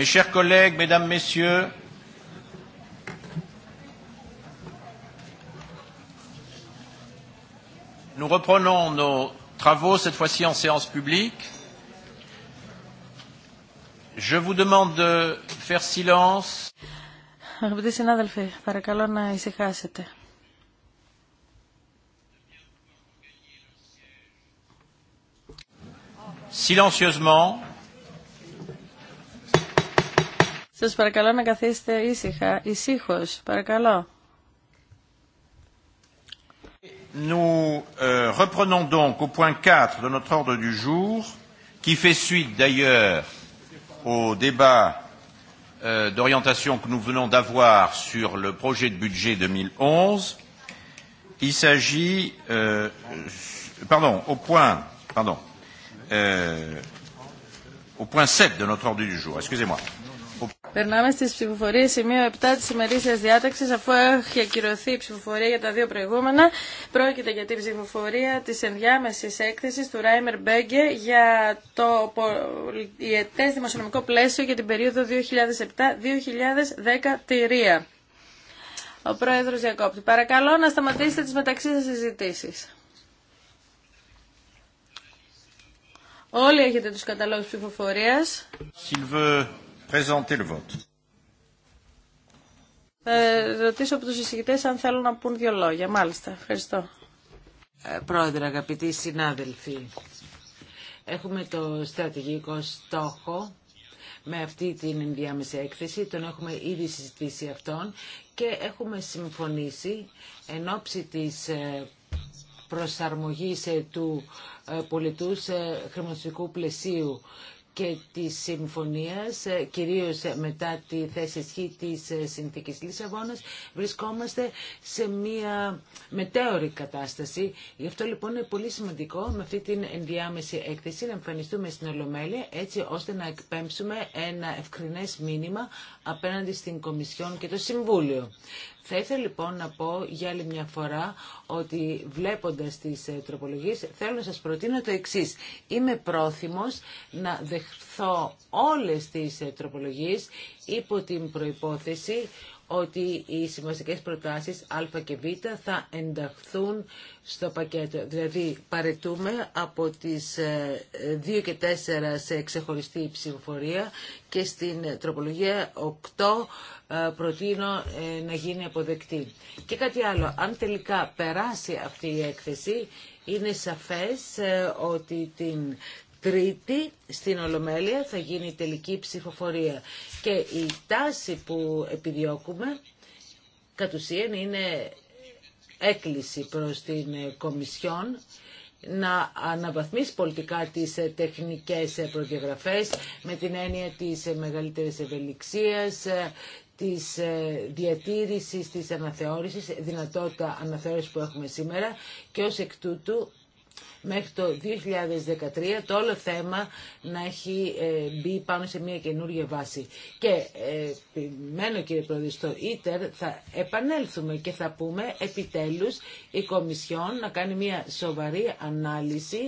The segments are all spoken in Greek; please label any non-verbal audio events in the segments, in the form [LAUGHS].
Mes chers collègues, mesdames, messieurs, nous reprenons nos travaux, cette fois-ci en séance publique. Je vous demande de faire silence. Αγαπητοί Silencieusement. Σας παρακαλώ να καθίσετε ήσυχα, ησύχως, παρακαλώ. Nous euh, reprenons donc au point 4 de notre ordre du jour, qui fait suite d'ailleurs au débat euh, d'orientation que nous venons d'avoir sur le projet de budget 2011. Il s'agit, euh, pardon, au point, pardon, euh, au point 7 de notre ordre du jour, excusez-moi. Περνάμε στις ψηφοφορίες σημείο 7 της ημερήσιας διαταξη αφού έχει ακυρωθεί η ψηφοφορία για τα δύο προηγούμενα. Πρόκειται για την ψηφοφορία τη ενδιάμεση έκθεσης του Ράιμερ Μπέγκε για το πολιετέ δημοσιονομικό πλαίσιο για την περίοδο 2007-2010 Ο Πρόεδρος Διακόπτη, παρακαλώ να σταματήσετε τι μεταξύ σα συζητήσει. Όλοι έχετε του καταλόγους ψηφοφορία ρωτήσω από τους εισηγητές αν θέλουν να πούν δύο λόγια. Μάλιστα. Ευχαριστώ. Πρόεδρα πρόεδρε, αγαπητοί συνάδελφοι, έχουμε το στρατηγικό στόχο με αυτή την ενδιάμεση έκθεση. Τον έχουμε ήδη συζητήσει αυτόν και έχουμε συμφωνήσει εν ώψη της ε, προσαρμογής ε, του ε, πολιτού σε χρηματιστικού πλαισίου και της συμφωνίας, ε, κυρίως μετά τη θέση ισχύ της ε, συνθήκης Λισαβόνας, βρισκόμαστε σε μια μετέωρη κατάσταση. Γι' αυτό λοιπόν είναι πολύ σημαντικό με αυτή την ενδιάμεση έκθεση να εμφανιστούμε στην Ολομέλεια, έτσι ώστε να εκπέμψουμε ένα ευκρινές μήνυμα απέναντι στην Κομισιόν και το Συμβούλιο. Θα ήθελα λοιπόν να πω για άλλη μια φορά ότι βλέποντας τις ε, τροπολογίες θέλω να σας προτείνω το εξής. Είμαι πρόθυμος να δεχθώ όλες τις ε, τροπολογίες υπό την προϋπόθεση ότι οι σημαντικές προτάσεις α και β θα ενταχθούν στο πακέτο. Δηλαδή παρετούμε από τις 2 ε, και 4 σε ξεχωριστή ψηφοφορία και στην τροπολογία 8 ε, προτείνω ε, να γίνει αποδεκτή. Και κάτι άλλο, αν τελικά περάσει αυτή η έκθεση, είναι σαφές ότι την Τρίτη στην Ολομέλεια θα γίνει η τελική ψηφοφορία. Και η τάση που επιδιώκουμε κατ' ουσίαν είναι έκκληση προς την Κομισιόν να αναβαθμίσει πολιτικά τις τεχνικές προδιαγραφές με την έννοια της μεγαλύτερης ευελιξίας, της διατήρησης, της αναθεώρησης, δυνατότητα αναθεώρησης που έχουμε σήμερα και ως εκ τούτου μέχρι το 2013 το όλο θέμα να έχει ε, μπει πάνω σε μια καινούργια βάση. Και ε, επιμένω κύριε Πρόεδρε στο ίτερ θα επανέλθουμε και θα πούμε επιτέλους η Κομισιόν να κάνει μια σοβαρή ανάλυση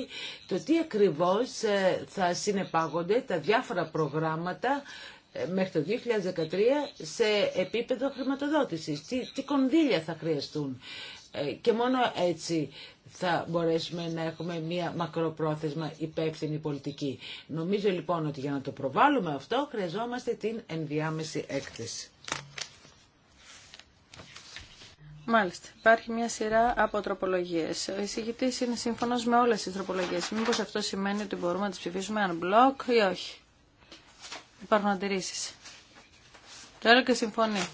το τι ακριβώς ε, θα συνεπάγονται τα διάφορα προγράμματα μέχρι το 2013 σε επίπεδο χρηματοδότησης. Τι, τι κονδύλια θα χρειαστούν. Ε, και μόνο έτσι θα μπορέσουμε να έχουμε μία μακροπρόθεσμα υπεύθυνη πολιτική. Νομίζω λοιπόν ότι για να το προβάλλουμε αυτό χρειαζόμαστε την ενδιάμεση έκθεση. Μάλιστα. Υπάρχει μια σειρά από τροπολογίε. Ο εισηγητή είναι σύμφωνο με όλε τι τροπολογίε. Μήπω αυτό σημαίνει ότι μπορούμε να τι ψηφίσουμε αν μπλοκ ή όχι. Υπάρχουν αντιρρήσει. Το έλεγε συμφωνεί.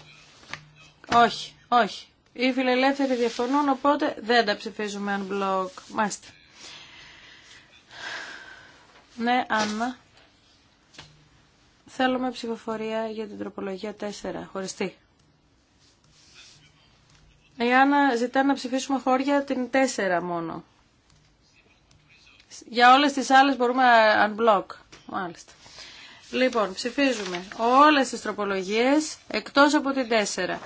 Όχι, όχι. Οι φιλελεύθεροι διαφωνούν, οπότε δεν τα ψηφίζουμε αν μπλοκ Μάστε. Ναι, Άννα. Θέλουμε ψηφοφορία για την τροπολογία 4, χωριστή. Η Άννα ζητά να ψηφίσουμε χώρια την 4 μόνο. Για όλες τις άλλες μπορούμε unblock. Μάλιστα. Λοιπόν, ψηφίζουμε όλες τις τροπολογίες εκτός από την 4.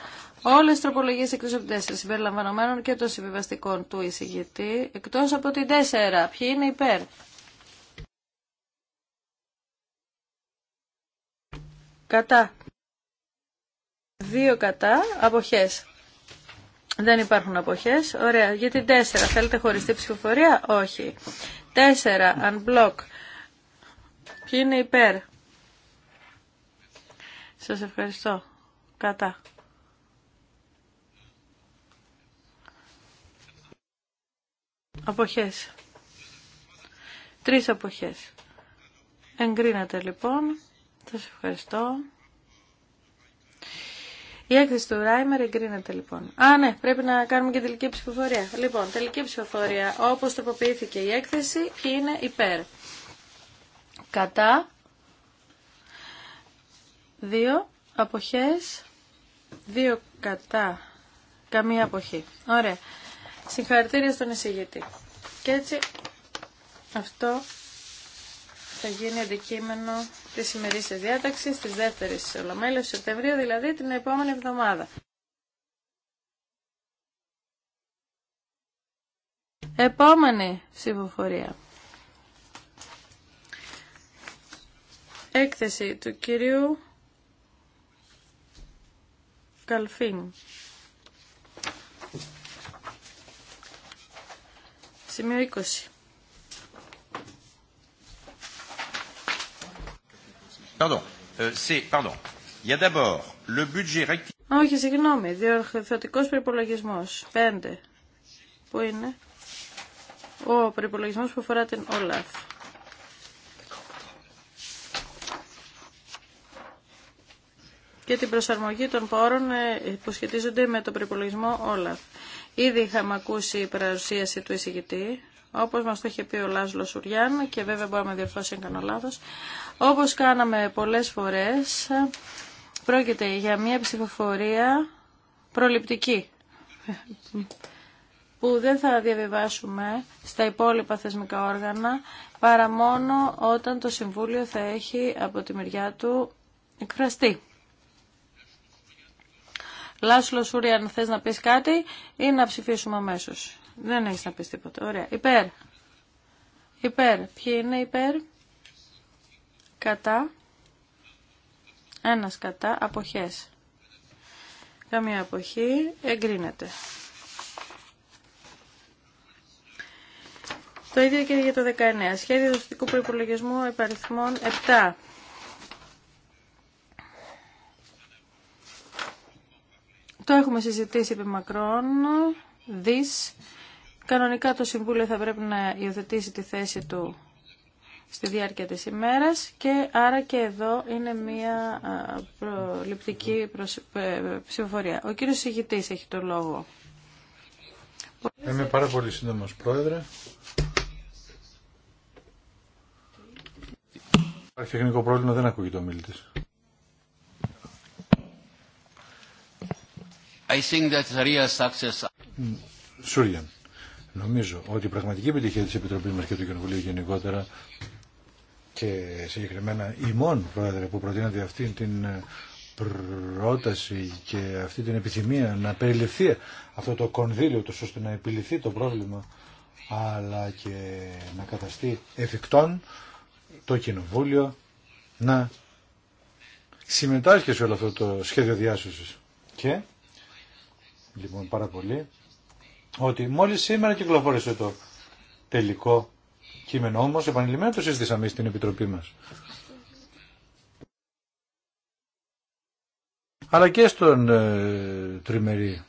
Όλες οι τροπολογίες εκτός από 4 συμπεριλαμβανομένων και των συμβιβαστικών του εισηγητή, εκτός από την 4. Ποιοι είναι υπέρ. Κατά. Δύο κατά. Αποχές. Δεν υπάρχουν αποχές. Ωραία. Για την 4. Θέλετε χωριστή ψηφοφορία. Όχι. 4. Unblock. Ποιοι είναι υπέρ. Σας ευχαριστώ. Κατά. Αποχές. Τρεις αποχές. Εγκρίνατε λοιπόν. Σας ευχαριστώ. Η έκθεση του Ράιμερ εγκρίνεται λοιπόν. Α, ναι, πρέπει να κάνουμε και τελική ψηφοφορία. Λοιπόν, τελική ψηφοφορία. Όπως τροποποιήθηκε η έκθεση, είναι υπέρ. Κατά. Δύο. Αποχές. Δύο κατά. Καμία αποχή. Ωραία. Συγχαρητήρια στον εισηγητή. Και έτσι αυτό θα γίνει αντικείμενο της ημερήσιας διάταξης της δεύτερης ολομέλειας Σεπτεμβρίου, δηλαδή την επόμενη εβδομάδα. Επόμενη ψηφοφορία. Έκθεση του κυρίου Καλφίν. Σημείο 20. Pardon. Euh, c'est, pardon. Il y a d'abord le budget Όχι, συγγνώμη. Διορθωτικός προπολογισμό. 5. Πού είναι? Ο προϋπολογισμός που αφορά την ΟΛΑΦ. και την προσαρμογή των πόρων ε, που σχετίζονται με το προπολογισμό ΟΛΑΦ. Ήδη είχαμε ακούσει η παρουσίαση του εισηγητή, όπως μας το είχε πει ο Λάζλος Σουριάν και βέβαια μπορούμε να διορθώσει αν κάνω λάθος. Όπως κάναμε πολλές φορές, πρόκειται για μια ψηφοφορία προληπτική που δεν θα διαβιβάσουμε στα υπόλοιπα θεσμικά όργανα παρά μόνο όταν το Συμβούλιο θα έχει από τη μεριά του εκφραστεί. Λάσλο Σούρια, αν θες να πεις κάτι ή να ψηφίσουμε αμέσω. Δεν έχεις να πεις τίποτα. Ωραία. Υπέρ. Υπέρ. Ποιοι είναι υπέρ. Κατά. Ένας κατά. Αποχές. Καμία αποχή. Εγκρίνεται. Το ίδιο και για το 19. Σχέδιο δοστικού προϋπολογισμού επαριθμών 7. Το έχουμε συζητήσει επί μακρόν, δις. Κανονικά το Συμβούλιο θα πρέπει να υιοθετήσει τη θέση του στη διάρκεια της ημέρας και άρα και εδώ είναι μια προληπτική ε, ψηφοφορία. Ο κύριος Συγητής έχει το λόγο. Είμαι πάρα πολύ σύντομος πρόεδρε. Υπάρχει τεχνικό πρόβλημα, δεν ακούγεται ο μίλητης. I that νομίζω ότι η πραγματική επιτυχία της Επιτροπής μας και του Κοινοβουλίου γενικότερα και συγκεκριμένα ημών, πρόεδρε, που προτείνεται αυτή την ε, πρόταση και αυτή την επιθυμία να περιληφθεί αυτό το κονδύλιο του ώστε να επιληθεί το πρόβλημα αλλά και να καταστεί εφικτόν το κοινοβούλιο να συμμετάσχει σε όλο αυτό το σχέδιο διάσωσης. Και λοιπόν πάρα πολύ ότι μόλις σήμερα κυκλοφόρησε το τελικό κείμενο όμως επανειλημμένα το συζητήσαμε στην Επιτροπή μας. Αλλά και στον ε, τριμερή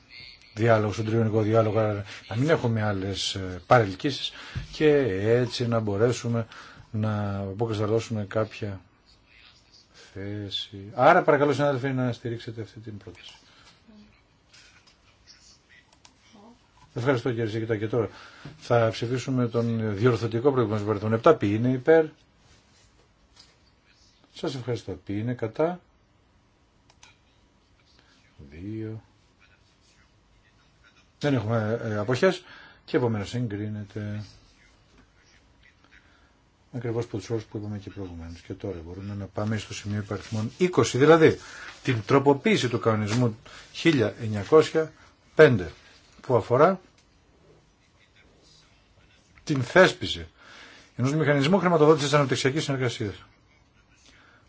διάλογο, στον τριμερικό διάλογο, να μην έχουμε άλλες ε, παρελκύσεις και έτσι να μπορέσουμε να αποκρισταλώσουμε κάποια θέση. Άρα παρακαλώ συνάδελφοι να στηρίξετε αυτή την πρόταση. Ευχαριστώ κύριε Ζήκητα Και τώρα θα ψηφίσουμε τον διορθωτικό προηγούμενο των 7. Ποιοι είναι υπέρ. Σας ευχαριστώ. Ποιοι είναι κατά. Δύο. Δεν έχουμε ε, αποχές και επομένως εγκρίνεται ακριβώς από τους όρους που είπαμε και προηγουμένως. Και τώρα μπορούμε να πάμε στο σημείο υπαριθμών 20, δηλαδή την τροποποίηση του κανονισμού 1905 που αφορά την θέσπιση ενό μηχανισμού χρηματοδότησης της αναπτυξιακής συνεργασίας.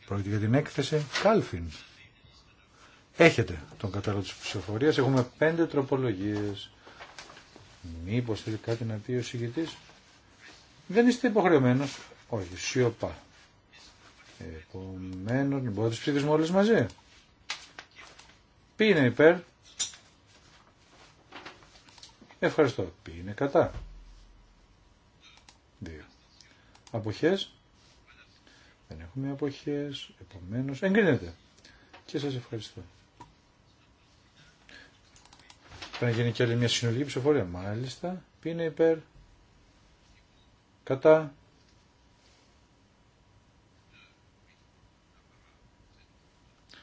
Πρόκειται για την έκθεση Κάλφιν. Έχετε τον κατάλογο της ψηφοφορίας. Έχουμε πέντε τροπολογίες. Μήπως θέλει κάτι να πει ο συγκητής. Δεν είστε υποχρεωμένος. Όχι, σιωπά. Επομένω. μπορείτε λοιπόν, να τις ψηφίσουμε όλε μαζί. Ποιοι είναι υπέρ Ευχαριστώ. Ποιοι είναι κατά. δύο Αποχές. Δεν έχουμε αποχές. Επομένως εγκρίνεται. Και σας ευχαριστώ. Πρέπει να γίνει και άλλη μια συνολική ψηφοφορία. Μάλιστα. Ποιοι είναι υπέρ. Κατά.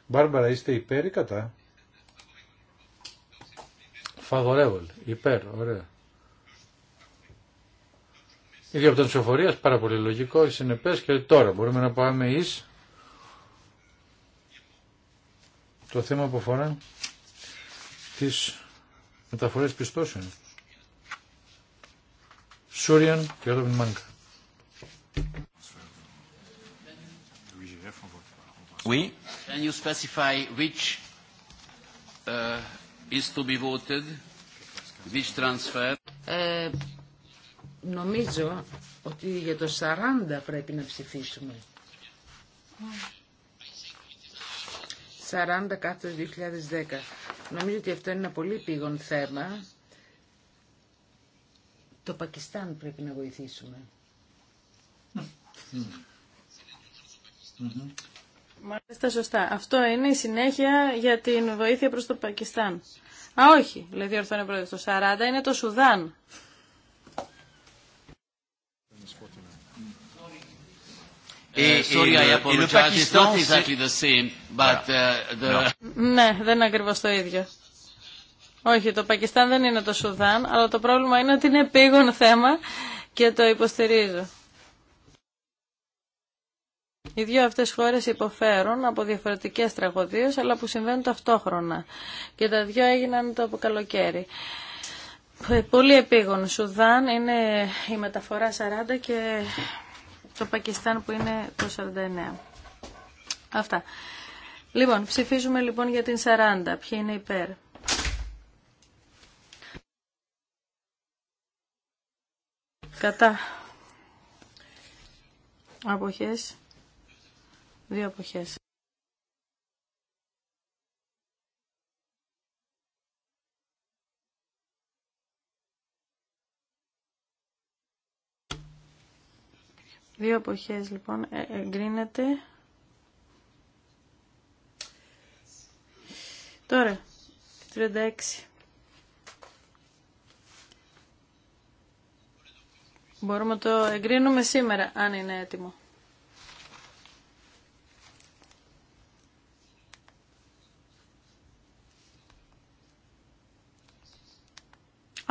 Μπάρμπαρα, είστε υπέρ ή κατά favorable, υπέρ, ωραία. Η διόπτωση ψηφοφορία, πάρα πολύ λογικό, συνεπές και τώρα μπορούμε να πάμε εις το θέμα που αφορά τις μεταφορές πιστώσεων. Σούριαν και Ρόμπιν Μάνκα. Oui. Can you specify which uh, is to be voted. transfer? Ε, νομίζω ότι για το 40 πρέπει να ψηφίσουμε. 40 κάτω 2010. Νομίζω ότι αυτό είναι ένα πολύ πήγον θέμα. Το Πακιστάν πρέπει να βοηθήσουμε. Μάλιστα σωστά. Αυτό είναι η συνέχεια για την βοήθεια προς το Πακιστάν. Α, όχι, λέει διορθώνει πρόεδρος. Το 40 είναι το Σουδάν. Ε, ε, ε, ναι, δεν είναι ακριβώς το ίδιο. Όχι, το Πακιστάν δεν είναι το Σουδάν, αλλά το πρόβλημα είναι ότι είναι επίγον θέμα και το υποστηρίζω. Οι δύο αυτές χώρες υποφέρουν από διαφορετικές τραγωδίες, αλλά που συμβαίνουν ταυτόχρονα. Και τα δύο έγιναν το καλοκαίρι. Πολύ επίγον. Σουδάν είναι η μεταφορά 40 και το Πακιστάν που είναι το 49. Αυτά. Λοιπόν, ψηφίζουμε λοιπόν για την 40. Ποιοι είναι υπέρ. Κατά. Αποχές. Δύο εποχές. Δύο εποχές λοιπόν ε, εγκρίνεται. Τώρα, 36. Μπορούμε να το εγκρίνουμε σήμερα, αν είναι έτοιμο.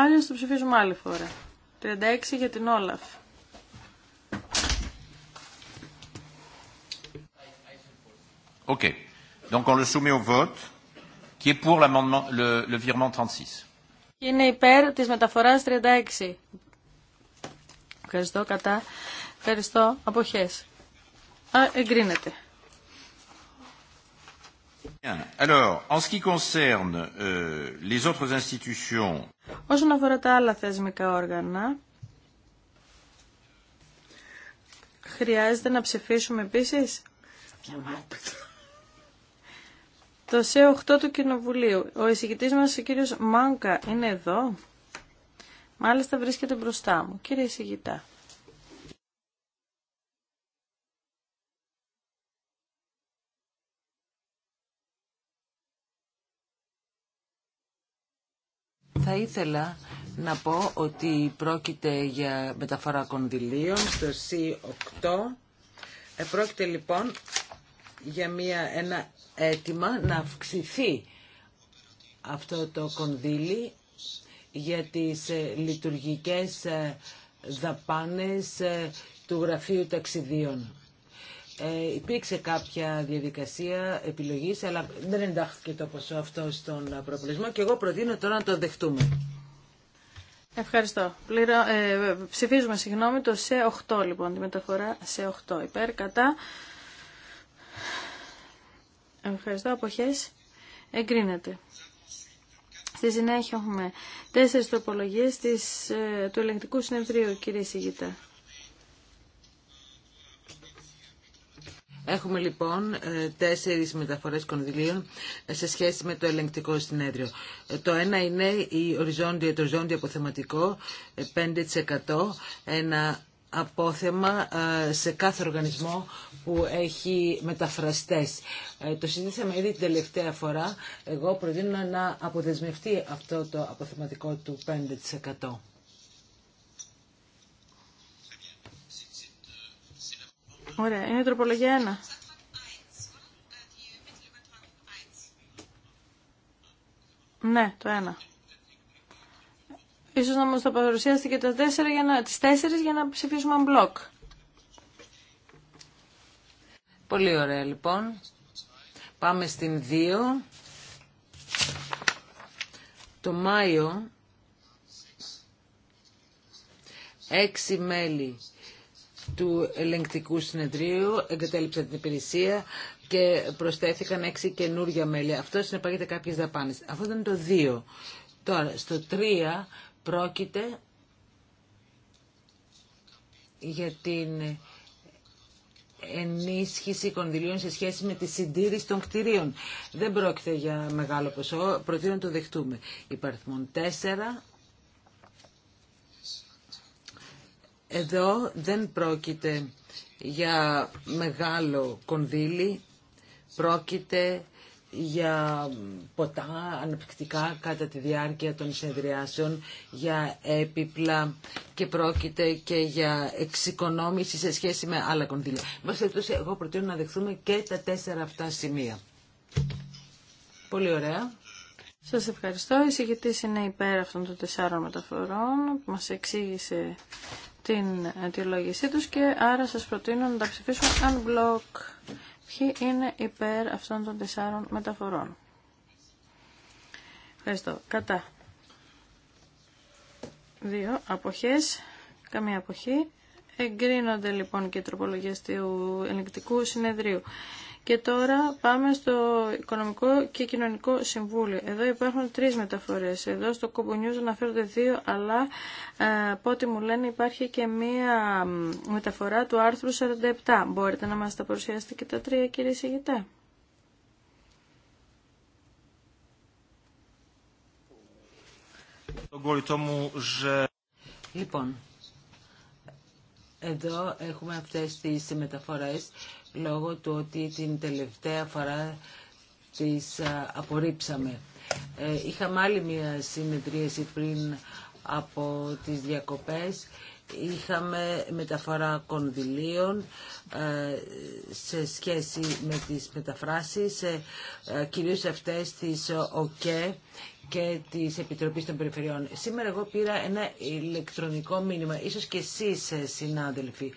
Άλλιως το ψηφίζουμε άλλη φορά. 36 για την Όλαφ. OK. Donc on le soumet au vote. Qui est pour l'amendement, le, le virement 36 Είναι υπέρ της μεταφοράς 36. Ευχαριστώ, κατά. Ευχαριστώ. Αποχές. Α, εγκρίνεται. Όσον αφορά τα άλλα θεσμικά όργανα, χρειάζεται να ψηφίσουμε επίσης το ΣΕ8 του Κοινοβουλίου. Ο εισηγητής μας, ο κύριος Μάνκα, είναι εδώ. Μάλιστα βρίσκεται μπροστά μου. Κύριε εισηγητά. Θα ήθελα να πω ότι πρόκειται για μεταφορά κονδυλίων στο C8. Πρόκειται λοιπόν για μια, ένα αίτημα να αυξηθεί αυτό το κονδύλι για τις ε, λειτουργικές ε, δαπάνες ε, του Γραφείου Ταξιδίων. Ε, υπήρξε κάποια διαδικασία επιλογής, αλλά δεν εντάχθηκε το ποσό αυτό στον προπολογισμό και εγώ προτείνω τώρα να το δεχτούμε. Ευχαριστώ. Πληρω... Ε, ψηφίζουμε, συγγνώμη, το σε 8 λοιπόν, τη μεταφορά σε 8. Υπέρ, κατά. Ευχαριστώ. Αποχές. Εγκρίνεται. Στη συνέχεια έχουμε τέσσερις τροπολογίες ε, του ελεγκτικού συνεδρίου, κύριε Σιγητά. Έχουμε λοιπόν ε, τέσσερις μεταφορές κονδυλίων ε, σε σχέση με το ελεγκτικό συνέδριο. Ε, το ένα είναι η οριζόντια, το οριζόντιο αποθεματικό 5%, ένα απόθεμα σε κάθε οργανισμό που έχει μεταφραστές. Το συζήτησαμε ήδη την τελευταία φορά. Εγώ προτείνω να αποδεσμευτεί αυτό το αποθεματικό του 5%. Ωραία, είναι η τροπολογία 1. Ναι, το 1. Ίσως να μας το παρουσιάσετε και τα 4 για να, τις 4 για να ψηφίσουμε μπλοκ. Πολύ ωραία λοιπόν. Πάμε στην 2. Το Μάιο έξι μέλη του ελεγκτικού συνεδρίου, εγκατέλειψαν την υπηρεσία και προσθέθηκαν έξι καινούργια μέλη. Αυτό συνεπάγεται κάποιες δαπάνες. Αυτό ήταν το δύο. Τώρα, στο τρία πρόκειται για την ενίσχυση κονδυλίων σε σχέση με τη συντήρηση των κτηρίων. Δεν πρόκειται για μεγάλο ποσό, προτείνω να το δεχτούμε. υπάρχουν τέσσερα... Εδώ δεν πρόκειται για μεγάλο κονδύλι, πρόκειται για ποτά αναπτυκτικά κατά τη διάρκεια των συνεδριάσεων, για έπιπλα και πρόκειται και για εξοικονόμηση σε σχέση με άλλα κονδύλια. Μας εγώ προτείνω να δεχθούμε και τα τέσσερα αυτά σημεία. Πολύ ωραία. Σας ευχαριστώ. Η συγκεκριτής είναι υπέρ αυτών των τεσσάρων μεταφορών που μας εξήγησε την αιτιολόγησή τους και άρα σας προτείνω να τα ψηφίσουμε unblock. Ποιοι είναι υπέρ αυτών των τεσσάρων μεταφορών. Ευχαριστώ. Κατά. Δύο αποχές. Καμία αποχή. Εγκρίνονται λοιπόν και οι τροπολογίες του ελεγκτικού συνεδρίου. Και τώρα πάμε στο Οικονομικό και Κοινωνικό Συμβούλιο. Εδώ υπάρχουν τρεις μεταφορές. Εδώ στο Κομπονιούς αναφέρονται δύο, αλλά ε, από ό,τι μου λένε υπάρχει και μία μεταφορά του άρθρου 47. Μπορείτε να μας τα παρουσιάσετε και τα τρία κύριε Σιγητά. Λοιπόν, εδώ έχουμε αυτές τις μεταφορές λόγω του ότι την τελευταία φορά τις απορρίψαμε. Ε, είχαμε άλλη μια συνεδρίαση πριν από τις διακοπές. Είχαμε μεταφορά κονδυλίων ε, σε σχέση με τις μεταφράσεις, ε, κυρίως αυτές της ΟΚΕ και της Επιτροπής των Περιφερειών. Σήμερα εγώ πήρα ένα ηλεκτρονικό μήνυμα, ίσως και εσείς συνάδελφοι,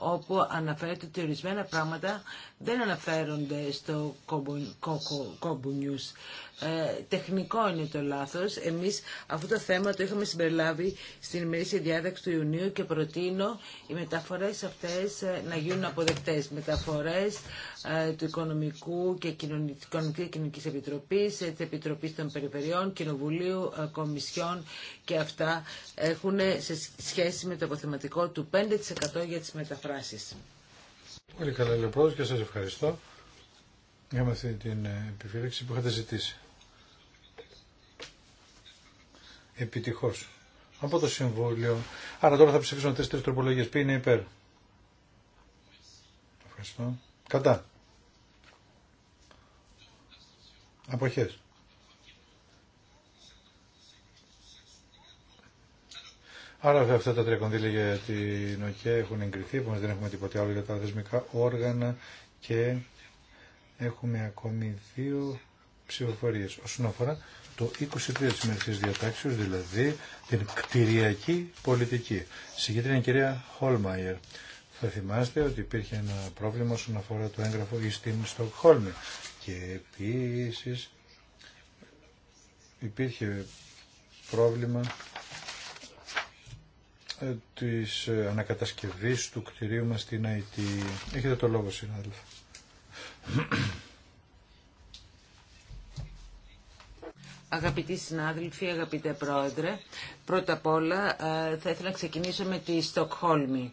όπου αναφέρεται ότι ορισμένα πράγματα δεν αναφέρονται στο κόμπου νιούς. Ε, τεχνικό είναι το λάθος. Εμείς αυτό το θέμα το είχαμε συμπεριλάβει στην ημερήσια διάταξη του Ιουνίου και προτείνω οι μεταφορές αυτές ε, να γίνουν αποδεκτές. Μεταφορές ε, του Οικονομικού και Κοινωνικής Κοινωνικής Επιτροπής, ε, της Επιτροπής των Περιφερειών, Κοινοβουλίου, ε, Κομισιών και αυτά έχουν σε σχέση με το αποθεματικό του 5% για τις μεταφράσεις. Πολύ καλά λοιπόν και σας ευχαριστώ για αυτή την επιφύλαξη που είχατε ζητήσει. Επιτυχώς. Από το Συμβούλιο. Άρα τώρα θα ψηφίσουμε τρεις τροπολογίες. Ποιοι είναι υπέρ. Ευχαριστώ. Κατά. Αποχές. Άρα αυτά τα τρία κονδύλια για την ΟΚΕ έχουν εγκριθεί, επομένως δεν έχουμε τίποτε άλλο για τα θεσμικά όργανα και έχουμε ακόμη δύο ψηφοφορίες όσον αφορά το 23 της μερικής διατάξεως, δηλαδή την κτηριακή πολιτική. Συγκεκριμένα κυρία Χόλμαϊερ. Θα θυμάστε ότι υπήρχε ένα πρόβλημα όσον αφορά το έγγραφο στην Στοκχόλμη και επίσης υπήρχε πρόβλημα ε, της ε, ανακατασκευής του κτηρίου μας στην ΑΕΤ. Έχετε το λόγο συνάδελφα. Αγαπητοί συνάδελφοι, αγαπητέ πρόεδρε, πρώτα απ' όλα ε, θα ήθελα να ξεκινήσω με τη Στοκχόλμη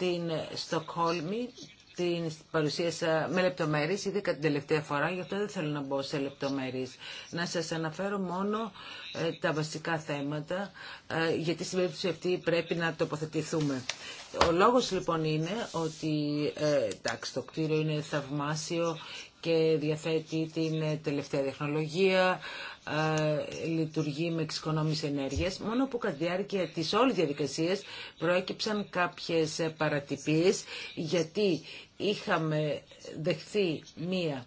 στην Στοκχόλμη την παρουσίασα με λεπτομέρειε, ήδη κατά την τελευταία φορά, γι' αυτό δεν θέλω να μπω σε λεπτομέρειες. Να σας αναφέρω μόνο ε, τα βασικά θέματα, ε, γιατί στην περίπτωση αυτή πρέπει να τοποθετηθούμε. Ο λόγος λοιπόν είναι ότι ε, τάξη, το κτίριο είναι θαυμάσιο και διαθέτει την ε, τελευταία τεχνολογία, ε, λειτουργεί με εξοικονόμηση ενέργειας, μόνο που κατά τη διάρκεια της όλης διαδικασίας προέκυψαν κάποιες παρατυπίες, γιατί είχαμε δεχθεί μία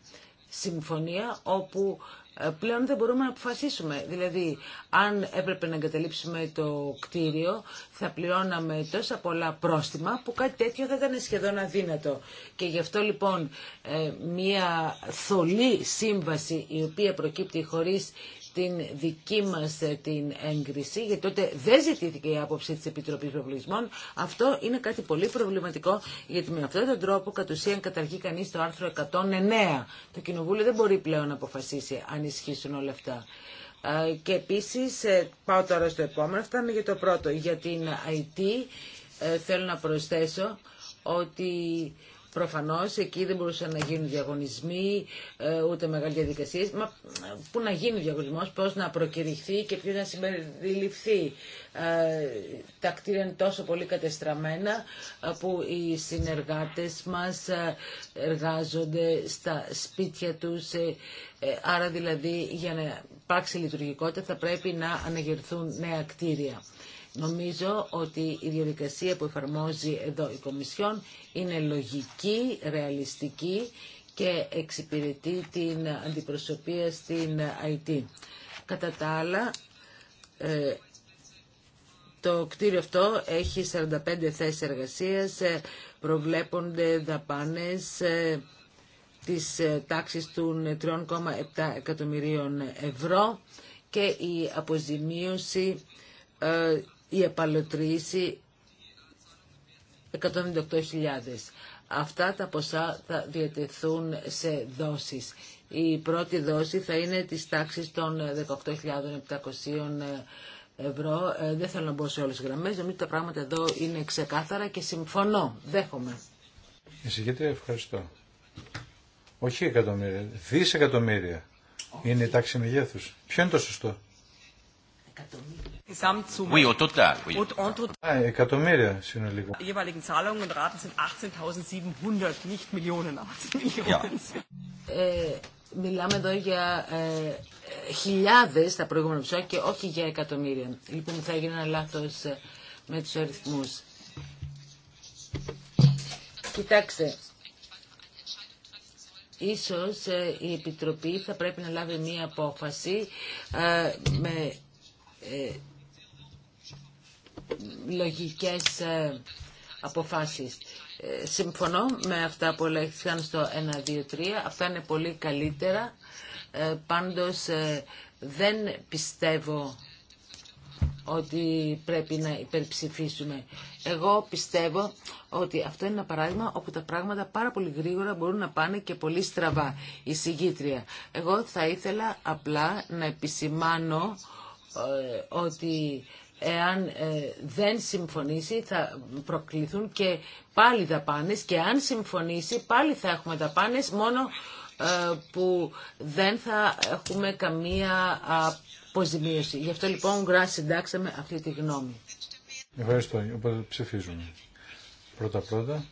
συμφωνία όπου ε, πλέον δεν μπορούμε να αποφασίσουμε. Δηλαδή, αν έπρεπε να εγκαταλείψουμε το κτίριο, θα πληρώναμε τόσα πολλά πρόστιμα που κάτι τέτοιο θα ήταν σχεδόν αδύνατο. Και γι' αυτό λοιπόν ε, μια θολή σύμβαση η οποία προκύπτει χωρίς την δική μας ε, την έγκριση, γιατί τότε δεν ζητήθηκε η άποψη της Επιτροπής Προβλησμών. Αυτό είναι κάτι πολύ προβληματικό, γιατί με αυτόν τον τρόπο κατ' ουσίαν καταργεί κανείς το άρθρο 109. Το Κοινοβούλιο δεν μπορεί πλέον να αποφασίσει αν ισχύσουν όλα αυτά. Ε, και επίσης, ε, πάω τώρα στο επόμενο, φτάνουμε για το πρώτο. Για την IT θέλω να προσθέσω ότι Προφανώς εκεί δεν μπορούσαν να γίνουν διαγωνισμοί, ε, ούτε μεγάλη διαδικασίες. Μα ε, πού να γίνει διαγωνισμός, πώς να προκηρυχθεί και ποιο να συμπεριληφθεί. Ε, τα κτίρια είναι τόσο πολύ κατεστραμμένα που οι συνεργάτες μας εργάζονται στα σπίτια τους. Άρα δηλαδή για να υπάρξει λειτουργικότητα θα πρέπει να αναγερθούν νέα κτίρια. Νομίζω ότι η διαδικασία που εφαρμόζει εδώ η Κομισιόν είναι λογική, ρεαλιστική και εξυπηρετεί την αντιπροσωπεία στην IT. Κατά τα άλλα, ε, το κτίριο αυτό έχει 45 θέσεις εργασίας, ε, προβλέπονται δαπάνες ε, της τάξης των 3,7 εκατομμυρίων ευρώ και η αποζημίωση ή επαλωτρήσει 178.000. Αυτά τα ποσά θα διατεθούν σε δόσεις. Η επαλωτρίηση 178000 αυτα δόση θα είναι της τάξης των 18.700 ευρώ. Ε, δεν θέλω να μπω σε όλες τις γραμμές. Νομίζω τα πράγματα εδώ είναι ξεκάθαρα και συμφωνώ. Δέχομαι. Εισηγήτρια, ευχαριστώ. Όχι εκατομμύρια, δισεκατομμύρια. Είναι η τάξη μεγέθους. Ποιο είναι το σωστό. Oui, εκατομμύρια συνολικά. 18.700, [LAUGHS] ε, μιλάμε εδώ για ε, τα προηγούμενα ψωά και όχι για εκατομμύρια. Λοιπόν, θα έγινε ένα λάθος ε, με του αριθμού. Κοιτάξτε, ίσως ε, η Επιτροπή θα πρέπει να λάβει μία απόφαση με ε, λογικές ε, αποφάσεις. Ε, συμφωνώ με αυτά που ελέγχθηκαν στο 1, 2, 3. Αυτά είναι πολύ καλύτερα. Πάντως δεν πιστεύω ότι πρέπει να υπερψηφίσουμε. Εγώ πιστεύω ότι αυτό είναι ένα παράδειγμα όπου τα πράγματα πάρα πολύ γρήγορα μπορούν να πάνε και πολύ στραβά. Η συγκήτρια. Εγώ θα ήθελα απλά να επισημάνω ε, ότι εάν ε, δεν συμφωνήσει θα προκληθούν και πάλι δαπάνες και αν συμφωνήσει πάλι θα έχουμε δαπάνες μόνο ε, που δεν θα έχουμε καμία αποζημίωση. Γι' αυτό λοιπόν γκρά συντάξαμε αυτή τη γνώμη. Ευχαριστώ. Οπότε ψηφίζουμε. Πρώτα πρώτα.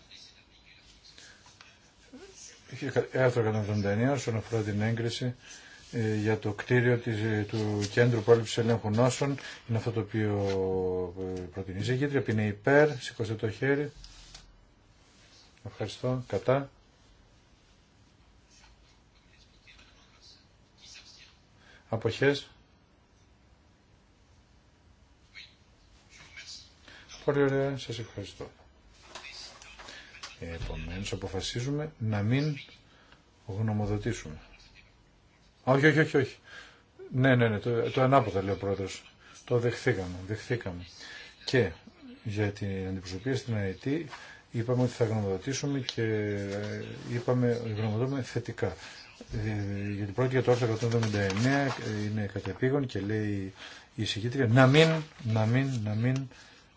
Άρθρο 179 όσον αφορά την έγκριση ε, για το κτίριο ε, του Κέντρου Πρόληψης Ελέγχου Νόσων. Είναι αυτό το οποίο ε, προτείνει η που Είναι υπέρ. Σηκώστε το χέρι. Ευχαριστώ. Κατά. Αποχές. Πολύ ωραία. Σας ευχαριστώ. Επομένως αποφασίζουμε να μην γνωμοδοτήσουμε. Όχι, όχι, όχι, όχι. Ναι, ναι, ναι, το, το ανάποδα λέει ο πρόεδρο. Το δεχθήκαμε, δεχθήκαμε. Και για την αντιπροσωπεία στην ΑΕΤ είπαμε ότι θα γνωμοδοτήσουμε και ε, είπαμε ότι γνωμοδοτούμε θετικά. Ε, γιατί πρώτη για το άρθρο 179 ε, είναι κατεπήγον και λέει η συγκήτρια να μην, να μην, να μην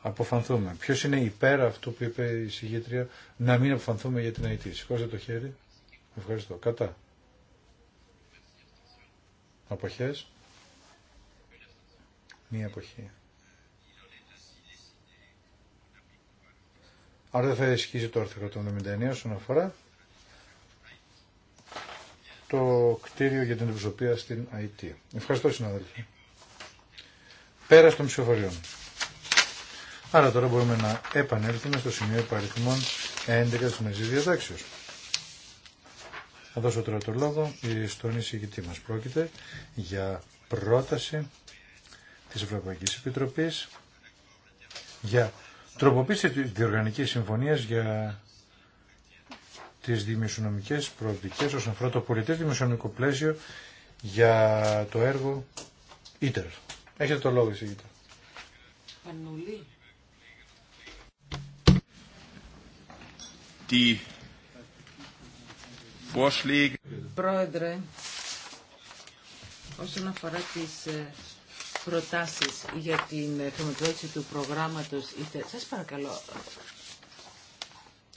αποφανθούμε. Ποιο είναι υπέρ αυτού που είπε η συγκήτρια να μην αποφανθούμε για την ΑΕΤ. Σηκώστε το χέρι. Ευχαριστώ. Κατά. Αποχές. Μία αποχή. Άρα δεν θα ισχύσει το άρθρο 179 όσον αφορά το κτίριο για την αντιπροσωπεία στην IT. Ευχαριστώ συνάδελφοι. Πέρα των ψηφοφοριών. Άρα τώρα μπορούμε να επανέλθουμε στο σημείο υπαριθμών 11 της Μεζής διατάξεως. Θα δώσω τώρα το λόγο ε, στον εισηγητή μας. Πρόκειται για πρόταση της Ευρωπαϊκής Επιτροπής για τροποποίηση της διοργανικής συμφωνίας για τις δημοσιονομικές προοπτικές όσον αφορά το πολιτές δημοσιονομικό πλαίσιο για το έργο ITER. Έχετε το λόγο εισηγητή. Die Πρόεδρε, όσον αφορά τις ε, προτάσεις για την ε, χρηματοδότηση του προγράμματος, είτε... σας παρακαλώ,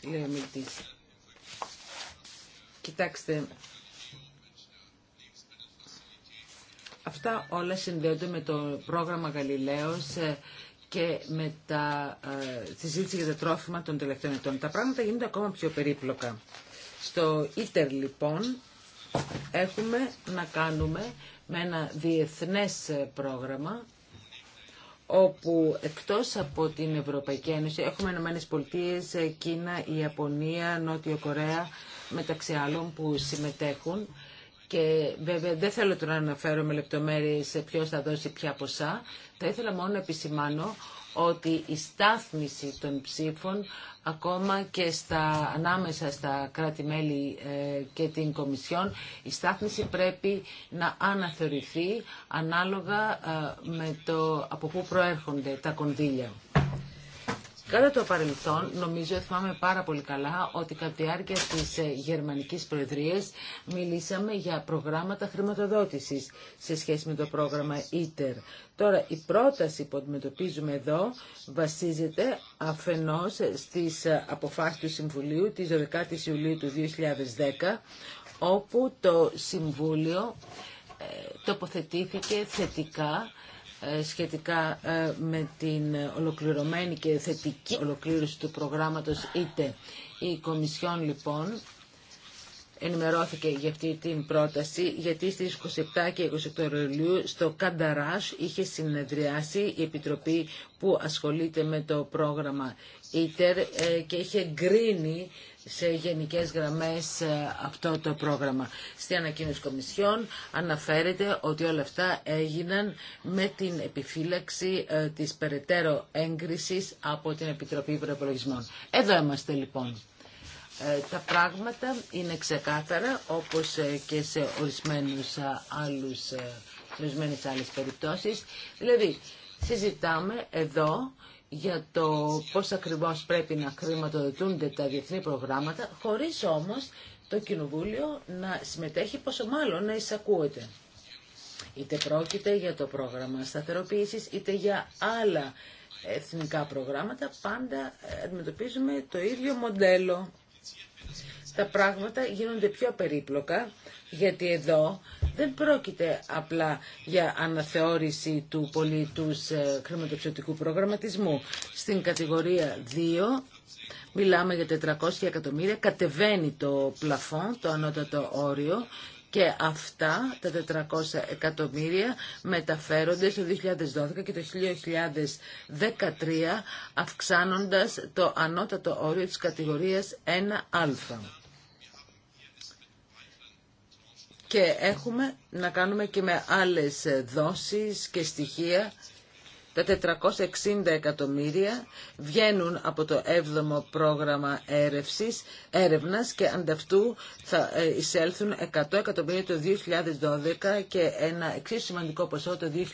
λέει ο Κοιτάξτε, αυτά όλα συνδέονται με το πρόγραμμα Γαλιλαίος ε, και με τα συζήτηση για τα τρόφιμα των τελευταίων ετών. Τα πράγματα γίνονται ακόμα πιο περίπλοκα. Στο ίτερ λοιπόν έχουμε να κάνουμε με ένα διεθνές πρόγραμμα όπου εκτός από την Ευρωπαϊκή Ένωση έχουμε Ηνωμένες Πολιτείες, Κίνα, Ιαπωνία, Νότιο Κορέα μεταξύ άλλων που συμμετέχουν και βέβαια δεν θέλω τώρα να αναφέρω με λεπτομέρειες ποιος θα δώσει ποια ποσά. Θα ήθελα μόνο να επισημάνω ότι η στάθμιση των ψήφων ακόμα και στα, ανάμεσα στα κράτη-μέλη ε, και την Κομισιόν, η στάθμιση πρέπει να αναθεωρηθεί ανάλογα ε, με το από πού προέρχονται τα κονδύλια. Κατά το παρελθόν, νομίζω ότι θυμάμαι πάρα πολύ καλά ότι κατά τη διάρκεια τη ε, Γερμανική Προεδρία μιλήσαμε για προγράμματα χρηματοδότηση σε σχέση με το πρόγραμμα ITER. Τώρα, η πρόταση που αντιμετωπίζουμε εδώ βασίζεται αφενός στις ε, αποφάσεις του Συμβουλίου της 12η Ιουλίου του 2010, όπου το Συμβούλιο ε, τοποθετήθηκε θετικά ε, σχετικά ε, με την ολοκληρωμένη και θετική ολοκλήρωση του προγράμματος είτε η Κομισιόν λοιπόν ενημερώθηκε για αυτή την πρόταση γιατί στις 27 και 28 Ιουλίου στο Κανταράς είχε συνεδριάσει η Επιτροπή που ασχολείται με το πρόγραμμα ΙΤΕΡ ε, και είχε γκρίνει σε γενικές γραμμές ε, αυτό το πρόγραμμα. Στη ανακοίνωση Κομισιόν αναφέρεται ότι όλα αυτά έγιναν με την επιφύλαξη ε, της περαιτέρω έγκρισης από την Επιτροπή Προπολογισμών. Εδώ είμαστε λοιπόν. Ε, τα πράγματα είναι ξεκάθαρα όπως και σε ορισμένους άλλους, σε ορισμένες άλλες περιπτώσεις. Δηλαδή, Συζητάμε εδώ για το πώς ακριβώς πρέπει να χρηματοδοτούνται τα διεθνή προγράμματα, χωρίς όμως το Κοινοβούλιο να συμμετέχει, πόσο μάλλον να εισακούεται. Είτε πρόκειται για το πρόγραμμα σταθεροποίησης, είτε για άλλα εθνικά προγράμματα, πάντα αντιμετωπίζουμε το ίδιο μοντέλο. Τα πράγματα γίνονται πιο περίπλοκα, γιατί εδώ δεν πρόκειται απλά για αναθεώρηση του πολιτούς ε, χρηματοψηφιακού προγραμματισμού. Στην κατηγορία 2 μιλάμε για 400 εκατομμύρια, κατεβαίνει το πλαφόν, το ανώτατο όριο και αυτά τα 400 εκατομμύρια μεταφέρονται στο 2012 και το 2013 αυξάνοντας το ανώτατο όριο της κατηγορίας 1α και έχουμε να κάνουμε και με άλλες δόσεις και στοιχεία. Τα 460 εκατομμύρια βγαίνουν από το 7ο πρόγραμμα έρευσης, έρευνας και ανταυτού θα ε, εισέλθουν 100 εκατομμύρια το 2012 και ένα εξίσου σημαντικό ποσό το 2013.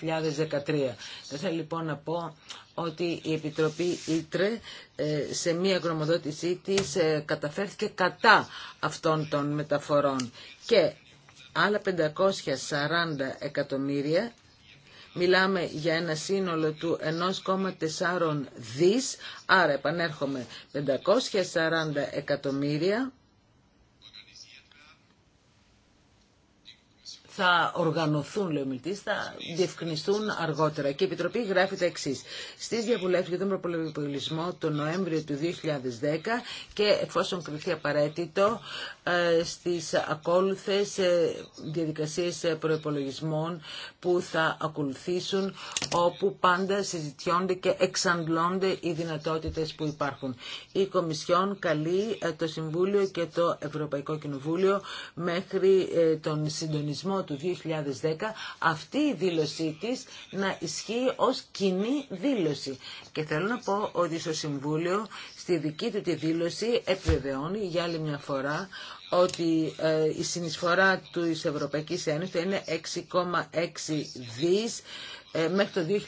Θα θέλω λοιπόν να πω ότι η Επιτροπή Ήτρε ε, σε μία γνωμοδότησή της ε, καταφέρθηκε κατά αυτών των μεταφορών. Και άλλα 540 εκατομμύρια Μιλάμε για ένα σύνολο του 1,4 δις, άρα επανέρχομαι 540 εκατομμύρια θα οργανωθούν, λέει ο Μιλτή, θα διευκρινιστούν αργότερα. Και η Επιτροπή γράφει τα εξή. Στι διαβουλεύσει για τον προπολογισμό το Νοέμβριο του 2010 και εφόσον κρυφθεί απαραίτητο ε, στι ακόλουθε διαδικασίε ε, προπολογισμών που θα ακολουθήσουν, όπου πάντα συζητιώνται και εξαντλώνται οι δυνατότητε που υπάρχουν. Η Κομισιόν καλεί ε, το Συμβούλιο και το Ευρωπαϊκό Κοινοβούλιο μέχρι τον συντονισμό του 2010 αυτή η δήλωσή της να ισχύει ως κοινή δήλωση. Και θέλω να πω ότι στο Συμβούλιο στη δική του τη δήλωση επιβεβαιώνει για άλλη μια φορά ότι ε, η συνεισφορά του Ευρωπαϊκής Ένωσης είναι 6,6 δις ε, μέχρι το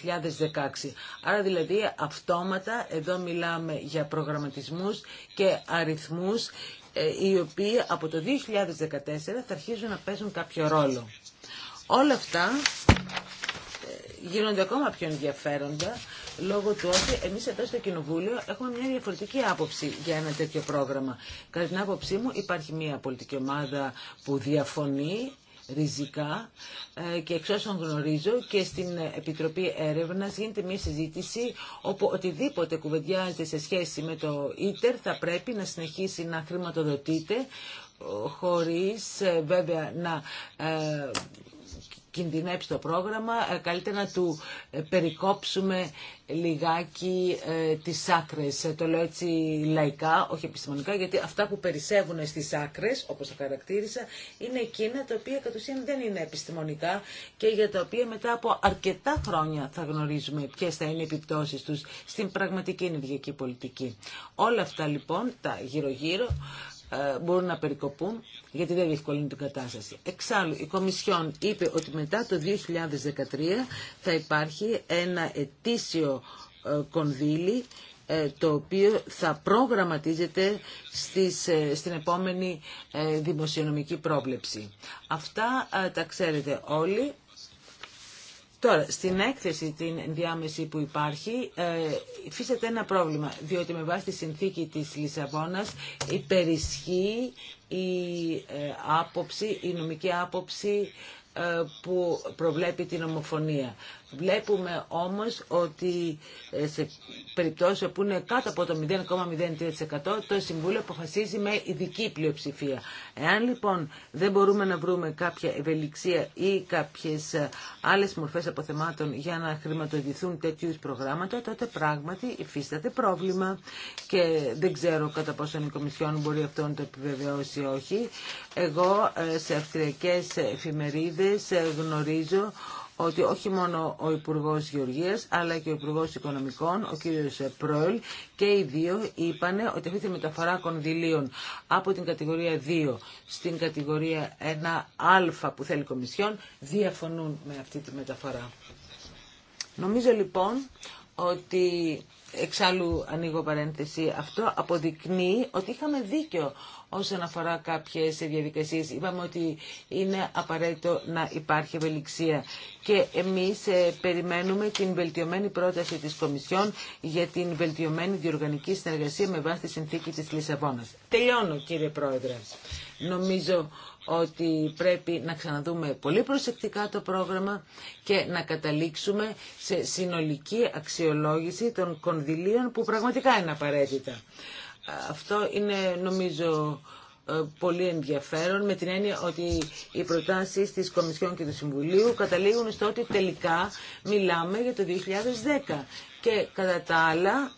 2016. Άρα δηλαδή αυτόματα εδώ μιλάμε για προγραμματισμούς και αριθμούς ε, οι οποίοι από το 2014 θα αρχίζουν να παίζουν κάποιο ρόλο. Όλα αυτά ε, γίνονται ακόμα πιο ενδιαφέροντα λόγω του ότι εμεί εδώ στο Κοινοβούλιο έχουμε μια διαφορετική άποψη για ένα τέτοιο πρόγραμμα. Κατά την άποψή μου, υπάρχει μια πολιτική ομάδα που διαφωνεί ριζικά ε, και εξ όσων γνωρίζω και στην Επιτροπή Έρευνας γίνεται μια συζήτηση όπου οτιδήποτε κουβεντιάζεται σε σχέση με το ίτερ θα πρέπει να συνεχίσει να χρηματοδοτείται ε, χωρίς ε, βέβαια να κινδυνέψει το πρόγραμμα, ε, καλύτερα να του ε, περικόψουμε λιγάκι ε, τις άκρες. Το λέω έτσι λαϊκά, όχι επιστημονικά, γιατί αυτά που περισσεύουν στις άκρες, όπως τα χαρακτήρισα, είναι εκείνα τα οποία κατ' ουσίαν δεν είναι επιστημονικά και για τα οποία μετά από αρκετά χρόνια θα γνωρίζουμε ποιε θα είναι οι επιπτώσεις τους στην πραγματική ενεργειακή πολιτική. Όλα αυτά λοιπόν τα γύρω-γύρω ε, μπορούν να περικοπούν γιατί δεν διευκολύνει την κατάσταση. Εξάλλου, η Κομισιόν είπε ότι μετά το 2013 θα υπάρχει ένα ετήσιο ε, κονδύλι ε, το οποίο θα προγραμματίζεται στις, στην επόμενη δημοσιονομική πρόβλεψη. Αυτά τα ξέρετε όλοι. Τώρα, στην έκθεση την διάμεση που υπάρχει ε, φύσεται ένα πρόβλημα, διότι με βάση τη συνθήκη της Λισαβόνας υπερισχύει η ε, άποψη, η νομική άποψη ε, που προβλέπει την ομοφωνία. Βλέπουμε όμως ότι ε, σε περιπτώσεις που είναι κάτω από το 0,03% το Συμβούλιο αποφασίζει με ειδική πλειοψηφία. Εάν λοιπόν δεν μπορούμε να βρούμε κάποια ευελιξία ή κάποιες ε, άλλες μορφές αποθεμάτων για να χρηματοδηθούν τέτοιου προγράμματα, τότε πράγματι υφίσταται πρόβλημα και δεν ξέρω κατά πόσο η Κομισιόν μπορεί αυτό να το επιβεβαιώσει ή όχι. Εγώ ε, σε αυστριακές εφημερίδες γνωρίζω ότι όχι μόνο ο Υπουργός Γεωργίας αλλά και ο Υπουργό Οικονομικών, ο κύριος Πρόελ και οι δύο είπαν ότι αυτή τη μεταφορά κονδυλίων από την κατηγορία 2 στην κατηγορία 1α που θέλει η Κομισιόν διαφωνούν με αυτή τη μεταφορά. Νομίζω λοιπόν ότι εξάλλου ανοίγω παρένθεση αυτό αποδεικνύει ότι είχαμε δίκιο Όσον αφορά κάποιε διαδικασίε. είπαμε ότι είναι απαραίτητο να υπάρχει ευελιξία. Και εμείς ε, περιμένουμε την βελτιωμένη πρόταση τη Κομισιόν για την βελτιωμένη διοργανική συνεργασία με βάση τη συνθήκη τη Λισαβόνα. Τελειώνω κύριε Πρόεδρε. Νομίζω ότι πρέπει να ξαναδούμε πολύ προσεκτικά το πρόγραμμα και να καταλήξουμε σε συνολική αξιολόγηση των κονδυλίων που πραγματικά είναι απαραίτητα. Αυτό είναι νομίζω ε, πολύ ενδιαφέρον με την έννοια ότι οι προτάσεις της Κομισιόν και του Συμβουλίου καταλήγουν στο ότι τελικά μιλάμε για το 2010 και κατά τα άλλα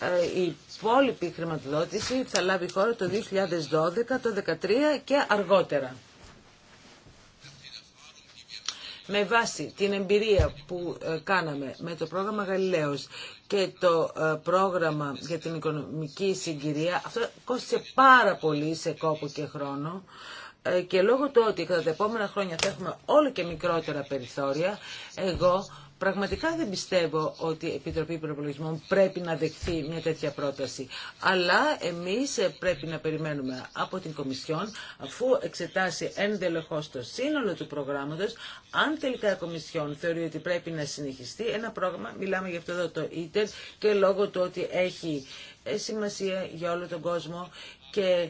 ε, η υπόλοιπη χρηματοδότηση θα λάβει χώρα το 2012, το 2013 και αργότερα με βάση την εμπειρία που ε, κάναμε με το πρόγραμμα Γαλιλαίος και το ε, πρόγραμμα για την οικονομική συγκυρία, αυτό κόστησε πάρα πολύ σε κόπο και χρόνο ε, και λόγω του ότι κατά τα επόμενα χρόνια θα έχουμε όλο και μικρότερα περιθώρια, εγώ Πραγματικά δεν πιστεύω ότι η Επιτροπή Προπολογισμών πρέπει να δεχθεί μια τέτοια πρόταση. Αλλά εμείς ε, πρέπει να περιμένουμε από την Κομισιόν, αφού εξετάσει εντελεχώς το σύνολο του προγράμματος, αν τελικά η Κομισιόν θεωρεί ότι πρέπει να συνεχιστεί ένα πρόγραμμα, μιλάμε για αυτό εδώ το ITER και λόγω του ότι έχει ε, σημασία για όλο τον κόσμο και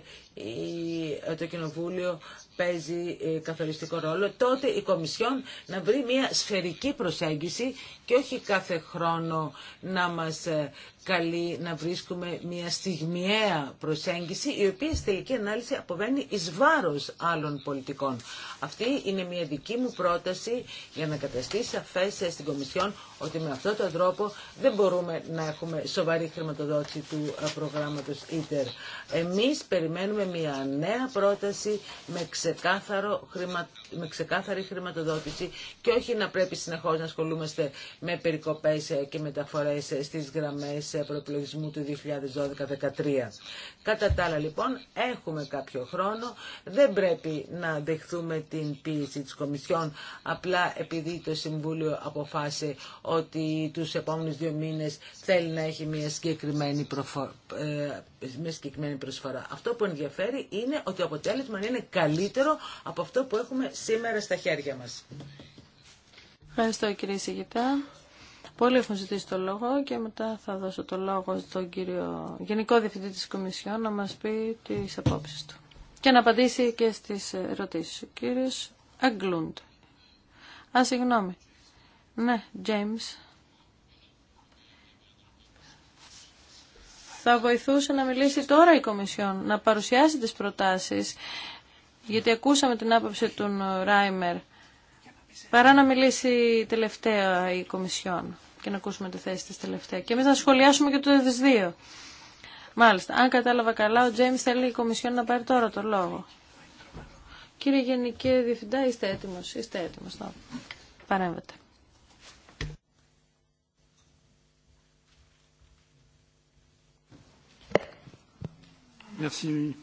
το Κοινοβούλιο παίζει ε, καθοριστικό ρόλο, τότε η Κομισιόν να βρει μια σφαιρική προσέγγιση και όχι κάθε χρόνο να μας ε, καλεί να βρίσκουμε μια στιγμιαία προσέγγιση η οποία στη τελική ανάλυση αποβαίνει εις βάρος άλλων πολιτικών. Αυτή είναι μια δική μου πρόταση για να καταστήσει σαφές ε, στην Κομισιόν ότι με αυτόν τον τρόπο δεν μπορούμε να έχουμε σοβαρή χρηματοδότηση του προγράμματος ITER. Εμείς περιμένουμε μια νέα πρόταση με ξεκάθαρο χρηματοδοτικό με ξεκάθαρη χρηματοδότηση και όχι να πρέπει συνεχώς να ασχολούμαστε με περικοπές και μεταφορές στις γραμμές προπολογισμού του 2012-2013. Κατά τα άλλα λοιπόν έχουμε κάποιο χρόνο, δεν πρέπει να δεχθούμε την πίεση της Κομισιόν απλά επειδή το Συμβούλιο αποφάσισε ότι τους επόμενους δύο μήνες θέλει να έχει μια συγκεκριμένη, ε, μια συγκεκριμένη προσφορά. Αυτό που ενδιαφέρει είναι ότι το αποτέλεσμα είναι καλύτερο από αυτό που έχουμε σήμερα στα χέρια μας. Ευχαριστώ κύριε Σιγητά. Πολλοί έχουν ζητήσει το λόγο και μετά θα δώσω το λόγο στον κύριο Γενικό Διευθυντή της Κομισιόν να μας πει τις απόψεις του και να απαντήσει και στις ερωτήσεις. Ο κύριος Αγγλούντ. Α, συγγνώμη. Ναι, James. Θα βοηθούσε να μιλήσει τώρα η Κομισιόν, να παρουσιάσει τις προτάσεις γιατί ακούσαμε την άποψη του Ράιμερ, παρά να μιλήσει τελευταία η Κομισιόν και να ακούσουμε τη θέση της τελευταία. Και εμείς να σχολιάσουμε και το 2 Μάλιστα, αν κατάλαβα καλά, ο Τζέιμς θέλει η Κομισιόν να πάρει τώρα το λόγο. Κύριε Γενική Διευθυντά, είστε έτοιμος, είστε έτοιμος Παρέμβατε.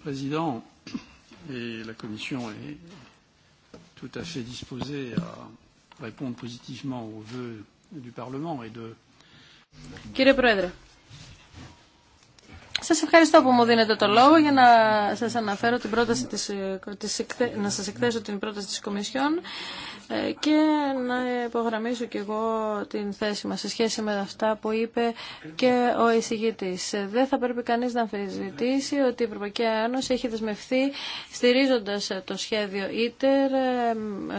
Président et la Commission est tout à fait disposée à répondre positivement aux vœux du Parlement et de... Σας ευχαριστώ που μου δίνετε το λόγο για να σας αναφέρω την πρόταση της, ε, της να σας εκθέσω την πρόταση της Κομισιόν ε, και να υπογραμμίσω και εγώ την θέση μας σε σχέση με αυτά που είπε και ο εισηγητής. Ε, δεν θα πρέπει κανείς να αμφισβητήσει ότι η Ευρωπαϊκή Ένωση έχει δεσμευθεί στηρίζοντας το σχέδιο ΙΤΕΡ.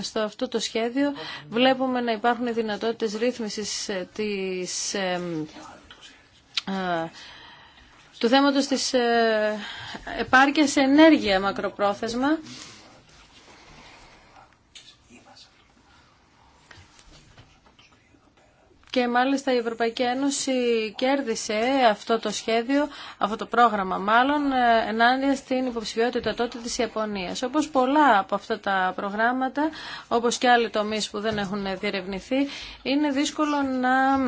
Στο αυτό το σχέδιο βλέπουμε να υπάρχουν δυνατότητες ρύθμισης της του θέματος της ε, επάρκειας ενέργεια μακροπρόθεσμα. Και μάλιστα η Ευρωπαϊκή Ένωση κέρδισε αυτό το σχέδιο, αυτό το πρόγραμμα μάλλον, ε, ενάντια στην υποψηφιότητα τότε της Ιαπωνίας. Όπως πολλά από αυτά τα προγράμματα, όπως και άλλοι τομείς που δεν έχουν διερευνηθεί, είναι δύσκολο να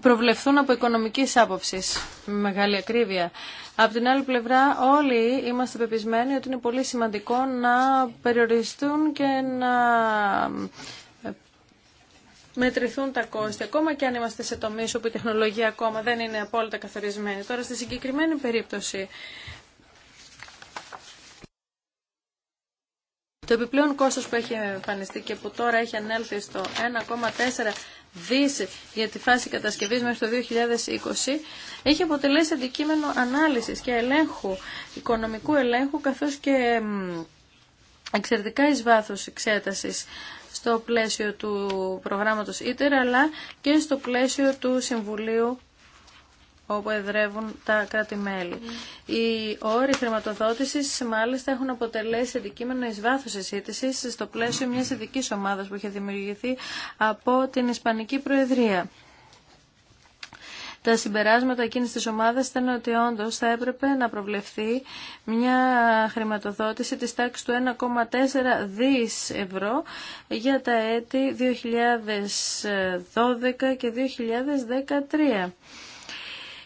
προβλεφθούν από οικονομικής άποψης με μεγάλη ακρίβεια. Από την άλλη πλευρά όλοι είμαστε πεπισμένοι ότι είναι πολύ σημαντικό να περιοριστούν και να ε, μετρηθούν τα κόστη, ακόμα και αν είμαστε σε τομείς όπου η τεχνολογία ακόμα δεν είναι απόλυτα καθορισμένη. Τώρα στη συγκεκριμένη περίπτωση Το επιπλέον κόστος που έχει εμφανιστεί και που τώρα έχει ανέλθει στο 1,4 δις για τη φάση κατασκευής μέχρι το 2020 έχει αποτελέσει αντικείμενο ανάλυσης και ελέγχου, οικονομικού ελέγχου καθώς και εξαιρετικά εις βάθος εξέτασης στο πλαίσιο του προγράμματος ITER αλλά και στο πλαίσιο του Συμβουλίου όπου εδρεύουν τα κράτη-μέλη. Mm. Οι όροι χρηματοδότηση μάλιστα έχουν αποτελέσει αντικείμενο ει βάθο συζήτηση στο πλαίσιο μια ειδική ομάδα που είχε δημιουργηθεί από την Ισπανική Προεδρία. Τα συμπεράσματα εκείνη τη ομάδα ήταν ότι όντω θα έπρεπε να προβλεφθεί μια χρηματοδότηση τη τάξη του 1,4 δις ευρώ για τα έτη 2012 και 2013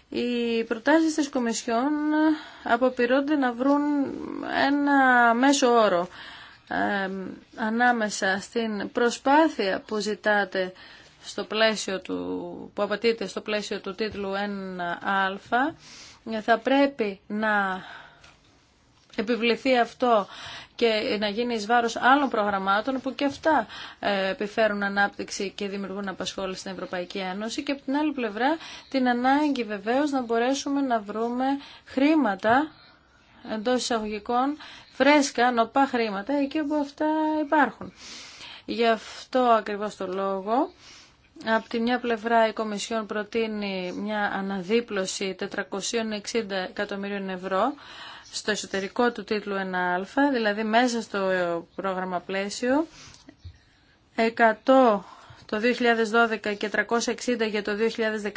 οι προτάσεις της Κομισιόν αποπειρώνται να βρουν ένα μέσο όρο ανάμεσα στην προσπάθεια που ζητάτε στο πλαίσιο του, που απαιτείται στο πλαίσιο του τίτλου 1α θα πρέπει να επιβληθεί αυτό και να γίνει εις βάρος άλλων προγραμμάτων που και αυτά ε, επιφέρουν ανάπτυξη και δημιουργούν απασχόληση στην Ευρωπαϊκή Ένωση και από την άλλη πλευρά την ανάγκη βεβαίως να μπορέσουμε να βρούμε χρήματα εντό εισαγωγικών φρέσκα, νοπά χρήματα εκεί όπου αυτά υπάρχουν. Γι' αυτό ακριβώς το λόγο από τη μια πλευρά η Κομισιόν προτείνει μια αναδίπλωση 460 εκατομμύριων ευρώ στο εσωτερικό του τίτλου 1α, δηλαδή μέσα στο πρόγραμμα πλαίσιο, 100 το 2012 και 360 για το 2013,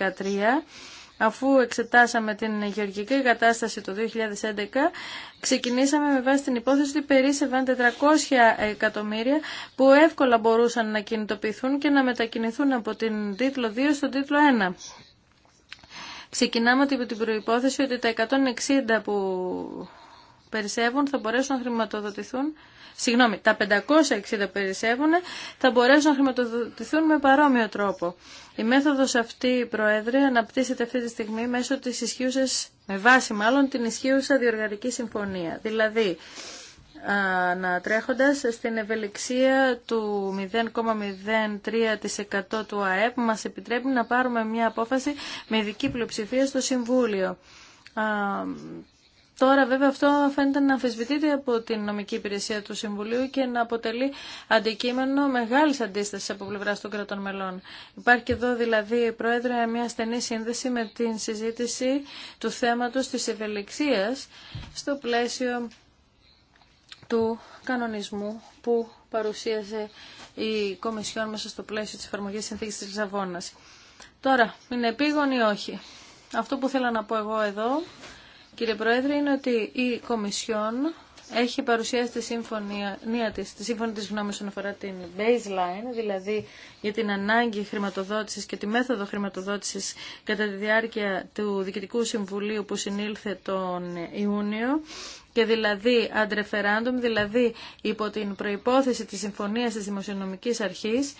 αφού εξετάσαμε την γεωργική κατάσταση το 2011, ξεκινήσαμε με βάση την υπόθεση ότι περίσευαν 400 εκατομμύρια που εύκολα μπορούσαν να κινητοποιηθούν και να μετακινηθούν από την τίτλο 2 στον τίτλο 1. Ξεκινάμε από την προϋπόθεση ότι τα 160 που περισσεύουν θα μπορέσουν να χρηματοδοτηθούν Συγγνώμη, τα 560 περισσεύουν θα μπορέσουν να χρηματοδοτηθούν με παρόμοιο τρόπο. Η μέθοδος αυτή, Προέδρε, αναπτύσσεται αυτή τη στιγμή μέσω της ισχύουσας, με βάση μάλλον την ισχύουσα διοργανική συμφωνία. Δηλαδή, ανατρέχοντας στην ευελιξία του 0,03% του ΑΕΠ που μας επιτρέπει να πάρουμε μια απόφαση με ειδική πλειοψηφία στο Συμβούλιο. Τώρα βέβαια αυτό φαίνεται να αμφισβητείται από την νομική υπηρεσία του Συμβουλίου και να αποτελεί αντικείμενο μεγάλης αντίστασης από πλευράς των κρατών μελών. Υπάρχει εδώ δηλαδή, Πρόεδρε, μια στενή σύνδεση με την συζήτηση του θέματος της ευελιξίας στο πλαίσιο του κανονισμού που παρουσίασε η Κομισιόν μέσα στο πλαίσιο της εφαρμογής συνθήκης της Λισαβόνας. Τώρα, είναι επίγον ή όχι. Αυτό που θέλω να πω εγώ εδώ, κύριε Πρόεδρε, είναι ότι η Κομισιόν έχει παρουσιάσει τη συμφωνία της, τη σύμφωνη της γνώμης όσον αφορά την baseline, δηλαδή για την ανάγκη χρηματοδότησης και τη μέθοδο χρηματοδότησης κατά τη διάρκεια του Διοικητικού Συμβουλίου που συνήλθε τον Ιούνιο και δηλαδή αντρεφεράντουμ, δηλαδή υπό την προϋπόθεση της συμφωνίας της Δημοσιονομικής Αρχής,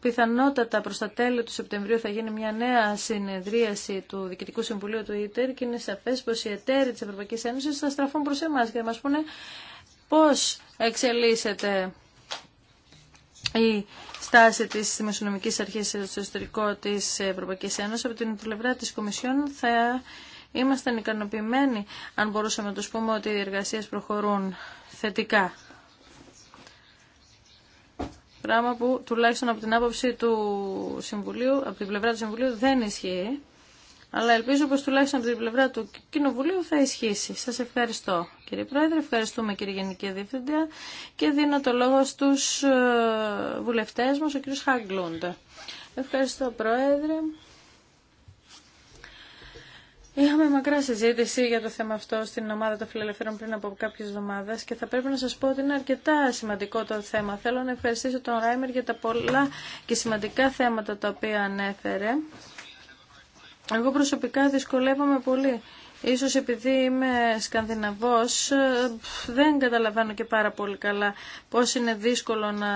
πιθανότατα προς τα τέλη του Σεπτεμβρίου θα γίνει μια νέα συνεδρίαση του Διοικητικού Συμβουλίου του ΙΤΕΡ και είναι σαφές πως οι εταίροι της Ευρωπαϊκής Ένωσης θα στραφούν προς εμάς και θα μας πούνε πώς εξελίσσεται η στάση της Δημοσιονομικής Αρχής στο εσωτερικό της Ευρωπαϊκής Ένωσης. Από την πλευρά της Κομισιόν θα Είμαστε ικανοποιημένοι αν μπορούσαμε να τους πούμε ότι οι εργασίες προχωρούν θετικά. Πράγμα που τουλάχιστον από την άποψη του Συμβουλίου, από την πλευρά του Συμβουλίου δεν ισχύει. Αλλά ελπίζω πως τουλάχιστον από την πλευρά του Κοινοβουλίου θα ισχύσει. Σας ευχαριστώ κύριε Πρόεδρε, ευχαριστούμε κύριε Γενική Διευθυντία και δίνω το λόγο στους ε, βουλευτές μας, ο κύριος Χαγκλούντα. Ευχαριστώ Πρόεδρε. Είχαμε μακρά συζήτηση για το θέμα αυτό στην ομάδα των φιλελευθερών πριν από κάποιε εβδομάδε και θα πρέπει να σα πω ότι είναι αρκετά σημαντικό το θέμα. Θέλω να ευχαριστήσω τον Ράιμερ για τα πολλά και σημαντικά θέματα τα οποία ανέφερε. Εγώ προσωπικά δυσκολεύομαι πολύ. Ίσως επειδή είμαι σκανδιναβός ε, δεν καταλαβαίνω και πάρα πολύ καλά πώς είναι δύσκολο να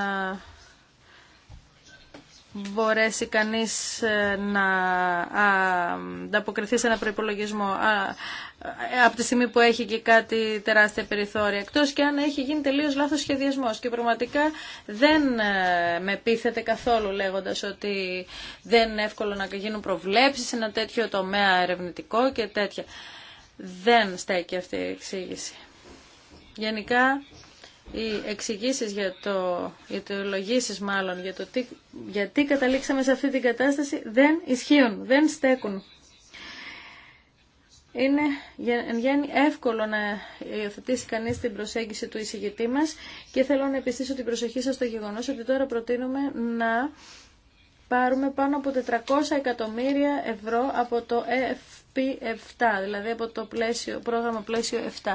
μπορέσει κανείς ε, να ανταποκριθεί σε ένα προϋπολογισμό ε, από τη στιγμή που έχει και κάτι τεράστια περιθώρια εκτός και αν έχει γίνει τελείως λάθος σχεδιασμός και πραγματικά δεν ε, με πείθεται καθόλου λέγοντας ότι δεν είναι εύκολο να γίνουν προβλέψεις σε ένα τέτοιο τομέα ερευνητικό και τέτοια δεν στέκει αυτή η εξήγηση γενικά οι εξηγήσει για το, οι αιτιολογήσεις μάλλον για το γιατί καταλήξαμε σε αυτή την κατάσταση δεν ισχύουν, δεν στέκουν. Είναι εν γέννη εύκολο να υιοθετήσει κανεί την προσέγγιση του εισηγητή μα και θέλω να επιστήσω την προσοχή σα στο γεγονό ότι τώρα προτείνουμε να πάρουμε πάνω από 400 εκατομμύρια ευρώ από το FP7, δηλαδή από το πλαίσιο, πρόγραμμα πλαίσιο 7.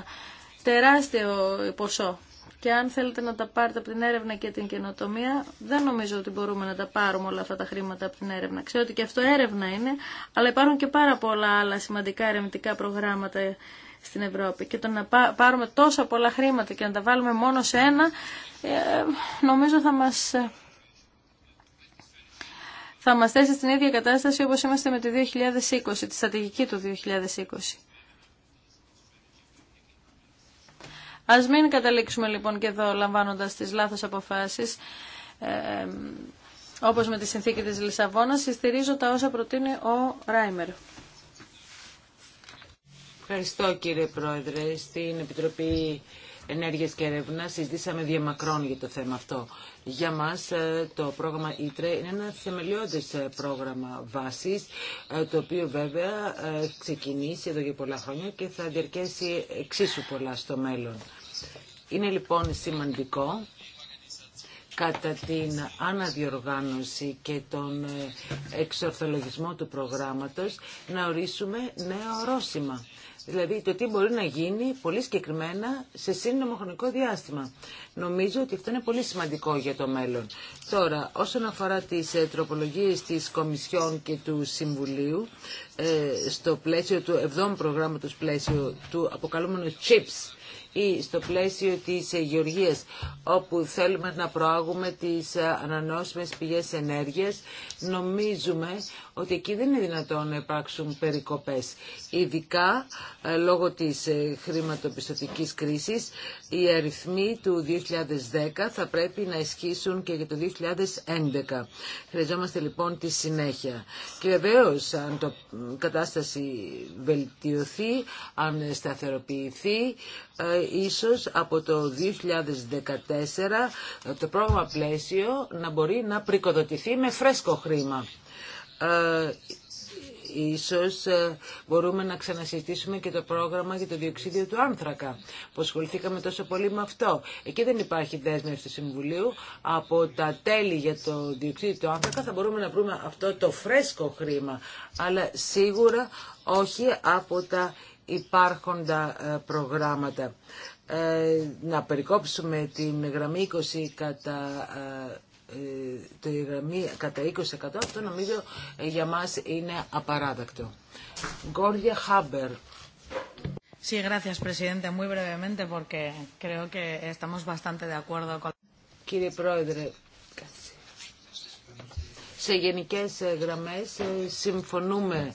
Τεράστιο ποσό. Και αν θέλετε να τα πάρετε από την έρευνα και την καινοτομία, δεν νομίζω ότι μπορούμε να τα πάρουμε όλα αυτά τα χρήματα από την έρευνα. Ξέρω ότι και αυτό έρευνα είναι, αλλά υπάρχουν και πάρα πολλά άλλα σημαντικά ερευνητικά προγράμματα στην Ευρώπη. Και το να πάρουμε τόσα πολλά χρήματα και να τα βάλουμε μόνο σε ένα, ε, νομίζω θα μας ε, θα μας θέσει στην ίδια κατάσταση όπως είμαστε με το 2020, τη στρατηγική του 2020. Ας μην καταλήξουμε λοιπόν και εδώ λαμβάνοντας τις λάθος αποφάσεις. Ε, όπως με τη συνθήκη της Λισαβόνας, συστηρίζω τα όσα προτείνει ο Ράιμερ. Ευχαριστώ κύριε Πρόεδρε. Στην Επιτροπή Ενέργειας και Έρευνα συζητήσαμε διαμακρών για το θέμα αυτό. Για μας ε, το πρόγραμμα ΙΤΡΕ είναι ένα θεμελιώδες ε, πρόγραμμα βάσης, ε, το οποίο βέβαια ξεκινήσει εδώ για πολλά χρόνια και θα διαρκέσει εξίσου πολλά στο μέλλον. Είναι λοιπόν σημαντικό κατά την αναδιοργάνωση και τον ε, εξορθολογισμό του προγράμματος να ορίσουμε νέα ορόσημα. Δηλαδή το τι μπορεί να γίνει πολύ συγκεκριμένα σε σύντομο χρονικό διάστημα. Νομίζω ότι αυτό είναι πολύ σημαντικό για το μέλλον. Τώρα, όσον αφορά τις ε, τροπολογίες της Κομισιόν και του Συμβουλίου, ε, στο πλαίσιο του 7ου προγράμματος πλαίσιο του αποκαλούμενου CHIPS, ή στο πλαίσιο της γεωργίας όπου θέλουμε να προάγουμε τις ανανεώσιμες πηγές ενέργειας, νομίζουμε ότι εκεί δεν είναι δυνατόν να υπάρξουν περικοπές. Ειδικά ε, λόγω της ε, χρηματοπιστωτικής κρίσης, οι αριθμοί του 2010 θα πρέπει να ισχύσουν και για το 2011. Χρειαζόμαστε λοιπόν τη συνέχεια. Και βεβαίω, αν το κατάσταση βελτιωθεί, αν σταθεροποιηθεί, ε, ίσως από το 2014 το πρόγραμμα πλαίσιο να μπορεί να πρικοδοτηθεί με φρέσκο χρήμα. Ε, ίσως ε, μπορούμε να ξανασυζητήσουμε και το πρόγραμμα για το διοξίδιο του άνθρακα που ασχοληθήκαμε τόσο πολύ με αυτό. Εκεί δεν υπάρχει δέσμευση του Συμβουλίου. Από τα τέλη για το διοξίδιο του άνθρακα θα μπορούμε να βρούμε αυτό το φρέσκο χρήμα, αλλά σίγουρα όχι από τα υπάρχοντα ε, προγράμματα. να περικόψουμε την γραμμή 20 κατά τη γραμμή κατά 20% αυτό νομίζω ε, για μας είναι απαράδεκτο. Γκόρια Χάμπερ. Sí, gracias, Presidente. Muy brevemente, porque creo que estamos bastante de acuerdo con... Κύριε Πρόεδρε, σε γενικές ε, γραμμές ε, συμφωνούμε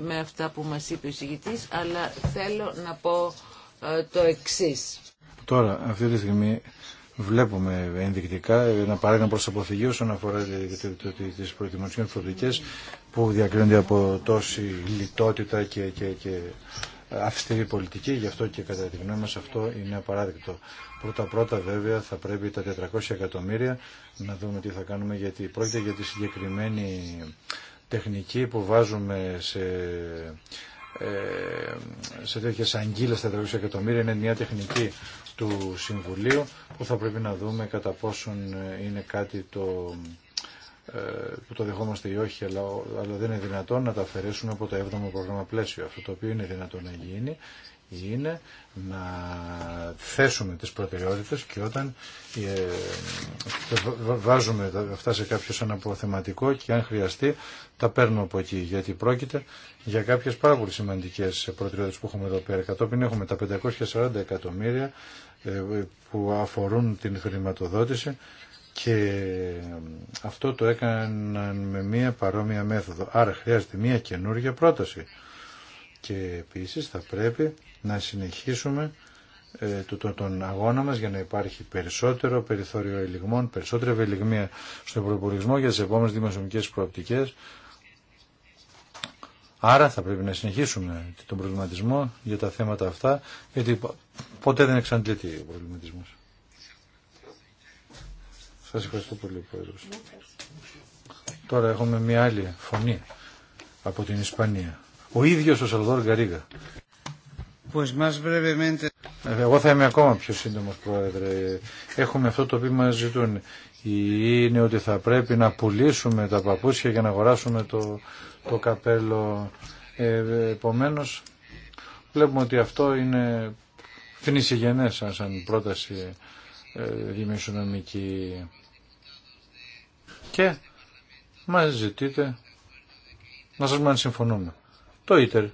με αυτά που μας είπε ο συγητής, αλλά θέλω να πω το εξής. Τώρα, αυτή τη στιγμή, βλέπουμε ενδεικτικά ένα παράδειγμα προς αποφυγή όσον αφορά τις προετοιμασίες φροντικές που διακρίνονται από τόση λιτότητα και, και, και αυστηρή πολιτική, γι' αυτό και κατά τη γνώμη μας αυτό είναι απαράδεκτο. Πρώτα-πρώτα βέβαια θα πρέπει τα 400 εκατομμύρια να δούμε τι θα κάνουμε γιατί πρόκειται για τη συγκεκριμένη τεχνική που βάζουμε σε ε, σε τέτοιε αγγείλε τα 400 εκατομμύρια είναι μια τεχνική του Συμβουλίου που θα πρέπει να δούμε κατά πόσον ε, είναι κάτι το ε, που το δεχόμαστε ή όχι, αλλά, αλλά δεν είναι δυνατόν να τα αφαιρέσουμε από το 7ο πρόγραμμα πλαίσιο. Αυτό το οποίο είναι δυνατόν να γίνει είναι να θέσουμε τις προτεραιότητες και όταν ε, βάζουμε αυτά σε κάποιο σαν αποθεματικό και αν χρειαστεί τα παίρνω από εκεί γιατί πρόκειται για κάποιες πάρα πολύ σημαντικές προτεραιότητες που έχουμε εδώ πέρα κατόπιν έχουμε τα 540 εκατομμύρια ε, που αφορούν την χρηματοδότηση και αυτό το έκαναν με μία παρόμοια μέθοδο. Άρα χρειάζεται μία καινούργια πρόταση. Και επίσης θα πρέπει να συνεχίσουμε ε, τον αγώνα μας για να υπάρχει περισσότερο περιθώριο ελιγμών, περισσότερη ευελιγμία στον προπολογισμό για τις επόμενες δημοσιονομικές προοπτικές Άρα θα πρέπει να συνεχίσουμε τον προβληματισμό για τα θέματα αυτά, γιατί ποτέ δεν εξαντλείται ο προβληματισμός. Σας ευχαριστώ πολύ, Πρόεδρος. Τώρα έχουμε μια άλλη φωνή από την Ισπανία. Ο ίδιος ο Σαλδόρ Γκαρίγα. Ε, εγώ θα είμαι ακόμα πιο σύντομος, Πρόεδρε. Έχουμε αυτό το οποίο μας ζητούν. Είναι ότι θα πρέπει να πουλήσουμε τα παπούσια για να αγοράσουμε το, το καπέλο. Ε, Επομένω, βλέπουμε ότι αυτό είναι φινησιγενές σαν, σαν πρόταση ε, Και μας ζητείτε να σας πούμε αν συμφωνούμε. Το ίτερ είναι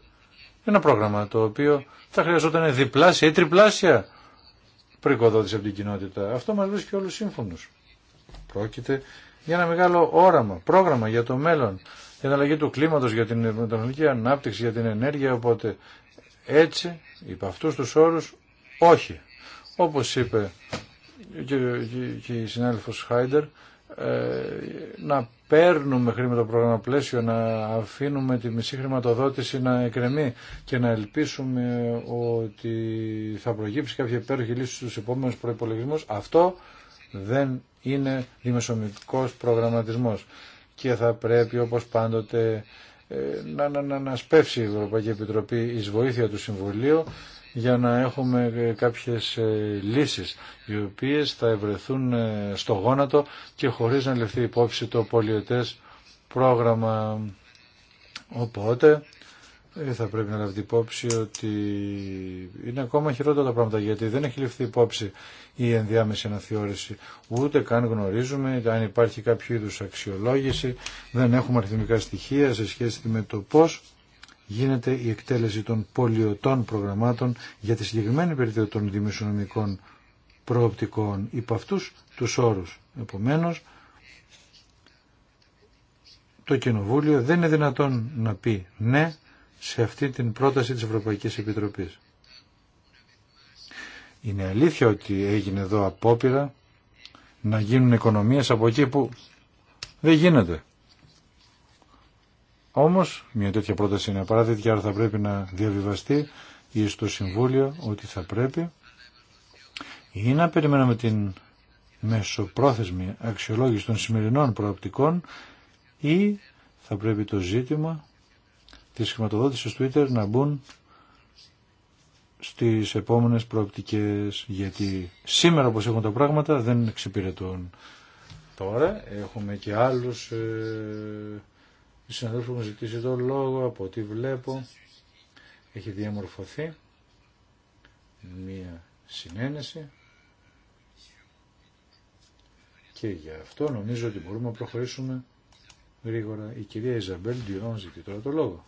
ένα πρόγραμμα το οποίο θα χρειαζόταν διπλάσια ή τριπλάσια πρικοδότηση από την κοινότητα. Αυτό μας βρίσκει όλους σύμφωνους. Πρόκειται για ένα μεγάλο όραμα, πρόγραμμα για το μέλλον την αλλαγή του κλίματος, για την μετανολική ανάπτυξη, για την ενέργεια, οπότε έτσι, υπ' αυτού τους όρους, όχι. Όπως είπε και, η συνάδελφος Χάιντερ, ε, να παίρνουμε χρήματα πρόγραμμα πλαίσιο, να αφήνουμε τη μισή χρηματοδότηση να εκρεμεί και να ελπίσουμε ότι θα προγύψει κάποια υπέροχη λύση στους επόμενους προϋπολογισμούς. Αυτό δεν είναι δημοσιονομικός προγραμματισμός και θα πρέπει όπως πάντοτε ε, να, να, να, να σπεύσει η Ευρωπαϊκή Επιτροπή εις βοήθεια του Συμβουλίου για να έχουμε ε, κάποιες ε, λύσεις οι οποίες θα ευρεθούν στο γόνατο και χωρίς να λεφθεί υπόψη το πολιετές πρόγραμμα. Οπότε ε, θα πρέπει να λάβετε υπόψη ότι είναι ακόμα χειρότερα τα πράγματα γιατί δεν έχει ληφθεί υπόψη η ενδιάμεση αναθεώρηση. Ούτε καν γνωρίζουμε αν υπάρχει κάποιο είδου αξιολόγηση, δεν έχουμε αριθμητικά στοιχεία σε σχέση με το πώ γίνεται η εκτέλεση των πολιωτών προγραμμάτων για τη συγκεκριμένη περίοδο των δημοσιονομικών προοπτικών υπ' αυτού, του όρου. Επομένω, το Κοινοβούλιο δεν είναι δυνατόν να πει ναι σε αυτή την πρόταση της Ευρωπαϊκής Επιτροπής. Είναι αλήθεια ότι έγινε εδώ απόπειρα να γίνουν οικονομίες από εκεί που δεν γίνεται. Όμως μια τέτοια πρόταση είναι απαράδεκτη άρα θα πρέπει να διαβιβαστεί ή στο Συμβούλιο ότι θα πρέπει ή να περιμένουμε την μεσοπρόθεσμη αξιολόγηση των σημερινών προοπτικών ή θα πρέπει το ζήτημα της χρηματοδότησης Twitter να μπουν στις επόμενες προοπτικές γιατί σήμερα όπως έχουν τα πράγματα δεν εξυπηρετούν. Τώρα έχουμε και άλλους ε, συναδέλφους που έχουν ζητήσει το λόγο από ό,τι βλέπω έχει διαμορφωθεί μία συνένεση και γι' αυτό νομίζω ότι μπορούμε να προχωρήσουμε γρήγορα. Η κυρία Ιζαμπέλ Ντιρόν ζητεί τώρα το λόγο.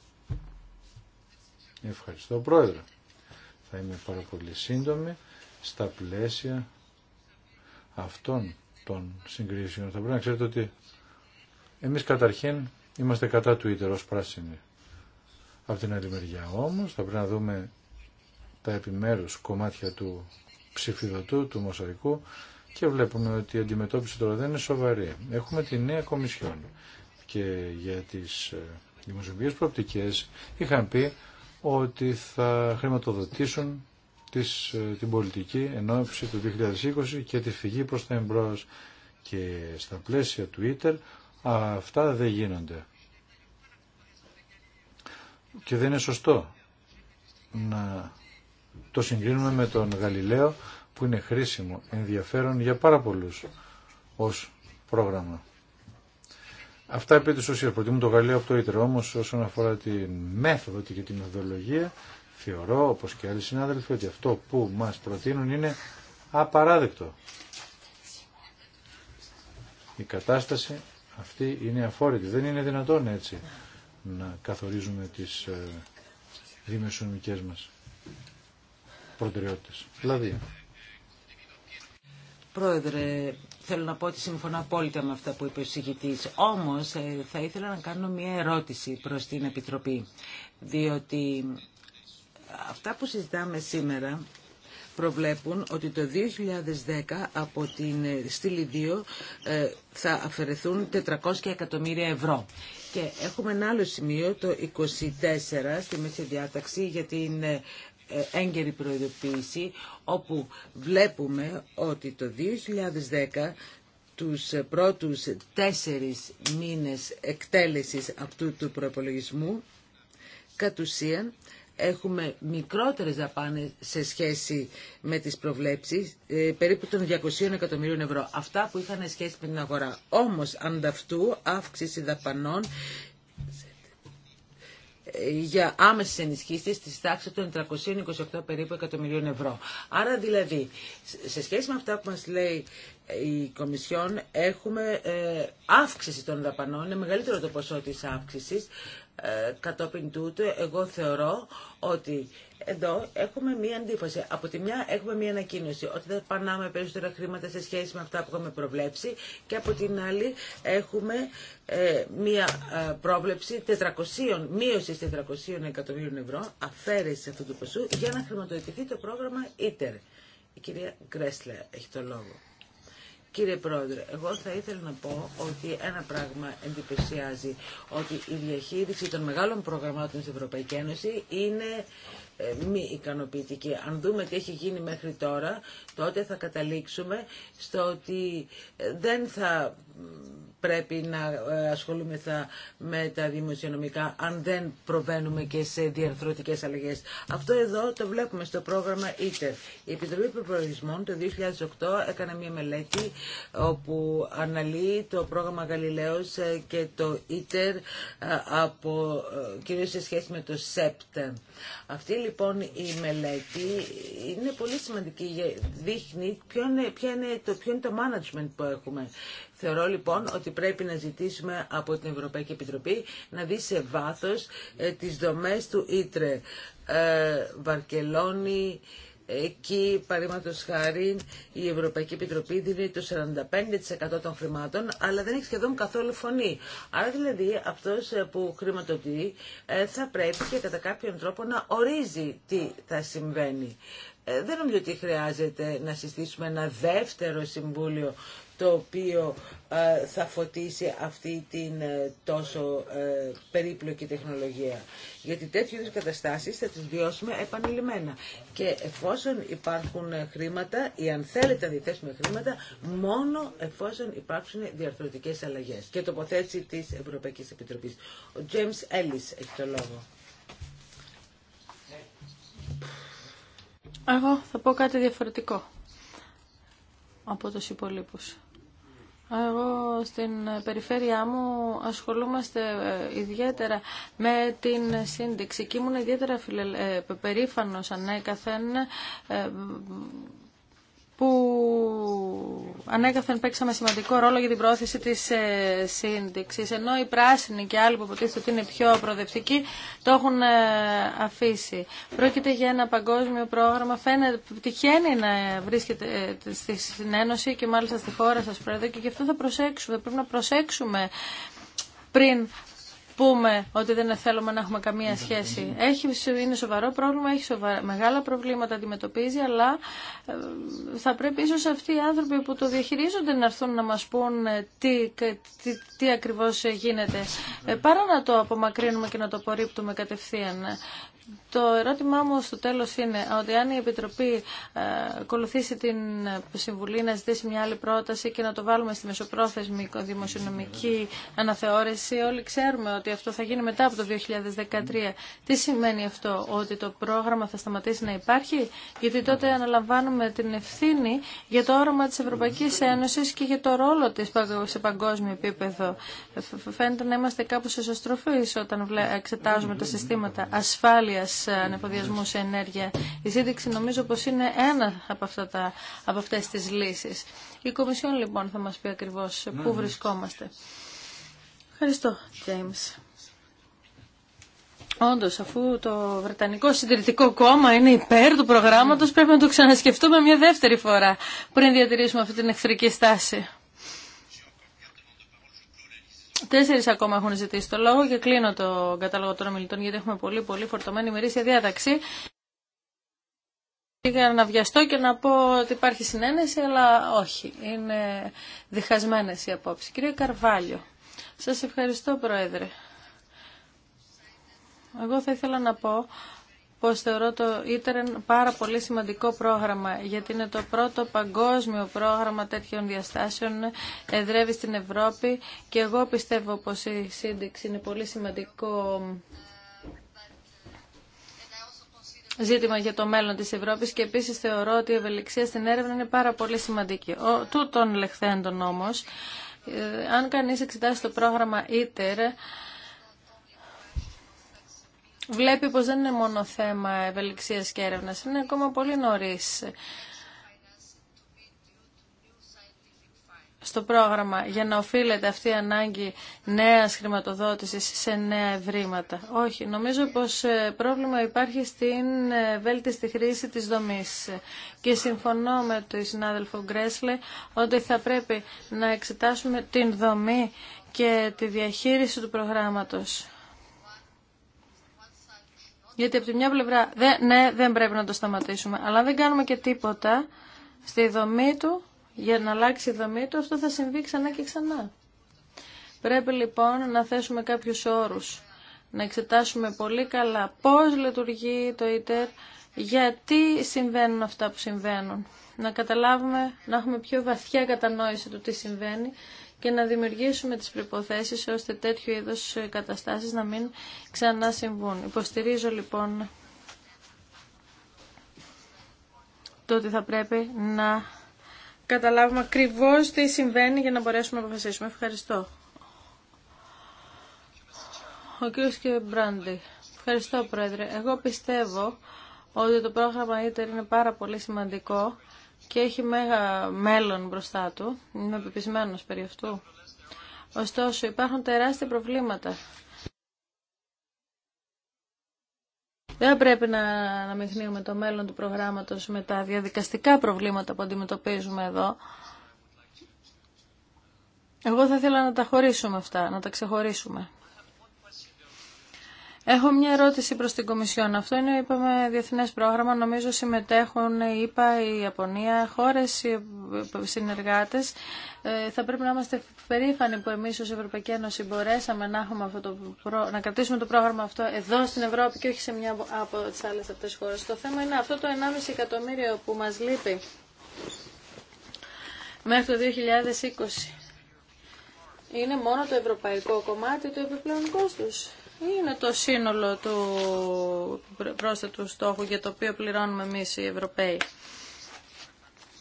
Ευχαριστώ Πρόεδρε. Θα είμαι πάρα πολύ σύντομη στα πλαίσια αυτών των συγκρίσεων. Θα πρέπει να ξέρετε ότι εμείς καταρχήν είμαστε κατά του ίτερος πράσινοι. Από την άλλη μεριά όμως θα πρέπει να δούμε τα επιμέρους κομμάτια του ψηφιδωτού, του μοσαϊκού και βλέπουμε ότι η αντιμετώπιση τώρα δεν είναι σοβαρή. Έχουμε τη νέα Κομισιόν και για τις ε, δημοσιοποιείς προοπτικές είχαν πει ότι θα χρηματοδοτήσουν της, ε, την πολιτική ενόψη του 2020 και τη φυγή προς τα εμπρός και στα πλαίσια του Ίτερ αυτά δεν γίνονται. Και δεν είναι σωστό να το συγκρίνουμε με τον Γαλιλαίο που είναι χρήσιμο, ενδιαφέρον για πάρα πολλούς ως πρόγραμμα. Αυτά επί τη ουσία. προτιμούν το Γαλλίο από το Ήτρε. όμω, όσον αφορά τη μέθοδο και τη μεθοδολογία θεωρώ όπω και άλλοι συνάδελφοι ότι αυτό που μας προτείνουν είναι απαράδεκτο. Η κατάσταση αυτή είναι αφόρητη. Δεν είναι δυνατόν έτσι να καθορίζουμε τις ε, δημοσιονομικές μας προτεραιότητες. Δηλαδή... Πρόεδρε, Θέλω να πω ότι συμφωνώ απόλυτα με αυτά που είπε ο συγητής. Όμως ε, θα ήθελα να κάνω μια ερώτηση προς την Επιτροπή. Διότι αυτά που συζητάμε σήμερα προβλέπουν ότι το 2010 από την ε, στήλη 2 ε, θα αφαιρεθούν 400 εκατομμύρια ευρώ. Και έχουμε ένα άλλο σημείο, το 24, στη μέση διάταξη για την ε, έγκαιρη προειδοποίηση όπου βλέπουμε ότι το 2010 τους πρώτους τέσσερις μήνες εκτέλεσης αυτού του προπολογισμού κατ' ουσίαν έχουμε μικρότερες δαπάνες σε σχέση με τις προβλέψεις, ε, περίπου των 200 εκατομμυρίων ευρώ. Αυτά που είχαν σχέση με την αγορά. Όμως, ανταυτού, αύξηση δαπανών για άμεση ενισχύσεις της τάξης των 328 περίπου εκατομμυρίων ευρώ. Άρα δηλαδή, σε σχέση με αυτά που μας λέει η Κομισιόν, έχουμε ε, αύξηση των δαπανών, είναι μεγαλύτερο το ποσό της αύξησης, ε, κατόπιν τούτου, εγώ θεωρώ ότι εδώ έχουμε μία αντίφαση. Από τη μια έχουμε μία ανακοίνωση ότι δεν πανάμε περισσότερα χρήματα σε σχέση με αυτά που έχουμε προβλέψει και από την άλλη έχουμε ε, μία ε, πρόβλεψη 400, μείωση 400 εκατομμύριων ευρώ, αφαίρεση αυτού του ποσού για να χρηματοδοτηθεί το πρόγραμμα ITER. Η κυρία Γκρέσλε έχει το λόγο. Κύριε Πρόεδρε, εγώ θα ήθελα να πω ότι ένα πράγμα εντυπωσιάζει, ότι η διαχείριση των μεγάλων προγραμμάτων στην Ευρωπαϊκή Ένωση είναι ε, μη ικανοποιητική. Αν δούμε τι έχει γίνει μέχρι τώρα, τότε θα καταλήξουμε στο ότι ε, δεν θα πρέπει να ε, ασχολούμεθα με τα δημοσιονομικά αν δεν προβαίνουμε και σε διαρθρωτικές αλλαγές. Αυτό εδώ το βλέπουμε στο πρόγραμμα ITER. Η Επιτροπή Προπολογισμών το 2008 έκανε μια μελέτη όπου αναλύει το πρόγραμμα Γαλιλαίος ε, και το ITER ε, από, κυρίως σε σχέση με το ΣΕΠΤ. Αυτή λοιπόν η μελέτη είναι πολύ σημαντική. Δείχνει ποιο είναι, ποιο είναι το management που έχουμε. Θεωρώ λοιπόν ότι πρέπει να ζητήσουμε από την Ευρωπαϊκή Επιτροπή να δει σε βάθος ε, τις δομές του Ε, Βαρκελόνη, Εκεί, παραδείγματο χάρη, η Ευρωπαϊκή Επιτροπή δίνει το 45% των χρημάτων, αλλά δεν έχει σχεδόν καθόλου φωνή. Άρα, δηλαδή, αυτό ε, που χρηματοδοτεί ε, θα πρέπει και κατά κάποιον τρόπο να ορίζει τι θα συμβαίνει. Δεν νομίζω ότι χρειάζεται να συστήσουμε ένα δεύτερο συμβούλιο το οποίο ε, θα φωτίσει αυτή την ε, τόσο ε, περίπλοκη τεχνολογία. Γιατί τέτοιου καταστάσεις καταστάσει θα τις βιώσουμε επανειλημμένα. Και εφόσον υπάρχουν χρήματα, ή αν θέλετε να διαθέσουμε χρήματα, μόνο εφόσον υπάρξουν διαρθρωτικές αλλαγές. Και τοποθέτηση της Ευρωπαϊκής Επιτροπής. Ο James Ellis έχει το λόγο. Εγώ θα πω κάτι διαφορετικό από τους υπολείπους. Εγώ στην περιφέρειά μου ασχολούμαστε ε, ιδιαίτερα με την σύνδεξη και ήμουν ιδιαίτερα φιλελε... Ε, περήφανος ανέκαθεν ε, που ανέκαθεν παίξαμε σημαντικό ρόλο για την πρόθεση της ε, σύνδεξης, ενώ οι πράσινοι και άλλοι που αποτίθεται ότι είναι πιο προοδευτικοί το έχουν ε, αφήσει. Πρόκειται για ένα παγκόσμιο πρόγραμμα, φαίνεται, τυχαίνει να βρίσκεται ε, στη Ένωση και μάλιστα στη χώρα σας, Πρόεδρε, και γι' αυτό θα προσέξουμε, θα πρέπει να προσέξουμε πριν πούμε ότι δεν θέλουμε να έχουμε καμία σχέση. Έχει, είναι σοβαρό πρόβλημα, έχει σοβαρά, μεγάλα προβλήματα αντιμετωπίζει, αλλά ε, θα πρέπει ίσως αυτοί οι άνθρωποι που το διαχειρίζονται να έρθουν να μας πούν ε, τι, τι, τι ακριβώς γίνεται. Ε, παρά να το απομακρύνουμε και να το απορρίπτουμε κατευθείαν. Το ερώτημά μου στο τέλος είναι ότι αν η Επιτροπή ε, ακολουθήσει την Συμβουλή να ζητήσει μια άλλη πρόταση και να το βάλουμε στη μεσοπρόθεσμη δημοσιονομική αναθεώρηση, όλοι ξέρουμε ότι αυτό θα γίνει μετά από το 2013. Τι σημαίνει αυτό, ότι το πρόγραμμα θα σταματήσει να υπάρχει, γιατί τότε αναλαμβάνουμε την ευθύνη για το όρομα της Ευρωπαϊκής Ένωσης και για το ρόλο της σε παγκόσμιο επίπεδο. Φαίνεται να είμαστε κάπως εσωστροφείς όταν εξετάζουμε τα συστήματα ασφάλεια ασφάλειας ε, ανεφοδιασμού ενέργεια. Η σύνδεξη νομίζω πως είναι ένα από, αυτά τα, από αυτές τις λύσεις. Η Κομισιόν λοιπόν θα μας πει ακριβώς ναι, πού ναι. βρισκόμαστε. Ευχαριστώ, James. Όντω, αφού το Βρετανικό Συντηρητικό Κόμμα είναι υπέρ του προγράμματος πρέπει να το ξανασκεφτούμε μια δεύτερη φορά πριν διατηρήσουμε αυτή την εχθρική στάση. Τέσσερι ακόμα έχουν ζητήσει το λόγο και κλείνω το κατάλογο των ομιλητών γιατί έχουμε πολύ πολύ φορτωμένη μερίσια διάταξη. Πήγα να βιαστώ και να πω ότι υπάρχει συνένεση, αλλά όχι. Είναι διχασμένες οι απόψει. Κύριε Καρβάλιο, σας ευχαριστώ Πρόεδρε. Εγώ θα ήθελα να πω πως θεωρώ το ΙΤΡΕΝ πάρα πολύ σημαντικό πρόγραμμα, γιατί είναι το πρώτο παγκόσμιο πρόγραμμα τέτοιων διαστάσεων, εδρεύει στην Ευρώπη και εγώ πιστεύω πως η σύνδεξη είναι πολύ σημαντικό ζήτημα για το μέλλον της Ευρώπης και επίσης θεωρώ ότι η ευελιξία στην έρευνα είναι πάρα πολύ σημαντική. Ο, τούτων λεχθέντων όμως, ε, αν κανείς εξετάσει το πρόγραμμα ITER, βλέπει πως δεν είναι μόνο θέμα ευελιξίας και έρευνας, είναι ακόμα πολύ νωρίς στο πρόγραμμα για να οφείλεται αυτή η ανάγκη νέας χρηματοδότησης σε νέα ευρήματα. Όχι, νομίζω πως ε, πρόβλημα υπάρχει στην ε, βέλτιστη χρήση της δομής. Και συμφωνώ με τον συνάδελφο Γκρέσλε ότι θα πρέπει να εξετάσουμε την δομή και τη διαχείριση του προγράμματος. Γιατί από τη μια πλευρά, ναι, δεν πρέπει να το σταματήσουμε, αλλά δεν κάνουμε και τίποτα στη δομή του, για να αλλάξει η δομή του, αυτό θα συμβεί ξανά και ξανά. Πρέπει λοιπόν να θέσουμε κάποιους όρους, να εξετάσουμε πολύ καλά πώς λειτουργεί το ΙΤΕΡ, γιατί συμβαίνουν αυτά που συμβαίνουν. Να καταλάβουμε, να έχουμε πιο βαθιά κατανόηση του τι συμβαίνει και να δημιουργήσουμε τις προϋποθέσεις ώστε τέτοιου είδους καταστάσεις να μην ξανά συμβούν. Υποστηρίζω λοιπόν το ότι θα πρέπει να καταλάβουμε ακριβώ τι συμβαίνει για να μπορέσουμε να αποφασίσουμε. Ευχαριστώ. Ο κ. και Μπράντι. Ευχαριστώ, Πρόεδρε. Εγώ πιστεύω ότι το πρόγραμμα ITER είναι πάρα πολύ σημαντικό και έχει μέγα μέλλον μπροστά του. Είμαι πεπισμένος περί αυτού. Ωστόσο υπάρχουν τεράστια προβλήματα. Δεν πρέπει να αναμειχνύουμε το μέλλον του προγράμματος με τα διαδικαστικά προβλήματα που αντιμετωπίζουμε εδώ. Εγώ θα ήθελα να τα χωρίσουμε αυτά, να τα ξεχωρίσουμε. Έχω μια ερώτηση προς την Κομισιόν. Αυτό είναι, είπαμε, διεθνές πρόγραμμα. Νομίζω συμμετέχουν, είπα, η Ιαπωνία, χώρες, οι συνεργάτες. Ε, θα πρέπει να είμαστε περήφανοι που εμείς ως Ευρωπαϊκή Ένωση μπορέσαμε να, έχουμε αυτό το να κρατήσουμε το πρόγραμμα αυτό εδώ στην Ευρώπη και όχι σε μια από τις άλλες αυτές χώρες. Το θέμα είναι αυτό το 1,5 εκατομμύριο που μας λείπει μέχρι το 2020. Είναι μόνο το ευρωπαϊκό κομμάτι του επιπλέον κόστους είναι το σύνολο του πρόσθετου στόχου για το οποίο πληρώνουμε εμείς οι Ευρωπαίοι.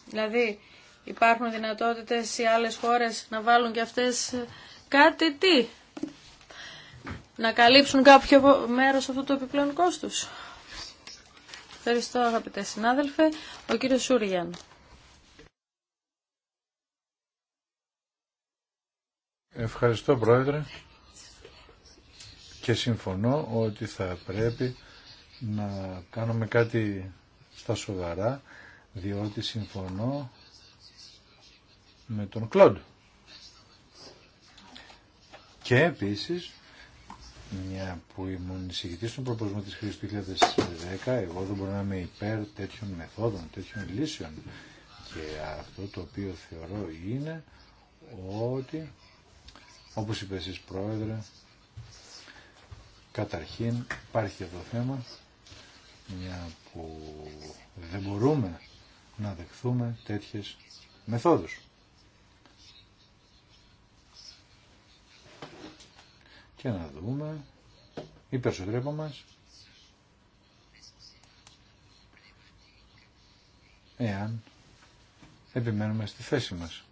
Δηλαδή υπάρχουν δυνατότητες οι άλλες χώρες να βάλουν και αυτές κάτι τι. Να καλύψουν κάποιο μέρος αυτού του επιπλέον κόστους. Ευχαριστώ αγαπητέ συνάδελφε. Ο κύριος Σούριαν. Ευχαριστώ πρόεδρε και συμφωνώ ότι θα πρέπει να κάνουμε κάτι στα σοβαρά διότι συμφωνώ με τον Κλοντ. Και επίσης, μια που ήμουν εισηγητής στον προπολισμό της χρήσης του 2010, εγώ δεν μπορώ να είμαι υπέρ τέτοιων μεθόδων, τέτοιων λύσεων. Και αυτό το οποίο θεωρώ είναι ότι, όπως είπε εσείς πρόεδρε, Καταρχήν υπάρχει εδώ θέμα μια που δεν μπορούμε να δεχθούμε τέτοιες μεθόδους. Και να δούμε η περισσότερη από μας εάν επιμένουμε στη θέση μας.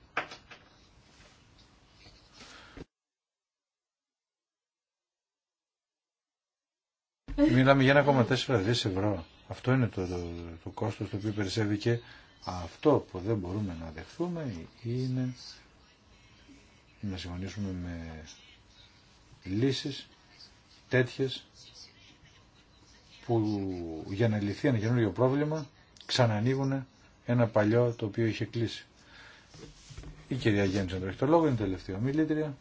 Μιλάμε για 1,4 δις ευρώ. Αυτό είναι το, το, το κόστος το οποίο περισσεύει και αυτό που δεν μπορούμε να δεχθούμε είναι να συμφωνήσουμε με λύσεις τέτοιες που για να λυθεί ένα καινούριο πρόβλημα ξανανοίγουν ένα παλιό το οποίο είχε κλείσει. Η κυρία Γέννης το λόγο, είναι τελευταία ομιλήτρια.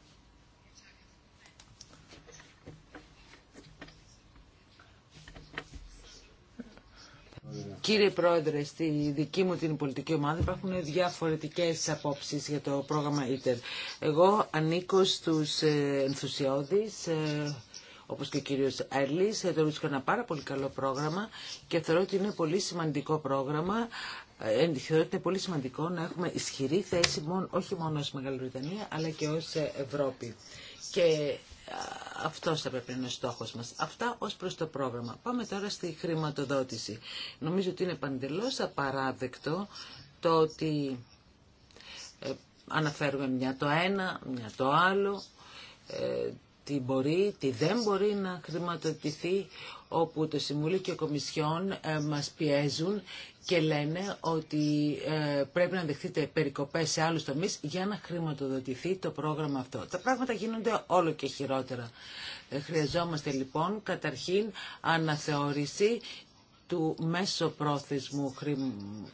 Κύριε Πρόεδρε, στη δική μου την πολιτική ομάδα υπάρχουν διαφορετικές απόψεις για το πρόγραμμα ITER. Εγώ ανήκω στους ε, ενθουσιώδεις ε, όπως και ο κύριος Αρλής, ε, το βρίσκω ένα πάρα πολύ καλό πρόγραμμα και θεωρώ ότι είναι πολύ σημαντικό πρόγραμμα Θεωρώ ότι είναι πολύ σημαντικό να έχουμε ισχυρή θέση όχι μόνο ως Βρετανία αλλά και ως Ευρώπη. Και αυτό θα πρέπει να είναι ο στόχος μας. Αυτά ως προς το πρόγραμμα. Πάμε τώρα στη χρηματοδότηση. Νομίζω ότι είναι παντελώ απαράδεκτο το ότι ε, αναφέρουμε μια το ένα, μια το άλλο, ε, τι μπορεί, τι δεν μπορεί να χρηματοδοτηθεί, όπου το Συμβούλιο και ο Κομισιόν ε, μας πιέζουν και λένε ότι ε, πρέπει να δεχτείτε περικοπές σε άλλους τομείς για να χρηματοδοτηθεί το πρόγραμμα αυτό. Τα πράγματα γίνονται όλο και χειρότερα. Ε, χρειαζόμαστε λοιπόν καταρχήν αναθεώρηση του μέσοπρόθεσμου,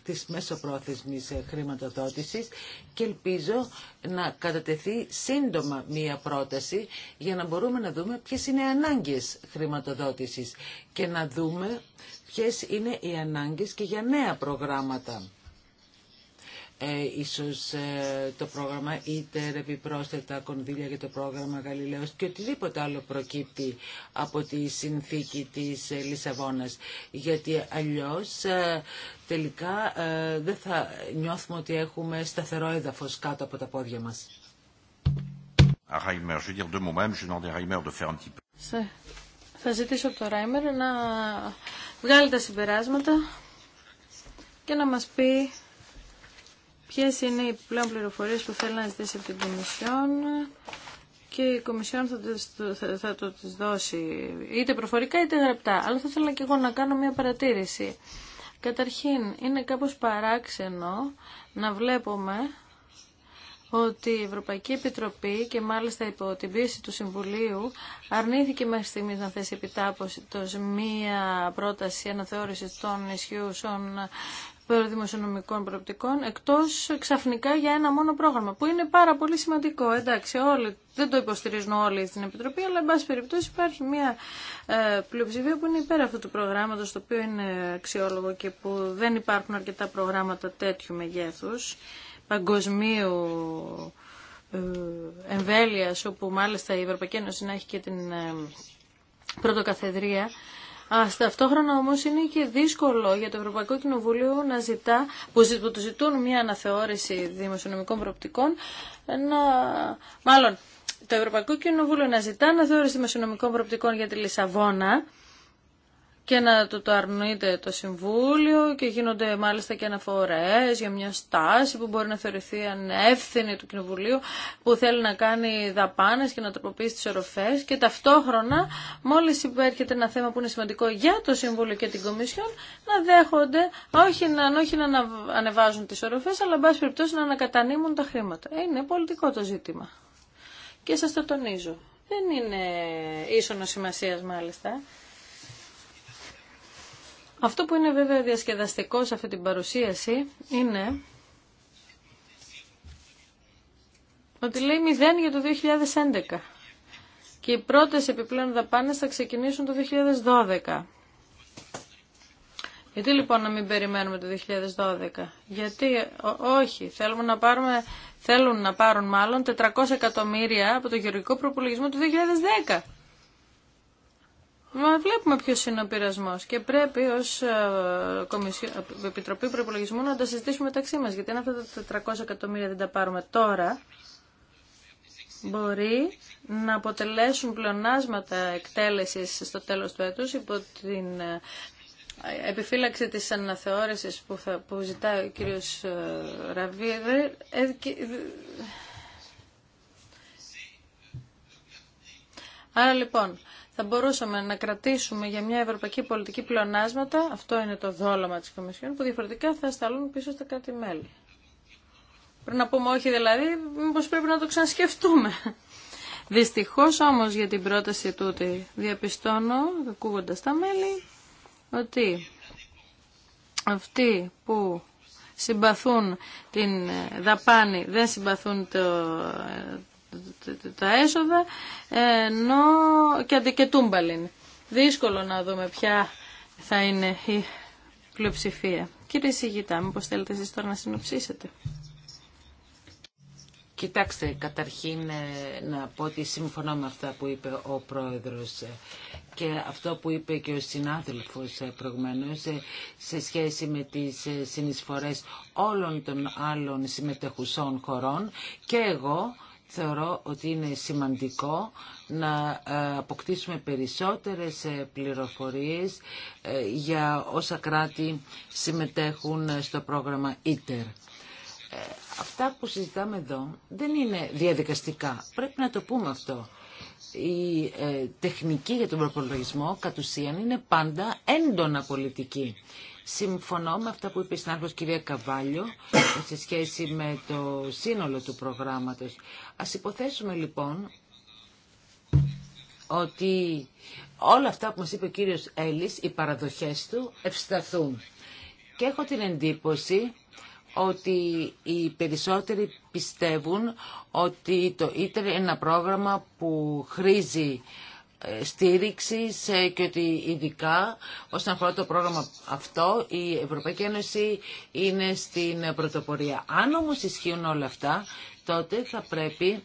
της μέσοπρόθεσμης χρηματοδότησης και ελπίζω να κατατεθεί σύντομα μία πρόταση για να μπορούμε να δούμε ποιες είναι οι ανάγκες χρηματοδότησης και να δούμε ποιες είναι οι ανάγκες και για νέα προγράμματα ε, ίσως ε, το πρόγραμμα είτε επιπρόσθετα κονδύλια για το πρόγραμμα Γαλιλαίος και οτιδήποτε άλλο προκύπτει από τη συνθήκη της ε, Λισαβόνας. Γιατί αλλιώς ε, τελικά ε, δεν θα νιώθουμε ότι έχουμε σταθερό έδαφος κάτω από τα πόδια μας. Θα ζητήσω από το Ράιμερ να βγάλει τα συμπεράσματα και να μας πει Ποιε είναι οι πλέον πληροφορίες που θέλει να ζητήσει από την Κομισιόν και η Κομισιόν θα, θα το τις δώσει είτε προφορικά είτε γραπτά. Αλλά θα ήθελα και εγώ να κάνω μια παρατήρηση. Καταρχήν, είναι κάπως παράξενο να βλέπουμε ότι η Ευρωπαϊκή Επιτροπή και μάλιστα υπό την πίεση του Συμβουλίου αρνήθηκε μέχρι στιγμή να θέσει επιτάπωση μία πρόταση αναθεώρηση των ισχυούσων δημοσιονομικών προοπτικών, εκτό ξαφνικά για ένα μόνο πρόγραμμα, που είναι πάρα πολύ σημαντικό. Εντάξει, όλοι, δεν το υποστηρίζουν όλοι στην Επιτροπή, αλλά εν πάση περιπτώσει υπάρχει μια ε, πλειοψηφία που είναι υπέρ αυτού του προγράμματο, το οποίο είναι αξιόλογο και που δεν υπάρχουν αρκετά προγράμματα τέτοιου μεγέθου παγκοσμίου ε, εμβέλειας, όπου μάλιστα η Ευρωπαϊκή Ένωση να έχει και την ε, πρωτοκαθεδρία. Ας, ταυτόχρονα όμως είναι και δύσκολο για το Ευρωπαϊκό Κοινοβούλιο να ζητά, που, που του ζητούν μια αναθεώρηση δημοσιονομικών προοπτικών, να, μάλλον το Ευρωπαϊκό Κοινοβούλιο να ζητά αναθεώρηση δημοσιονομικών προοπτικών για τη Λισαβόνα, και να το, το αρνείται το Συμβούλιο και γίνονται μάλιστα και αναφορές για μια στάση που μπορεί να θεωρηθεί ανεύθυνη του Κοινοβουλίου που θέλει να κάνει δαπάνες και να τροποποιήσει τις οροφές και ταυτόχρονα μόλις υπέρχεται ένα θέμα που είναι σημαντικό για το Συμβούλιο και την Κομισιόν να δέχονται όχι να, όχι να ανεβάζουν τις οροφές αλλά μπας περιπτώσει να ανακατανείμουν τα χρήματα. Ε, είναι πολιτικό το ζήτημα και σας το τονίζω. Δεν είναι ίσονο σημασία μάλιστα. Αυτό που είναι βέβαια διασκεδαστικό σε αυτή την παρουσίαση είναι ότι λέει μηδέν για το 2011 και οι πρώτες επιπλέον δαπάνες θα ξεκινήσουν το 2012. Γιατί λοιπόν να μην περιμένουμε το 2012. Γιατί όχι, θέλουν να πάρουν μάλλον 400 εκατομμύρια από το γεωργικό προπολογισμό του 2010. Μα βλέπουμε ποιο είναι ο πειρασμό και πρέπει ω ε, Επιτροπή Προπολογισμού να τα συζητήσουμε μεταξύ μα. Γιατί αν αυτά τα 400 εκατομμύρια δεν τα πάρουμε τώρα, μπορεί να αποτελέσουν πλεονάσματα εκτέλεσης στο τέλος του έτους υπό την ε, επιφύλαξη της αναθεώρησης που, που ζητάει ο κύριος ε, Ραβίδη. Άρα λοιπόν, θα μπορούσαμε να κρατήσουμε για μια ευρωπαϊκή πολιτική πλεονάσματα, αυτό είναι το δόλωμα της Κομισιόν, που διαφορετικά θα σταλούν πίσω στα κάτι μελη Πρέπει να πούμε όχι δηλαδή, μήπως πρέπει να το ξανασκεφτούμε. Δυστυχώς όμως για την πρόταση τούτη διαπιστώνω, ακούγοντα τα μέλη, ότι αυτοί που συμπαθούν την δαπάνη, δεν συμπαθούν το, τα έσοδα ενώ και, και Δύσκολο να δούμε ποια θα είναι η πλειοψηφία. Κύριε Σιγητά, μήπως θέλετε εσείς τώρα να συνοψίσετε. Κοιτάξτε, καταρχήν ε, να πω ότι συμφωνώ με αυτά που είπε ο Πρόεδρος ε, και αυτό που είπε και ο συνάδελφος ε, προηγουμένως σε σχέση με τις συνεισφορές όλων των άλλων συμμετεχουσών χωρών και εγώ θεωρώ ότι είναι σημαντικό να ε, αποκτήσουμε περισσότερες ε, πληροφορίες ε, για όσα κράτη συμμετέχουν στο πρόγραμμα ITER. Αυτά που συζητάμε εδώ δεν είναι διαδικαστικά. Πρέπει να το πούμε αυτό. Η τεχνική για τον προπολογισμό κατ' ουσίαν είναι πάντα έντονα πολιτική. Συμφωνώ με αυτά που είπε η συνάδελφος κυρία Καβάλιο σε σχέση με το σύνολο του προγράμματος. Ας υποθέσουμε λοιπόν ότι όλα αυτά που μας είπε ο κύριος Έλλης, οι παραδοχές του, ευσταθούν. Και έχω την εντύπωση ότι οι περισσότεροι πιστεύουν ότι το ίτερ είναι ένα πρόγραμμα που χρήζει στήριξης και ότι ειδικά όσον αφορά το πρόγραμμα αυτό η Ευρωπαϊκή Ένωση είναι στην πρωτοπορία. Αν όμως ισχύουν όλα αυτά τότε θα πρέπει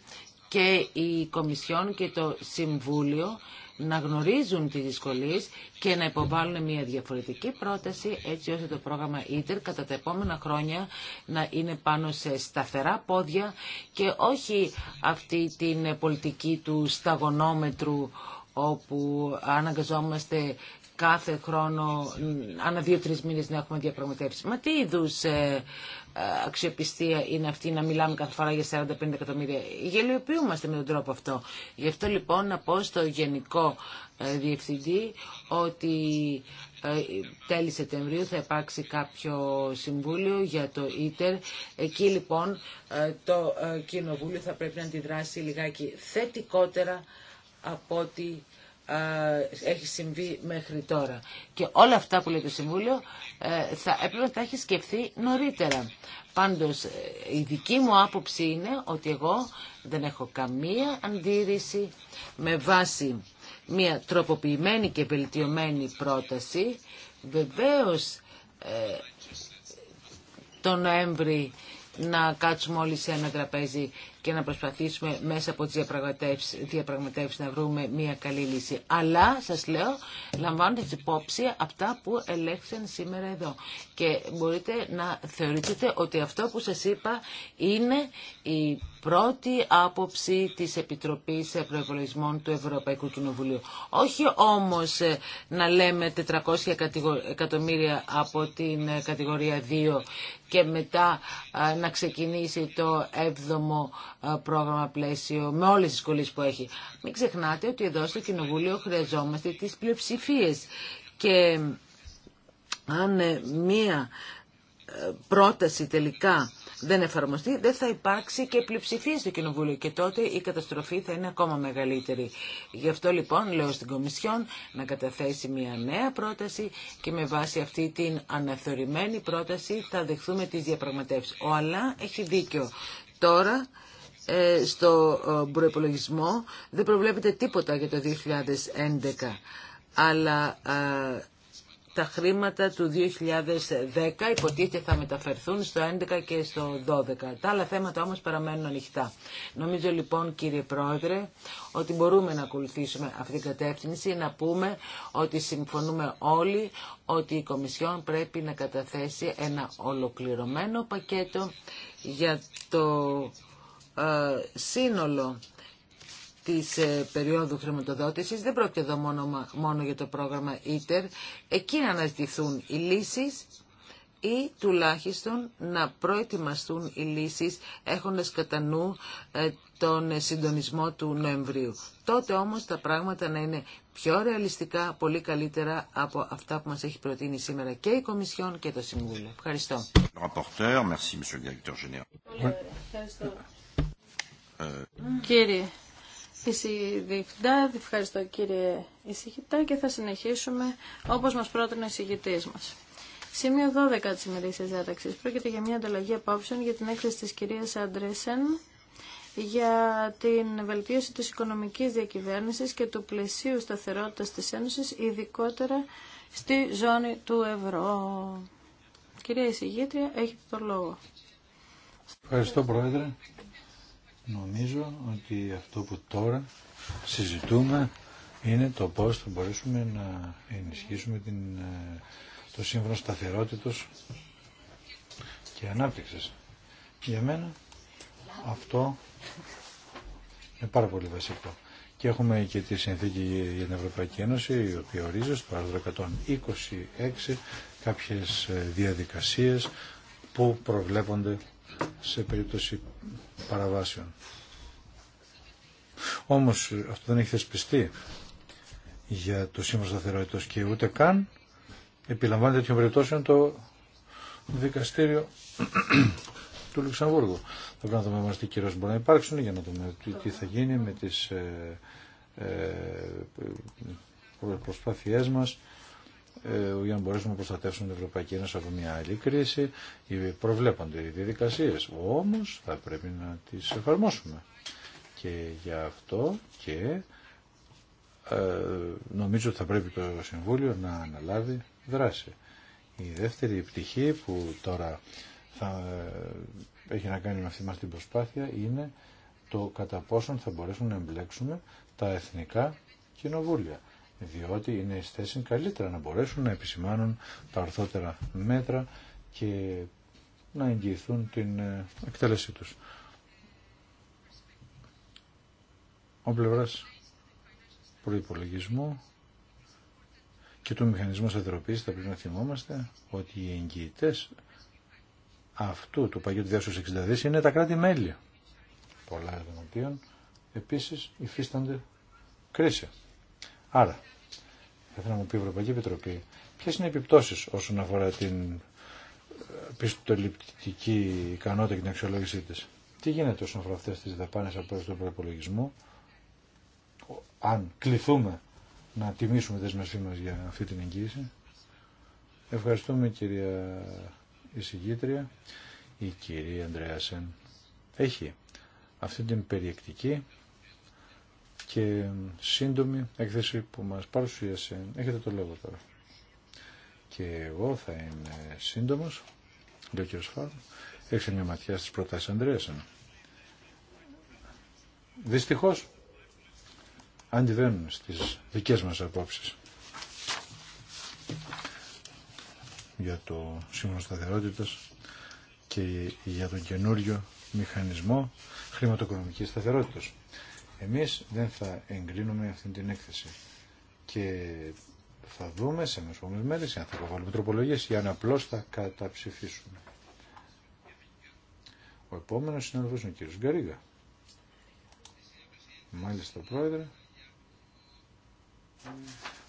και η Κομισιόν και το Συμβούλιο να γνωρίζουν τις δυσκολίες και να υποβάλουν μια διαφορετική πρόταση έτσι ώστε το πρόγραμμα ITER κατά τα επόμενα χρόνια να είναι πάνω σε σταθερά πόδια και όχι αυτή την πολιτική του σταγονόμετρου όπου αναγκαζόμαστε κάθε χρόνο, ανά δύο-τρεις μήνες να έχουμε διαπραγματεύσει. Μα τι είδου ε, αξιοπιστία είναι αυτή να μιλάμε κάθε φορά για 45 εκατομμύρια. Γελιοποιούμαστε με τον τρόπο αυτό. Γι' αυτό λοιπόν να πω στο Γενικό ε, Διευθυντή ότι ε, τέλη Σεπτεμβρίου θα υπάρξει κάποιο συμβούλιο για το ΊΤΕΡ. Εκεί λοιπόν το Κοινοβούλιο θα πρέπει να αντιδράσει λιγάκι θετικότερα από ό,τι έχει συμβεί μέχρι τώρα. Και όλα αυτά που λέει το Συμβούλιο ε, θα έπρεπε να τα έχει σκεφτεί νωρίτερα. Πάντως ε, η δική μου άποψη είναι ότι εγώ δεν έχω καμία αντίρρηση με βάση μια τροποποιημένη και βελτιωμένη πρόταση. Βεβαίως ε, το Νοέμβρη να κάτσουμε όλοι σε ένα τραπέζι και να προσπαθήσουμε μέσα από τις διαπραγματεύσεις, να βρούμε μια καλή λύση. Αλλά, σας λέω, λαμβάνοντας υπόψη αυτά που ελέγχθησαν σήμερα εδώ. Και μπορείτε να θεωρήσετε ότι αυτό που σας είπα είναι η πρώτη άποψη της Επιτροπής Ευρωεκολογισμών του Ευρωπαϊκού Κοινοβουλίου. Όχι όμως ε, να λέμε 400 εκατομμύρια από την ε, κατηγορία 2 και μετά ε, να ξεκινήσει το 7ο πρόγραμμα πλαίσιο με όλες τις σχολείς που έχει. Μην ξεχνάτε ότι εδώ στο Κοινοβούλιο χρειαζόμαστε τις πλειοψηφίες και αν μία πρόταση τελικά δεν εφαρμοστεί, δεν θα υπάρξει και πλειοψηφία στο Κοινοβούλιο και τότε η καταστροφή θα είναι ακόμα μεγαλύτερη. Γι' αυτό λοιπόν λέω στην Κομισιόν να καταθέσει μια νέα πρόταση και με βάση αυτή την αναθεωρημένη πρόταση θα δεχθούμε τις διαπραγματεύσεις. Ο Αλλά έχει δίκιο. Τώρα ε, στο ε, προϋπολογισμό δεν προβλέπεται τίποτα για το 2011 αλλά ε, τα χρήματα του 2010 υποτίθεται θα μεταφερθούν στο 2011 και στο 2012. Τα άλλα θέματα όμως παραμένουν ανοιχτά. Νομίζω λοιπόν κύριε Πρόεδρε ότι μπορούμε να ακολουθήσουμε αυτή την κατεύθυνση, να πούμε ότι συμφωνούμε όλοι ότι η Κομισιόν πρέπει να καταθέσει ένα ολοκληρωμένο πακέτο για το ε, σύνολο της ε, περίοδου χρηματοδότησης. Δεν πρόκειται εδώ μόνο, μόνο για το πρόγραμμα ITER. Εκεί να αναζητηθούν οι λύσεις ή τουλάχιστον να προετοιμαστούν οι λύσεις έχοντας κατά νου ε, τον συντονισμό του Νοεμβρίου. Τότε όμως τα πράγματα να είναι πιο ρεαλιστικά, πολύ καλύτερα από αυτά που μας έχει προτείνει σήμερα και η Κομισιόν και το Συμβούλιο. Ευχαριστώ. Κύριε Διευθυντά. Ευχαριστώ κύριε εισηγητά και θα συνεχίσουμε όπως μας πρότεινε ο εισηγητής μας. Σημείο 12 της ημερήσιας διάταξης πρόκειται για μια ανταλλαγή απόψεων για την έκθεση της κυρίας Αντρέσεν για την βελτίωση της οικονομικής διακυβέρνησης και του πλαισίου σταθερότητας της Ένωσης, ειδικότερα στη ζώνη του ευρώ. Κυρία εισηγήτρια, έχετε το λόγο. Ευχαριστώ Πρόεδρε. Νομίζω ότι αυτό που τώρα συζητούμε είναι το πώς θα μπορέσουμε να ενισχύσουμε την, ε, το σύμφωνο σταθερότητος και ανάπτυξης. Για μένα αυτό είναι πάρα πολύ βασικό. Και έχουμε και τη συνθήκη για την Ευρωπαϊκή Ένωση, η οποία ορίζει στο άρθρο 126 κάποιες ε, διαδικασίες που προβλέπονται σε περίπτωση παραβάσεων. Όμως αυτό δεν έχει θεσπιστεί για το σύμφωνο σταθερότητα και ούτε καν επιλαμβάνεται τέτοιων περιπτώσεων το δικαστήριο του Λουξεμβούργου. Θα πρέπει να δούμε μας τι κυρίως μπορεί να υπάρξουν για να δούμε τι θα γίνει με τις ε, ε, προσπάθειές μας ε, για να μπορέσουμε να προστατεύσουμε την Ευρωπαϊκή Ένωση από μια άλλη κρίση. Προβλέπονται οι διαδικασίες, όμως θα πρέπει να τις εφαρμόσουμε. Και γι' αυτό και ε, νομίζω ότι θα πρέπει το Συμβούλιο να αναλάβει δράση. Η δεύτερη πτυχή που τώρα θα ε, έχει να κάνει με αυτή μας την προσπάθεια είναι το κατά πόσον θα μπορέσουμε να εμπλέξουμε τα εθνικά κοινοβούλια διότι είναι εις καλύτερα να μπορέσουν να επισημάνουν τα ορθότερα μέτρα και να εγγυηθούν την ε, εκτέλεσή τους. Ο πλευράς προϋπολογισμού και του μηχανισμού σταθεροποίησης θα πρέπει να θυμόμαστε ότι οι εγγυητές αυτού του παγιού του 260 είναι τα κράτη-μέλη πολλά των οποίων επίσης υφίστανται κρίση. Άρα θα ήθελα να μου πει η Ευρωπαϊκή Επιτροπή ποιε είναι οι επιπτώσει όσον αφορά την πιστοληπτική ικανότητα και την αξιολόγησή τη. Τι γίνεται όσον αφορά αυτέ τι δαπάνε από το προπολογισμό, αν κληθούμε να τιμήσουμε τη δεσμευσή μα για αυτή την εγγύηση. Ευχαριστούμε κυρία εισηγήτρια, η κυρία Ανδρέασεν. Έχει αυτή την περιεκτική και σύντομη έκθεση που μας παρουσίασε. Έχετε το λόγο τώρα. Και εγώ θα είμαι σύντομος, λέει ο μια ματιά στις προτάσεις Ανδρέας Δυστυχώς, αντιβαίνουν στις δικές μας απόψεις. για το σύμφωνο σταθερότητας και για τον καινούριο μηχανισμό χρηματοοικονομικής σταθερότητας. Εμείς δεν θα εγκρίνουμε αυτή την έκθεση και θα δούμε σε μεσόμενες μέρες αν θα προβάλλουμε τροπολογίες ή αν απλώς θα καταψηφίσουμε. Ο επόμενος συνάδελφος είναι ο κύριος Γκαρίγα. Μάλιστα, πρόεδρε.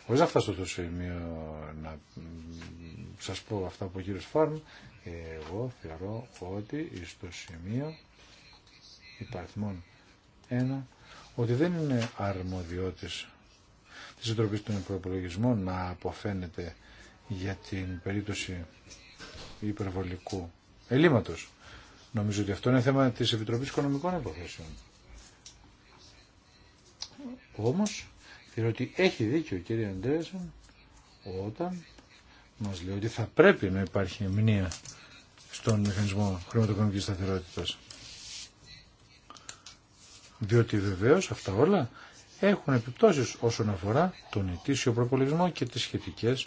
Χωρίς να φτάσω στο σημείο να σας πω αυτά που ο κύριος Φάρμ, εγώ θεωρώ ότι στο σημείο υπαριθμών 1 ότι δεν είναι αρμοδιότης της Επιτροπής των Προπολογισμών να αποφαίνεται για την περίπτωση υπερβολικού ελλείμματος. Νομίζω ότι αυτό είναι θέμα της Επιτροπής Οικονομικών Υποθέσεων. Όμως, θεωρώ ότι έχει δίκιο ο κ. όταν μας λέει ότι θα πρέπει να υπάρχει μνήμα στον μηχανισμό χρηματοοικονομικής σταθερότητας. Διότι βεβαίως αυτά όλα έχουν επιπτώσεις όσον αφορά τον ετήσιο προπολογισμό και τις σχετικές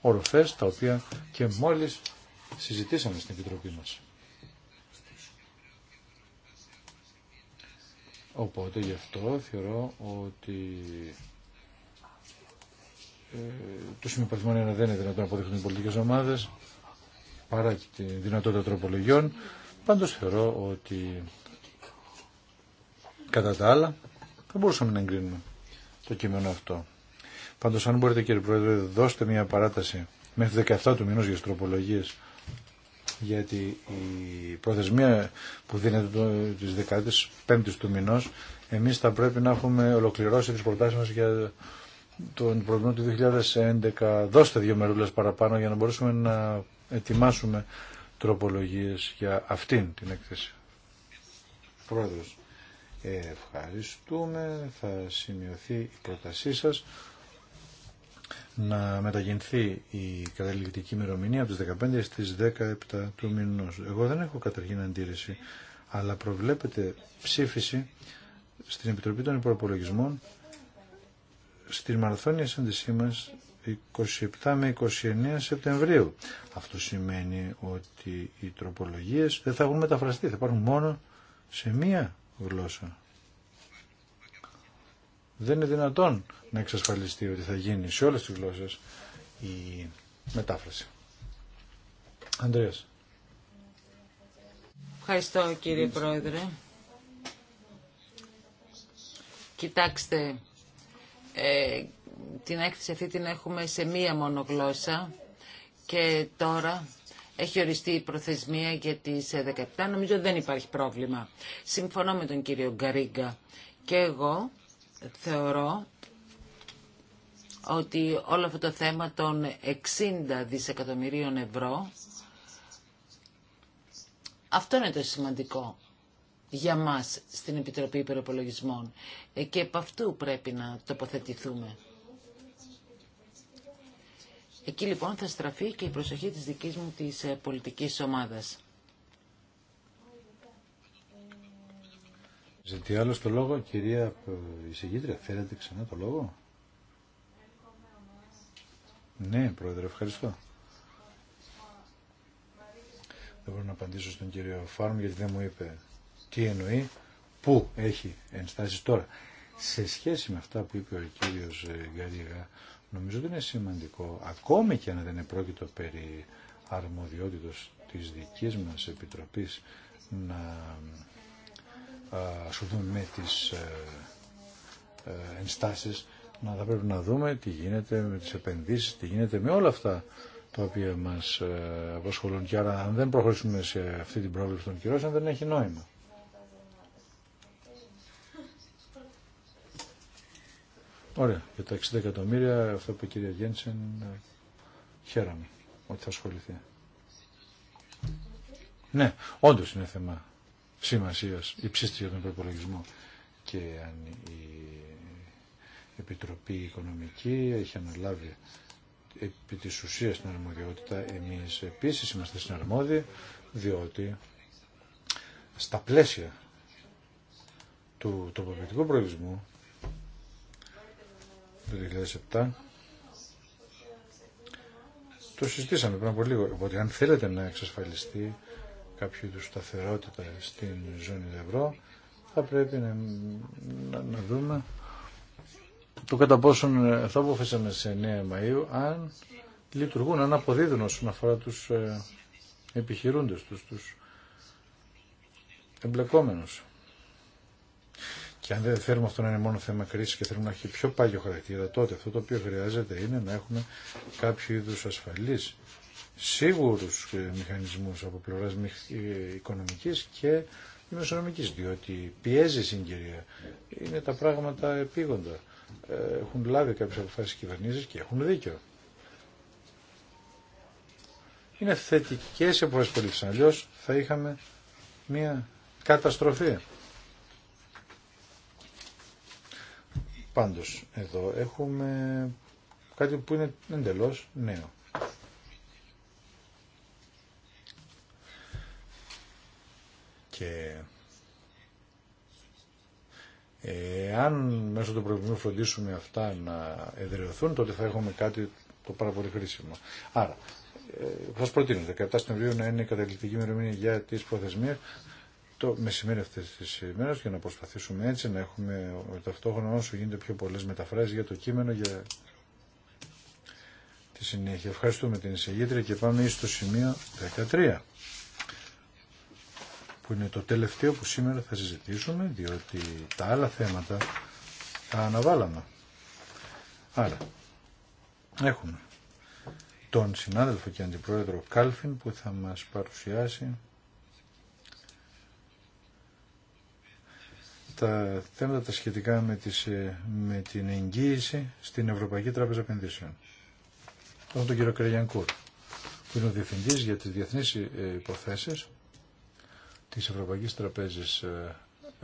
οροφές τα οποία και μόλις συζητήσαμε στην Επιτροπή μας. Οπότε γι' αυτό θεωρώ ότι ε, το σημείο είναι δεν είναι δυνατόν να αποδεχθούν οι πολιτικές ομάδες παρά τη δυνατότητα τροπολογιών. Πάντως θεωρώ ότι Κατά τα άλλα, θα μπορούσαμε να εγκρίνουμε το κείμενο αυτό. Πάντω αν μπορείτε κύριε Πρόεδρε, δώστε μια παράταση μέχρι 17 του μηνό για τι τροπολογίες γιατί η προθεσμία που δίνεται τις 15 η του μηνό, εμεί θα πρέπει να έχουμε ολοκληρώσει τι προτάσει μα για τον προβλημό του 2011 δώστε δύο μερούλε παραπάνω για να μπορέσουμε να ετοιμάσουμε τροπολογίες για αυτήν την έκθεση. Πρόεδρος. Ευχαριστούμε. Θα σημειωθεί η πρότασή σας να μεταγενθεί η καταληκτική ημερομηνία από τις 15 στις 17 του μηνός. Εγώ δεν έχω καταρχήν αντίρρηση, αλλά προβλέπεται ψήφιση στην Επιτροπή των Υπολογισμών στην μαραθώνια σύνδεσή μας 27 με 29 Σεπτεμβρίου. Αυτό σημαίνει ότι οι τροπολογίες δεν θα έχουν μεταφραστεί, θα υπάρχουν μόνο σε μία γλώσσα. Δεν είναι δυνατόν να εξασφαλιστεί ότι θα γίνει σε όλες τις γλώσσες η μετάφραση. Ανδρέας. Ευχαριστώ κύριε Πρόεδρε. Κοιτάξτε, ε, την έκθεση αυτή την έχουμε σε μία μόνο γλώσσα και τώρα έχει οριστεί η προθεσμία για τις 17. Ε, Νομίζω δεν υπάρχει πρόβλημα. Συμφωνώ με τον κύριο Γκαρίγκα. Και εγώ θεωρώ ότι όλο αυτό το θέμα των 60 δισεκατομμυρίων ευρώ, αυτό είναι το σημαντικό για μας στην Επιτροπή Υπεροπολογισμών ε, και από αυτού πρέπει να τοποθετηθούμε. Εκεί λοιπόν θα στραφεί και η προσοχή της δικής μου της ε, πολιτικής ομάδας. Ζητή άλλο το λόγο, κυρία ε, εισηγήτρια, θέλετε ξανά το λόγο. Ναι, πρόεδρε, ευχαριστώ. Δεν μπορώ να απαντήσω στον κύριο Φάρμ γιατί δεν μου είπε τι εννοεί, πού έχει ενστάσεις τώρα. Σε σχέση με αυτά που είπε ο κύριος ε, Γκαρίγα, Νομίζω ότι είναι σημαντικό, ακόμη και αν δεν είναι πρόκειτο περί αρμοδιότητος της δικής μας Επιτροπής, να ασχοληθούμε με τις ε, ε, ενστάσεις, να θα πρέπει να δούμε τι γίνεται με τις επενδύσεις, τι γίνεται με όλα αυτά τα οποία μας ε, απασχολούν. Και άρα αν δεν προχωρήσουμε σε αυτή την πρόβληση των κυρώσεων δεν έχει νόημα. Ωραία, για τα 60 εκατομμύρια, αυτό που η κυρία Γένσεν, ε, χαίρομαι ότι θα ασχοληθεί. Ναι, όντω είναι θέμα σημασία υψίστη για τον προπολογισμό και αν η Επιτροπή Οικονομική έχει αναλάβει επί της ουσίας την αρμοδιότητα εμείς επίσης είμαστε συναρμόδιοι διότι στα πλαίσια του τοποθετικού προορισμού το 2007 το συζητήσαμε πριν από λίγο. ότι αν θέλετε να εξασφαλιστεί κάποιο είδου σταθερότητα στην ζώνη του ευρώ, θα πρέπει να, να, δούμε το κατά πόσον ε, θα αποφασίσαμε σε 9 Μαΐου, αν λειτουργούν, αν αποδίδουν όσον αφορά τους ε, επιχειρούντες τους, τους εμπλεκόμενους. Και αν δεν θέλουμε αυτό να είναι μόνο θέμα κρίση και θέλουμε να έχει πιο πάγιο χαρακτήρα, τότε αυτό το οποίο χρειάζεται είναι να έχουμε κάποιο είδου ασφαλεί, σίγουρου ε, μηχανισμού από πλευρά ε, οικονομική και δημοσιονομική, διότι πιέζει η συγκυρία. Είναι τα πράγματα επίγοντα. Ε, έχουν λάβει κάποιε αποφάσει κυβερνήσει και έχουν δίκιο. Είναι θετικέ οι αποφάσει που Αλλιώ θα είχαμε μια καταστροφή. Πάντως, εδώ έχουμε κάτι που είναι εντελώς νέο. Και αν μέσω του προηγούμενου φροντίσουμε αυτά να εδραιωθούν, τότε θα έχουμε κάτι το πάρα πολύ χρήσιμο. Άρα, ε, σα προτείνω 17 Σεπτεμβρίου να είναι η καταληκτική ημερομηνία για τις προθεσμίες το μεσημέρι αυτή τη ημέρα για να προσπαθήσουμε έτσι να έχουμε ταυτόχρονα όσο γίνεται πιο πολλέ μεταφράσει για το κείμενο για τη συνέχεια. Ευχαριστούμε την εισηγήτρια και πάμε στο σημείο 13 που είναι το τελευταίο που σήμερα θα συζητήσουμε διότι τα άλλα θέματα τα αναβάλαμε. Άρα έχουμε τον συνάδελφο και αντιπρόεδρο Κάλφιν που θα μας παρουσιάσει τα θέματα τα σχετικά με, τις, ε, με την εγγύηση στην Ευρωπαϊκή Τράπεζα Επενδύσεων. Έχουμε τον κύριο Κρελιανκούρ, που είναι ο Διευθυντή για τι Διεθνεί ε, Υποθέσει τη Ευρωπαϊκή Τραπέζη ε,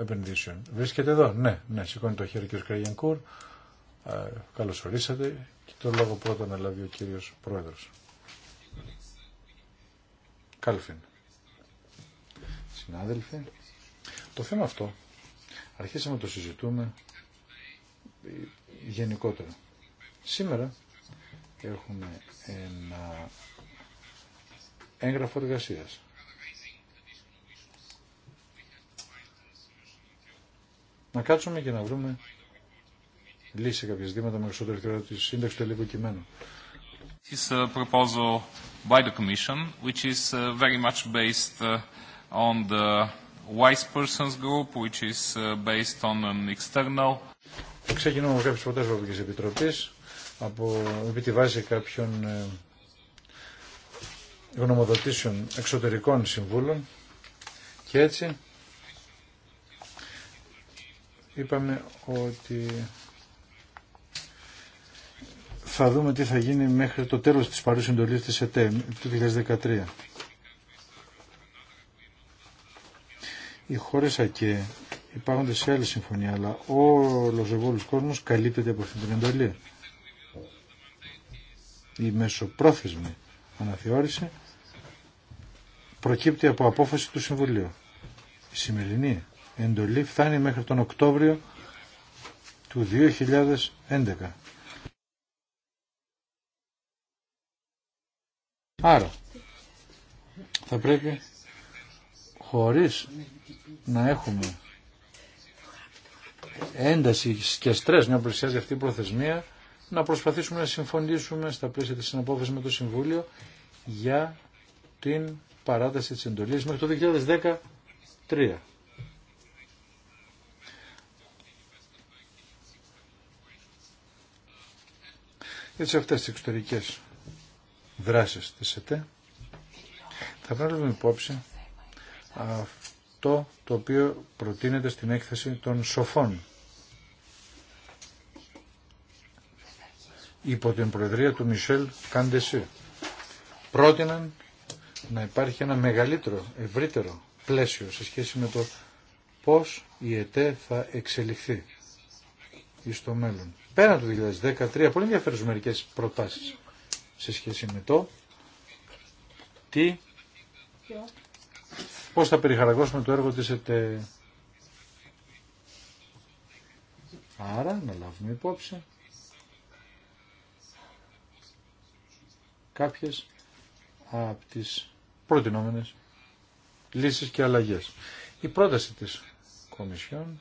Επενδύσεων. Βρίσκεται εδώ, ναι, ναι, σηκώνει το χέρι ο κύριο Κρελιανκούρ. Καλώ ορίσατε και το λόγο πρώτα να λάβει ο κύριο Πρόεδρο. Κάλφιν. Συνάδελφοι, το θέμα αυτό αρχίσαμε να το συζητούμε γενικότερα. Σήμερα έχουμε ένα έγγραφο εργασία. Να κάτσουμε και να βρούμε λύση σε κάποια ζητήματα με εξωτερική ώρα τη σύνταξη του ελληνικού κειμένου. This proposal by the Commission, which is uh, very much based uh, on the wise persons group, which is uh, based on an external. Ξεκινούμε με κάποιες προτάσεις Ευρωπαϊκής Επιτροπής από, επί τη βάση κάποιων ε, γνωμοδοτήσεων εξωτερικών συμβούλων και έτσι είπαμε ότι θα δούμε τι θα γίνει μέχρι το τέλος της παρούσης εντολής της ΕΤΕ του 2013. οι χώρες ΑΚΕ υπάρχουν σε άλλη συμφωνία, αλλά όλος ο βόλος κόσμος καλύπτεται από αυτή την εντολή. Η μεσοπρόθεσμη αναθεώρηση προκύπτει από απόφαση του Συμβουλίου. Η σημερινή εντολή φτάνει μέχρι τον Οκτώβριο του 2011. Άρα, θα πρέπει χωρίς να έχουμε ένταση και στρες μια πλησιάζει αυτή η προθεσμία να προσπαθήσουμε να συμφωνήσουμε στα πλαίσια της συναπόφασης με το Συμβούλιο για την παράταση της εντολής μέχρι το 2013. Έτσι αυτές τις εξωτερικές δράσεις της ΕΤΕ θα πρέπει να υπόψη το οποίο προτείνεται στην έκθεση των σοφών. Υπό την προεδρία του Μισελ Καντεσί πρότειναν να υπάρχει ένα μεγαλύτερο, ευρύτερο πλαίσιο σε σχέση με το πώς η ΕΤΕ θα εξελιχθεί στο μέλλον. Πέραν του 2013, πολύ ενδιαφέρουσε μερικές προτάσεις σε σχέση με το τι πώς θα περιχαραγώσουμε το έργο της ΕΤΕ. Άρα να λάβουμε υπόψη κάποιες από τις προτινόμενες λύσεις και αλλαγές. Η πρόταση της Κομισιόν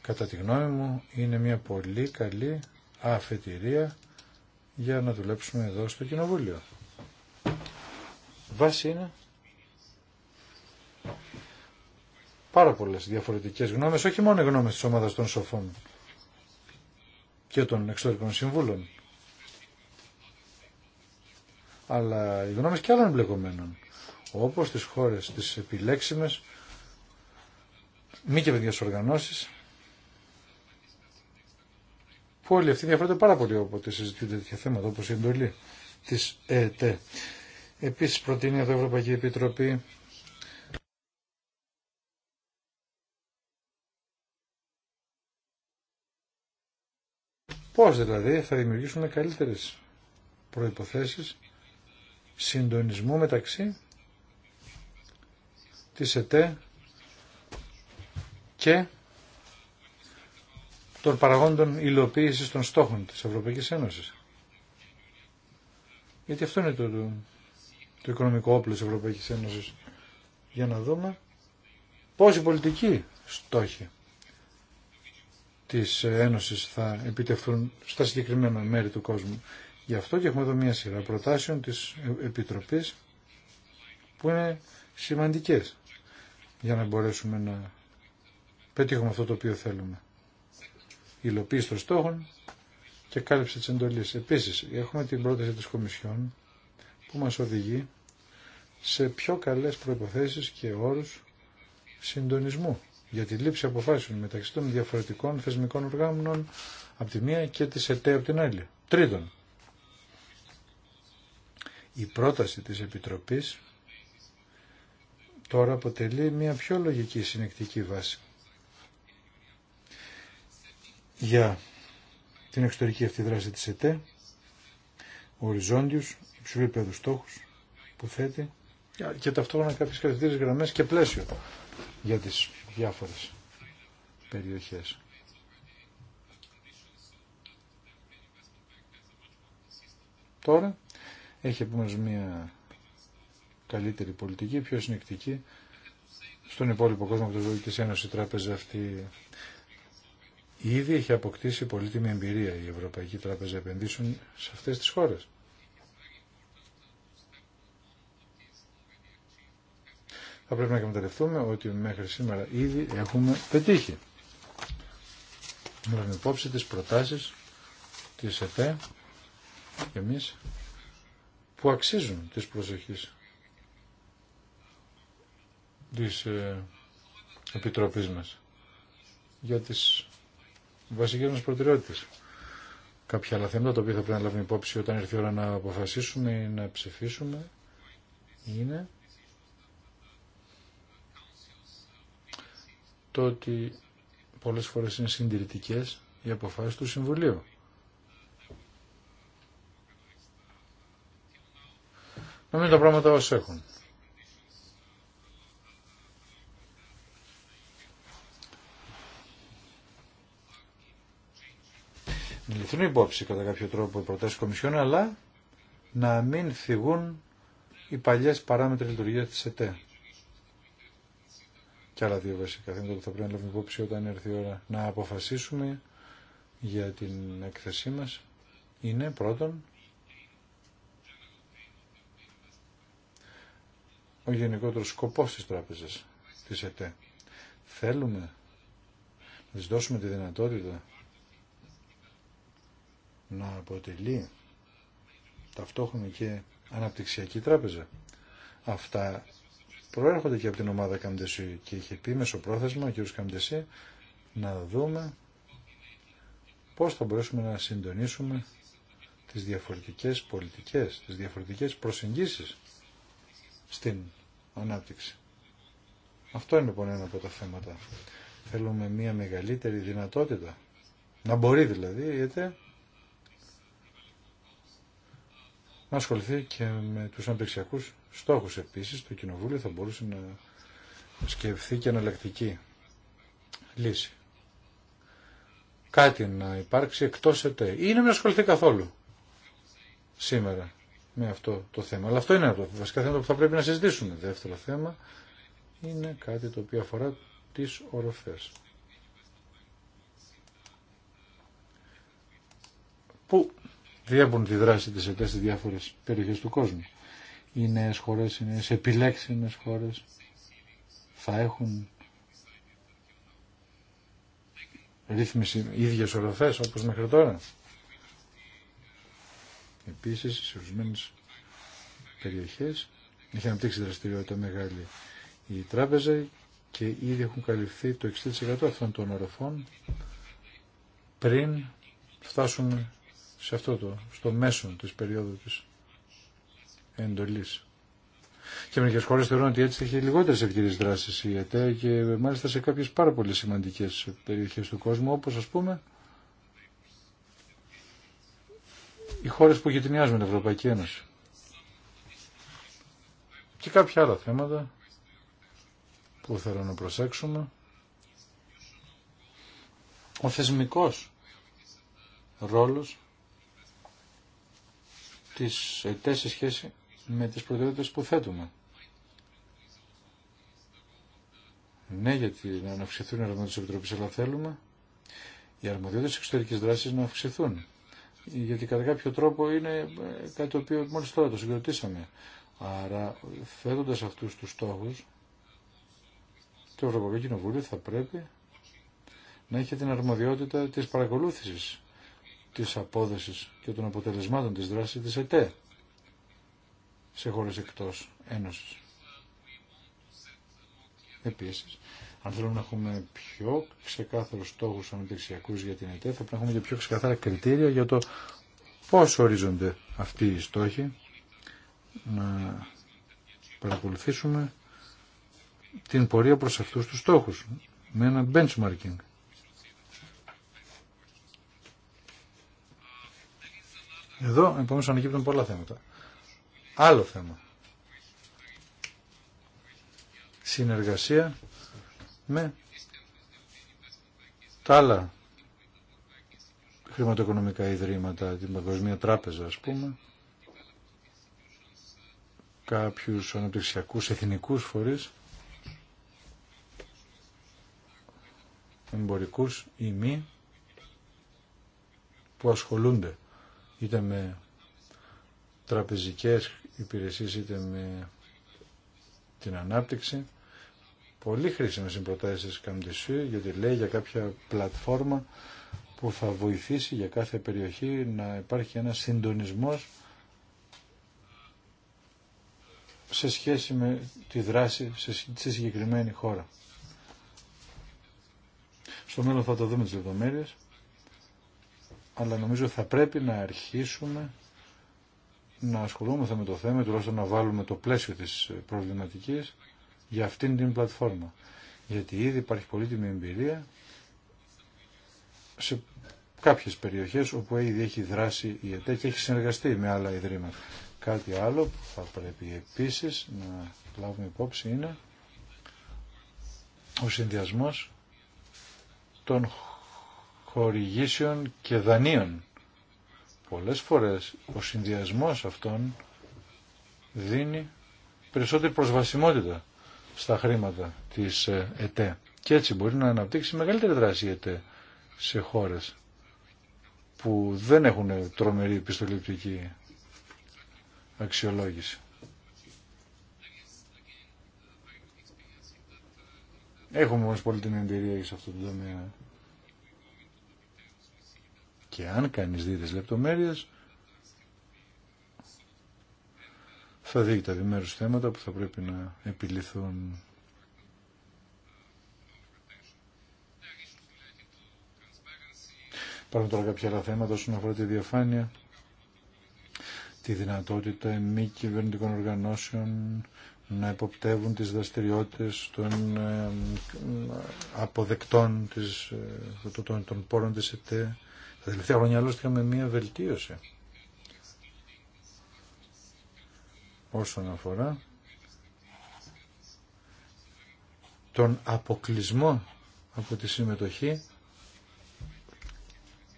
κατά τη γνώμη μου είναι μια πολύ καλή αφετηρία για να δουλέψουμε εδώ στο Κοινοβούλιο βάση είναι πάρα πολλές διαφορετικές γνώμες, όχι μόνο οι γνώμες της ομάδας των σοφών και των εξωτερικών συμβούλων, αλλά οι γνώμες και άλλων εμπλεκομένων, όπως τις χώρες, τις επιλέξιμες, μη παιδιά οργανώσεις, που όλοι αυτοί διαφέρονται πάρα πολύ όποτε συζητούνται τέτοια θέματα, όπως η εντολή της ΕΕΤ. Επίσης προτείνει εδώ η Ευρωπαϊκή Επιτροπή Πώς δηλαδή θα δημιουργήσουμε καλύτερες προϋποθέσεις συντονισμού μεταξύ της ΕΤΕ και των παραγόντων υλοποίησης των στόχων της Ευρωπαϊκής Ένωσης. Γιατί αυτό είναι το, το οικονομικό όπλο της Ευρωπαϊκής Ένωσης. Για να δούμε πόσοι πολιτικοί στόχοι της Ένωσης θα επιτευχθούν στα συγκεκριμένα μέρη του κόσμου. Γι' αυτό και έχουμε εδώ μια σειρά προτάσεων της Επιτροπής που είναι σημαντικές για να μπορέσουμε να πετύχουμε αυτό το οποίο θέλουμε. Υλοποίηση των στόχων και κάλυψη της εντολής. Επίσης, έχουμε την πρόταση της Κομισιόν που μας οδηγεί σε πιο καλές προϋποθέσεις και όρους συντονισμού για τη λήψη αποφάσεων μεταξύ των διαφορετικών θεσμικών οργάνων από τη μία και της ΕΤΕ από την άλλη. Τρίτον, η πρόταση της Επιτροπής τώρα αποτελεί μια πιο λογική συνεκτική βάση για την εξωτερική αυτή δράση της ΕΤΕ, οριζόντιους υψηλού επίπεδου στόχου που θέτει και ταυτόχρονα κάποιε καθητήρες γραμμέ και πλαίσιο για τι διάφορε περιοχέ. Τώρα έχει επομένω μια καλύτερη πολιτική, πιο συνεκτική στον υπόλοιπο κόσμο από τη Ευρωπαϊκή Ένωση η Τράπεζα αυτή ήδη έχει αποκτήσει πολύτιμη εμπειρία η Ευρωπαϊκή Τράπεζα Επενδύσεων σε αυτές τις χώρες. θα πρέπει να εκμεταλλευτούμε ότι μέχρι σήμερα ήδη έχουμε πετύχει. Με υπόψη τις προτάσεις της ΕΤΕ και εμείς που αξίζουν της προσοχής της ε, Επιτροπής μας για τις βασικές μας προτεραιότητες. Κάποια άλλα θέματα τα οποία θα πρέπει να λάβουμε υπόψη όταν έρθει η ώρα να αποφασίσουμε ή να ψηφίσουμε είναι το ότι πολλές φορές είναι συντηρητικές οι αποφάσεις του Συμβουλίου. Να μην τα πράγματα όσοι έχουν. Να λυθούν υπόψη κατά κάποιο τρόπο οι προτάσεις Κομισιόν, αλλά να μην θυγούν οι παλιές παράμετροι λειτουργίας της ΕΤΕ και άλλα δύο βασικά θέματα που θα πρέπει να λάβουμε υπόψη όταν έρθει η ώρα να αποφασίσουμε για την έκθεσή μας είναι πρώτον ο γενικότερος σκοπός της τράπεζας, της ΕΤΕ. Θέλουμε να της δώσουμε τη δυνατότητα να αποτελεί ταυτόχρονα και αναπτυξιακή τράπεζα. Αυτά προέρχονται και από την ομάδα Καμπτεσί και είχε πει μεσοπρόθεσμα ο κ. Καμπτεσί να δούμε πώς θα μπορέσουμε να συντονίσουμε τις διαφορετικές πολιτικές, τις διαφορετικές προσεγγίσεις στην ανάπτυξη. Αυτό είναι λοιπόν ένα από τα θέματα. Θέλουμε μια μεγαλύτερη δυνατότητα. Να μπορεί δηλαδή, γιατί να ασχοληθεί και με τους αναπτυξιακούς στόχους. Επίσης, το Κοινοβούλιο θα μπορούσε να σκεφτεί και εναλλακτική λύση. Κάτι να υπάρξει εκτός ΕΤΕ. Ή να μην ασχοληθεί καθόλου σήμερα με αυτό το θέμα. Αλλά αυτό είναι το βασικά θέμα που θα πρέπει να συζητήσουμε. Δεύτερο θέμα είναι κάτι το οποίο αφορά τις οροφές. Που διέμπουν τη δράση της ΕΤΕ στις διάφορες περιοχές του κόσμου οι νέες χώρες, οι νέες επιλέξιμες χώρες θα έχουν ρύθμιση ίδιες οροφές όπως μέχρι τώρα. Επίσης, σε ορισμένε περιοχές έχει αναπτύξει δραστηριότητα μεγάλη η τράπεζα και ήδη έχουν καλυφθεί το 60% αυτών των οροφών πριν φτάσουμε σε αυτό το, στο μέσο της περίοδου της εντολής. Και μερικέ χώρε θεωρούν ότι έτσι θα είχε λιγότερε ευκαιρίε δράση η ΕΤΕ και μάλιστα σε κάποιε πάρα πολύ σημαντικέ περιοχέ του κόσμου, όπω α πούμε οι χώρε που γειτονιάζουν την Ευρωπαϊκή Ένωση. Και κάποια άλλα θέματα που θέλω να προσέξουμε. Ο θεσμικός ρόλος της ΕΤΕ σε σχέση με τις προτεραιότητες που θέτουμε. Ναι, γιατί να αυξηθούν οι αρμοδιότητες της Επιτροπής, αλλά θέλουμε οι αρμοδιότητες εξωτερικής δράσης να αυξηθούν. Γιατί κατά κάποιο τρόπο είναι ε, κάτι το οποίο μόλις τώρα το συγκροτήσαμε. Άρα, θέτοντας αυτούς τους στόχους, το Ευρωπαϊκό Κοινοβούλιο θα πρέπει να έχει την αρμοδιότητα της παρακολούθησης της απόδοσης και των αποτελεσμάτων της δράσης της ΕΤΕ σε χώρες εκτός Ένωσης. Επίσης, αν θέλουμε να έχουμε πιο ξεκάθαρους στόχους αναπτυξιακούς για την ΕΤΕ, θα πρέπει να έχουμε και πιο ξεκάθαρα κριτήρια για το πώς ορίζονται αυτοί οι στόχοι, να παρακολουθήσουμε την πορεία προς αυτούς τους στόχους, με ένα benchmarking. Εδώ, επομένως, ανακύπτουν πολλά θέματα. Άλλο θέμα. Συνεργασία με τα άλλα χρηματοοικονομικά ιδρύματα, την Παγκοσμία Τράπεζα ας πούμε, κάποιους αναπτυξιακούς εθνικούς φορείς, εμπορικούς ή μη, που ασχολούνται είτε με τραπεζικές υπηρεσίες είτε με την ανάπτυξη. Πολύ χρήσιμες οι προτάσεις γιατί λέει για κάποια πλατφόρμα που θα βοηθήσει για κάθε περιοχή να υπάρχει ένα συντονισμός σε σχέση με τη δράση σε συγκεκριμένη χώρα. Στο μέλλον θα το δούμε τις λεπτομέρειες, αλλά νομίζω θα πρέπει να αρχίσουμε να ασχολούμαστε με το θέμα, τουλάχιστον να βάλουμε το πλαίσιο της προβληματικής για αυτήν την πλατφόρμα. Γιατί ήδη υπάρχει πολύτιμη εμπειρία σε κάποιες περιοχές όπου ήδη έχει δράσει η ΕΤΕ και έχει συνεργαστεί με άλλα ιδρύματα. Κάτι άλλο που θα πρέπει επίσης να λάβουμε υπόψη είναι ο συνδυασμός των χορηγήσεων και δανείων πολλές φορές ο συνδυασμός αυτών δίνει περισσότερη προσβασιμότητα στα χρήματα της ε, ΕΤΕ. Και έτσι μπορεί να αναπτύξει μεγαλύτερη δράση η ΕΤΕ σε χώρες που δεν έχουν τρομερή επιστοληπτική αξιολόγηση. Έχουμε όμως πολύ την εμπειρία σε αυτό το τομέα. Και αν κανείς δει τις λεπτομέρειες, θα δει τα διμέρους θέματα που θα πρέπει να επιληθούν. Υπάρχουν τώρα κάποια άλλα θέματα όσον αφορά τη διαφάνεια, τη δυνατότητα μη κυβερνητικών οργανώσεων να υποπτεύουν τις δραστηριότητες των ε, αποδεκτών της, ε, των, των πόρων της ΕΤΕ, τα τελευταία χρόνια άλλωστε είχαμε μία βελτίωση όσον αφορά τον αποκλεισμό από τη συμμετοχή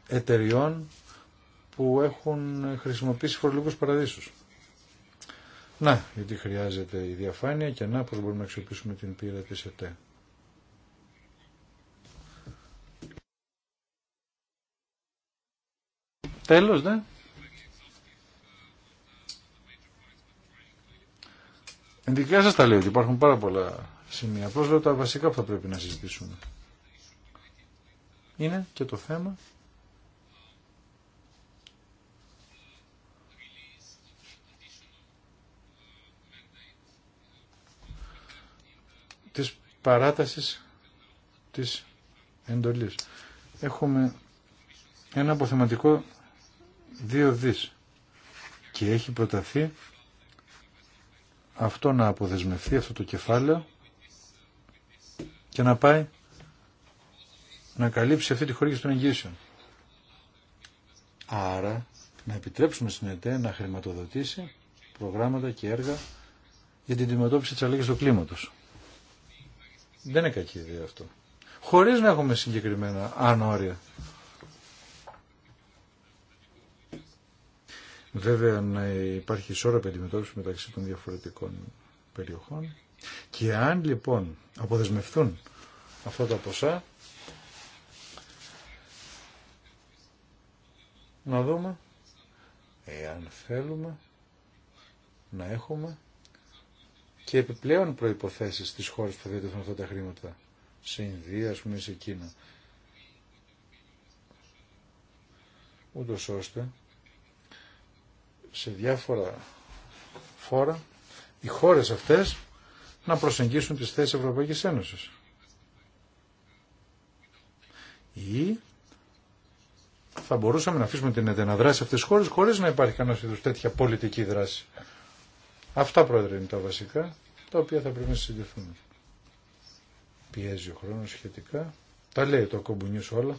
εταιριών που έχουν χρησιμοποιήσει φορολογικούς παραδείσους. Να, γιατί χρειάζεται η διαφάνεια και να πώς μπορούμε να αξιοποιήσουμε την πείρα της ΕΤΕ. Τέλος, ναι. Εντικά σας τα λέω ότι υπάρχουν πάρα πολλά σημεία. Απλώς λέω τα βασικά που θα πρέπει να συζητήσουμε. Είναι και το θέμα της παράτασης της εντολής. Έχουμε ένα αποθεματικό Δύο δις και έχει προταθεί αυτό να αποδεσμευθεί αυτό το κεφάλαιο και να πάει να καλύψει αυτή τη χορήγηση των εγγύσεων. Άρα να επιτρέψουμε στην ΕΤΕ να χρηματοδοτήσει προγράμματα και έργα για την αντιμετώπιση της αλλαγής του κλίματος. Δεν είναι κακή ιδέα αυτό. Χωρίς να έχουμε συγκεκριμένα ανώρια Βέβαια να υπάρχει ισόρροπη αντιμετώπιση μεταξύ των διαφορετικών περιοχών και αν λοιπόν αποδεσμευτούν αυτά τα ποσά να δούμε εάν θέλουμε να έχουμε και επιπλέον προϋποθέσεις στις χώρες που θα διατεθούν αυτά τα χρήματα σε Ινδία, ας πούμε, σε Κίνα ούτως ώστε σε διάφορα φόρα οι χώρες αυτές να προσεγγίσουν τις θέσεις Ευρωπαϊκής Ένωσης. Ή θα μπορούσαμε να αφήσουμε την εντεναδράση αυτές τις χώρες χωρίς να υπάρχει κανένας είδους τέτοια πολιτική δράση. Αυτά πρόεδρε είναι τα βασικά τα οποία θα πρέπει να συζητηθούν. Πιέζει ο χρόνος σχετικά. Τα λέει το κομπουνιούς όλα.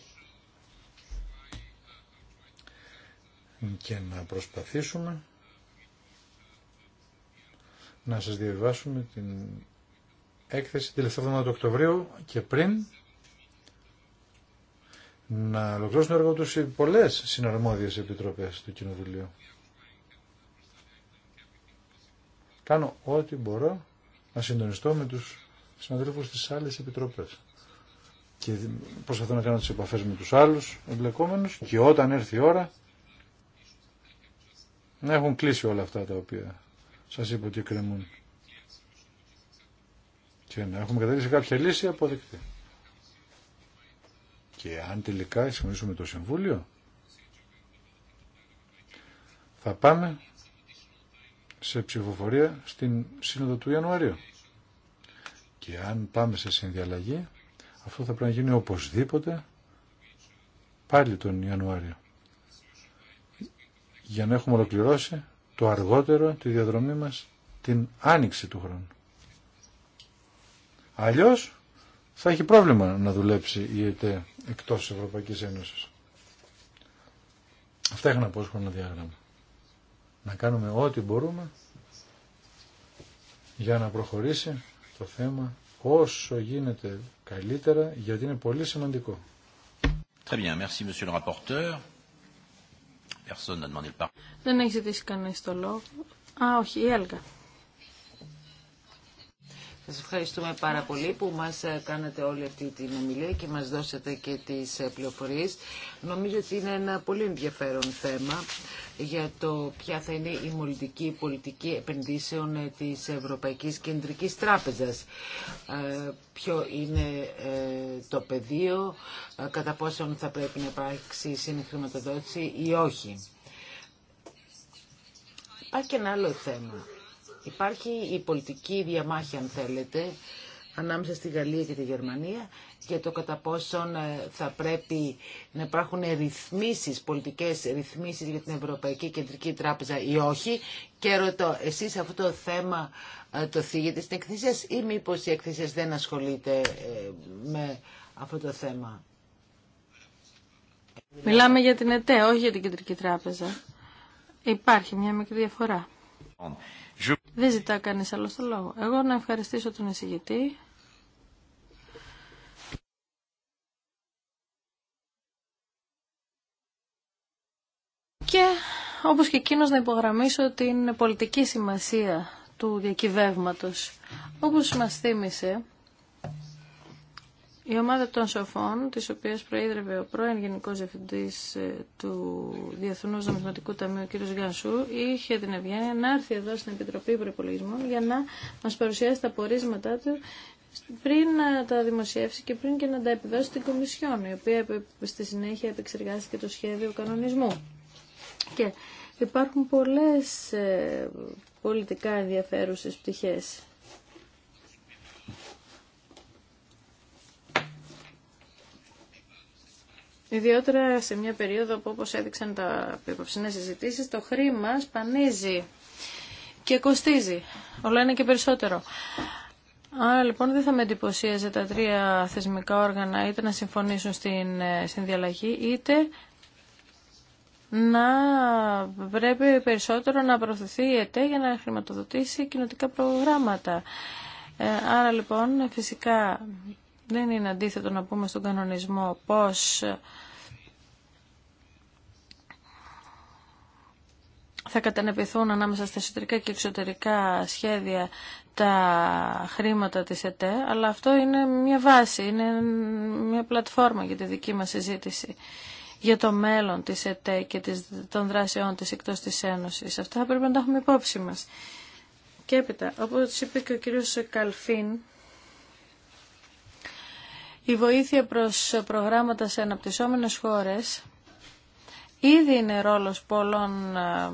και να προσπαθήσουμε να σας διαβιβάσουμε την έκθεση τελευταία εβδομάδα του Οκτωβρίου και πριν να ολοκληρώσουν το έργο τους οι πολλές συναρμόδιες επιτροπές του Κοινοβουλίου. Κάνω ό,τι μπορώ να συντονιστώ με τους συναδέλφους της άλλες επιτροπές. Και προσπαθώ να κάνω τις επαφές με τους άλλους εμπλεκόμενους και όταν έρθει η ώρα να έχουν κλείσει όλα αυτά τα οποία σας είπα ότι κρεμούν. Και να έχουμε καταλήξει κάποια λύση αποδεκτή. Και αν τελικά συμφωνήσουμε το Συμβούλιο, θα πάμε σε ψηφοφορία στην Σύνοδο του Ιανουαρίου. Και αν πάμε σε συνδιαλλαγή, αυτό θα πρέπει να γίνει οπωσδήποτε πάλι τον Ιανουάριο για να έχουμε ολοκληρώσει το αργότερο τη διαδρομή μας την άνοιξη του χρόνου. Αλλιώς θα έχει πρόβλημα να δουλέψει η ΕΤΕ εκτός της Ευρωπαϊκής Ένωσης. Αυτά έχουν να πω Να κάνουμε ό,τι μπορούμε για να προχωρήσει το θέμα όσο γίνεται καλύτερα γιατί είναι πολύ σημαντικό. Très bien, merci monsieur le δεν έχει ζητήσει κανεί το λόγο. Α, όχι, η Έλγα. Σας ευχαριστούμε πάρα πολύ που μας ε, κάνατε όλη αυτή την ομιλία και μας δώσατε και τις ε, πληροφορίες. Νομίζω ότι είναι ένα πολύ ενδιαφέρον θέμα για το ποια θα είναι η μολυντική πολιτική επενδύσεων ε, της Ευρωπαϊκής Κεντρικής Τράπεζας. Ποιο είναι το πεδίο, κατά πόσον θα πρέπει να υπάρξει συνεχρηματοδότηση ή όχι. Υπάρχει και ένα άλλο θέμα Υπάρχει η πολιτική διαμάχη, αν θέλετε, ανάμεσα στη Γαλλία και τη Γερμανία για το κατά πόσον ε, θα πρέπει να υπάρχουν ρυθμίσεις, πολιτικές ρυθμίσεις για την Ευρωπαϊκή Κεντρική Τράπεζα ή όχι. Και ρωτώ, εσείς αυτό το θέμα ε, το θίγετε στην εκθεσία ή μήπως η εκθεσία δεν ασχολείται ε, με αυτό το θέμα. Μιλάμε για την ΕΤΕ, όχι για την Κεντρική Τράπεζα. Υπάρχει μια μικρή διαφορά. Um, Δεν ζητά κανείς άλλο στο λόγο. Εγώ να ευχαριστήσω τον εισηγητή. Και όπως και εκείνος να υπογραμμίσω την πολιτική σημασία του διακυβεύματος. Όπως μας θύμισε, η ομάδα των σοφών, της οποίας προείδρευε ο πρώην Γενικός Διευθυντής ε, του Διεθνούς Νομισματικού Ταμείου, κ. Γιανσού, είχε την ευγένεια να έρθει εδώ στην Επιτροπή Προπολογισμών για να μας παρουσιάσει τα πορίσματά του πριν να τα δημοσιεύσει και πριν και να τα επιδώσει στην Κομισιόν, η οποία στη συνέχεια επεξεργάστηκε το σχέδιο κανονισμού. Και υπάρχουν πολλές ε, πολιτικά ενδιαφέρουσες πτυχές Ιδιότερα σε μια περίοδο που όπως έδειξαν τα υποψηνές συζητήσεις, το χρήμα σπανίζει και κοστίζει. Όλα είναι και περισσότερο. Άρα λοιπόν δεν θα με εντυπωσίαζε τα τρία θεσμικά όργανα είτε να συμφωνήσουν στην ε, συνδιαλλαγή είτε να πρέπει περισσότερο να προωθηθεί η ΕΤΕ για να χρηματοδοτήσει κοινοτικά προγράμματα. Ε, άρα λοιπόν φυσικά δεν είναι αντίθετο να πούμε στον κανονισμό πώς θα κατανεπιθούν ανάμεσα στα εσωτερικά και εξωτερικά σχέδια τα χρήματα της ΕΤΕ, αλλά αυτό είναι μια βάση, είναι μια πλατφόρμα για τη δική μας συζήτηση για το μέλλον της ΕΤΕ και των δράσεών της εκτός της Ένωσης. Αυτά θα πρέπει να τα έχουμε υπόψη μας. Και έπειτα, όπως είπε και ο κύριος Καλφίν, η βοήθεια προς προγράμματα σε αναπτυσσόμενες χώρες ήδη είναι ρόλος πολλών ε,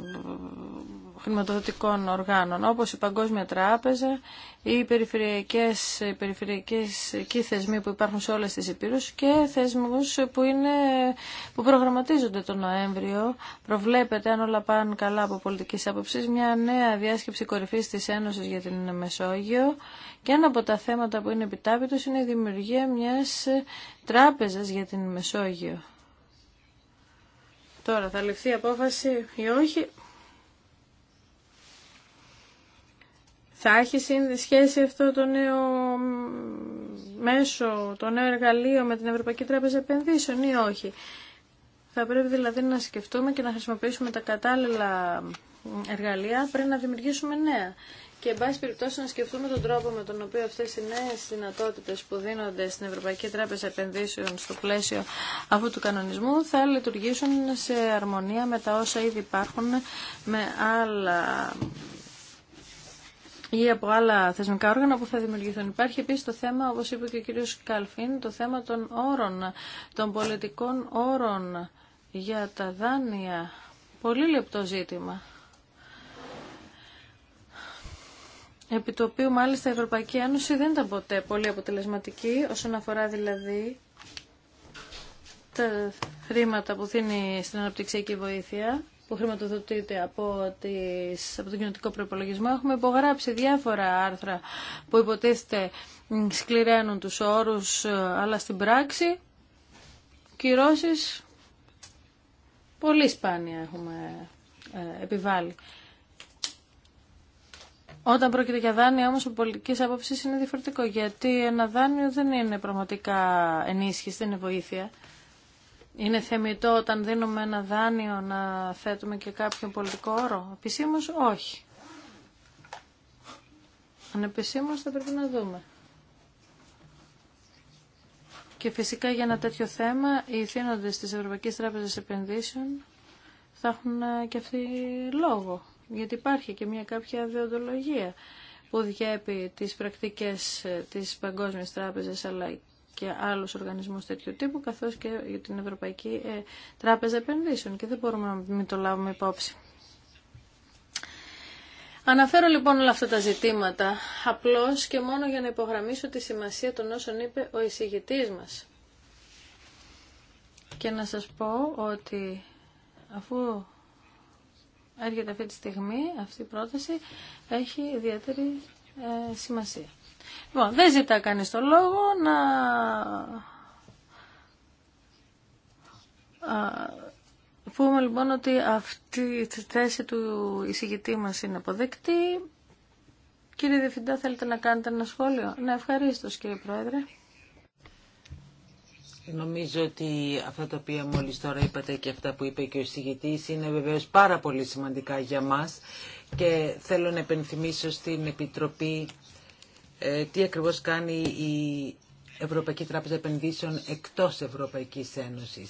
χρηματοδοτικών οργάνων, όπως η Παγκόσμια Τράπεζα, οι περιφερειακές, οι περιφερειακές και θεσμοί που υπάρχουν σε όλες τις υπήρους και θεσμούς που, είναι, που προγραμματίζονται τον Νοέμβριο. Προβλέπεται, αν όλα πάνε καλά από πολιτικής άποψης, μια νέα διάσκεψη κορυφής της Ένωσης για την Μεσόγειο και ένα από τα θέματα που είναι επιτάπητος είναι η δημιουργία μιας τράπεζας για την Μεσόγειο. Τώρα θα ληφθεί απόφαση ή όχι, Θα έχει σχέση αυτό το νέο μέσο, το νέο εργαλείο με την Ευρωπαϊκή Τράπεζα Επενδύσεων ή όχι. Θα πρέπει δηλαδή να σκεφτούμε και να χρησιμοποιήσουμε τα κατάλληλα εργαλεία πριν να δημιουργήσουμε νέα. Και, εν πάση περιπτώσει, να σκεφτούμε τον τρόπο με τον οποίο αυτές οι νέες δυνατότητε που δίνονται στην Ευρωπαϊκή Τράπεζα Επενδύσεων στο πλαίσιο αυτού του κανονισμού θα λειτουργήσουν σε αρμονία με τα όσα ήδη υπάρχουν με άλλα ή από άλλα θεσμικά όργανα που θα δημιουργηθούν. Υπάρχει επίσης το θέμα, όπως είπε και ο κύριος Καλφίν, το θέμα των όρων, των πολιτικών όρων για τα δάνεια. Πολύ λεπτό ζήτημα. Επί το οποίο μάλιστα η Ευρωπαϊκή Ένωση δεν ήταν ποτέ πολύ αποτελεσματική όσον αφορά δηλαδή τα χρήματα που δίνει στην αναπτυξιακή βοήθεια που χρηματοδοτείται από, τις, από τον κοινωτικό προπολογισμό. Έχουμε υπογράψει διάφορα άρθρα που υποτίθεται σκληραίνουν τους όρους, ε, αλλά στην πράξη κυρώσεις πολύ σπάνια έχουμε ε, επιβάλει. Όταν πρόκειται για δάνεια όμως ο πολιτική άποψη είναι διαφορετικό γιατί ένα δάνειο δεν είναι πραγματικά ενίσχυση, δεν είναι βοήθεια. Είναι θεμητό όταν δίνουμε ένα δάνειο να θέτουμε και κάποιον πολιτικό όρο. Επισήμως όχι. Αν επισήμως θα πρέπει να δούμε. Και φυσικά για ένα τέτοιο θέμα οι θύνοντες της Ευρωπαϊκής Τράπεζας Επενδύσεων θα έχουν και αυτή λόγο. Γιατί υπάρχει και μια κάποια διοντολογία που διέπει τις πρακτικές της Παγκόσμιας Τράπεζας αλλά και άλλου οργανισμού τέτοιου τύπου, καθώς και για την Ευρωπαϊκή ε, Τράπεζα Επενδύσεων και δεν μπορούμε να μην το λάβουμε υπόψη. Αναφέρω λοιπόν όλα αυτά τα ζητήματα, απλώς και μόνο για να υπογραμμίσω τη σημασία των όσων είπε ο εισηγητής μας. Και να σας πω ότι αφού έρχεται αυτή τη στιγμή, αυτή η πρόταση έχει ιδιαίτερη ε, σημασία. Λοιπόν, δεν ζητά κανεί το λόγο να πούμε λοιπόν ότι αυτή η θέση του εισηγητή μα είναι αποδεκτή. Κύριε Διευθυντά, θέλετε να κάνετε ένα σχόλιο. Ναι, ευχαρίστω κύριε Πρόεδρε. Νομίζω ότι αυτά τα οποία μόλις τώρα είπατε και αυτά που είπε και ο εισηγητής είναι βεβαίως πάρα πολύ σημαντικά για μας και θέλω να επενθυμίσω στην Επιτροπή ε, τι ακριβώς κάνει η Ευρωπαϊκή Τράπεζα Επενδύσεων εκτός Ευρωπαϊκής Ένωσης.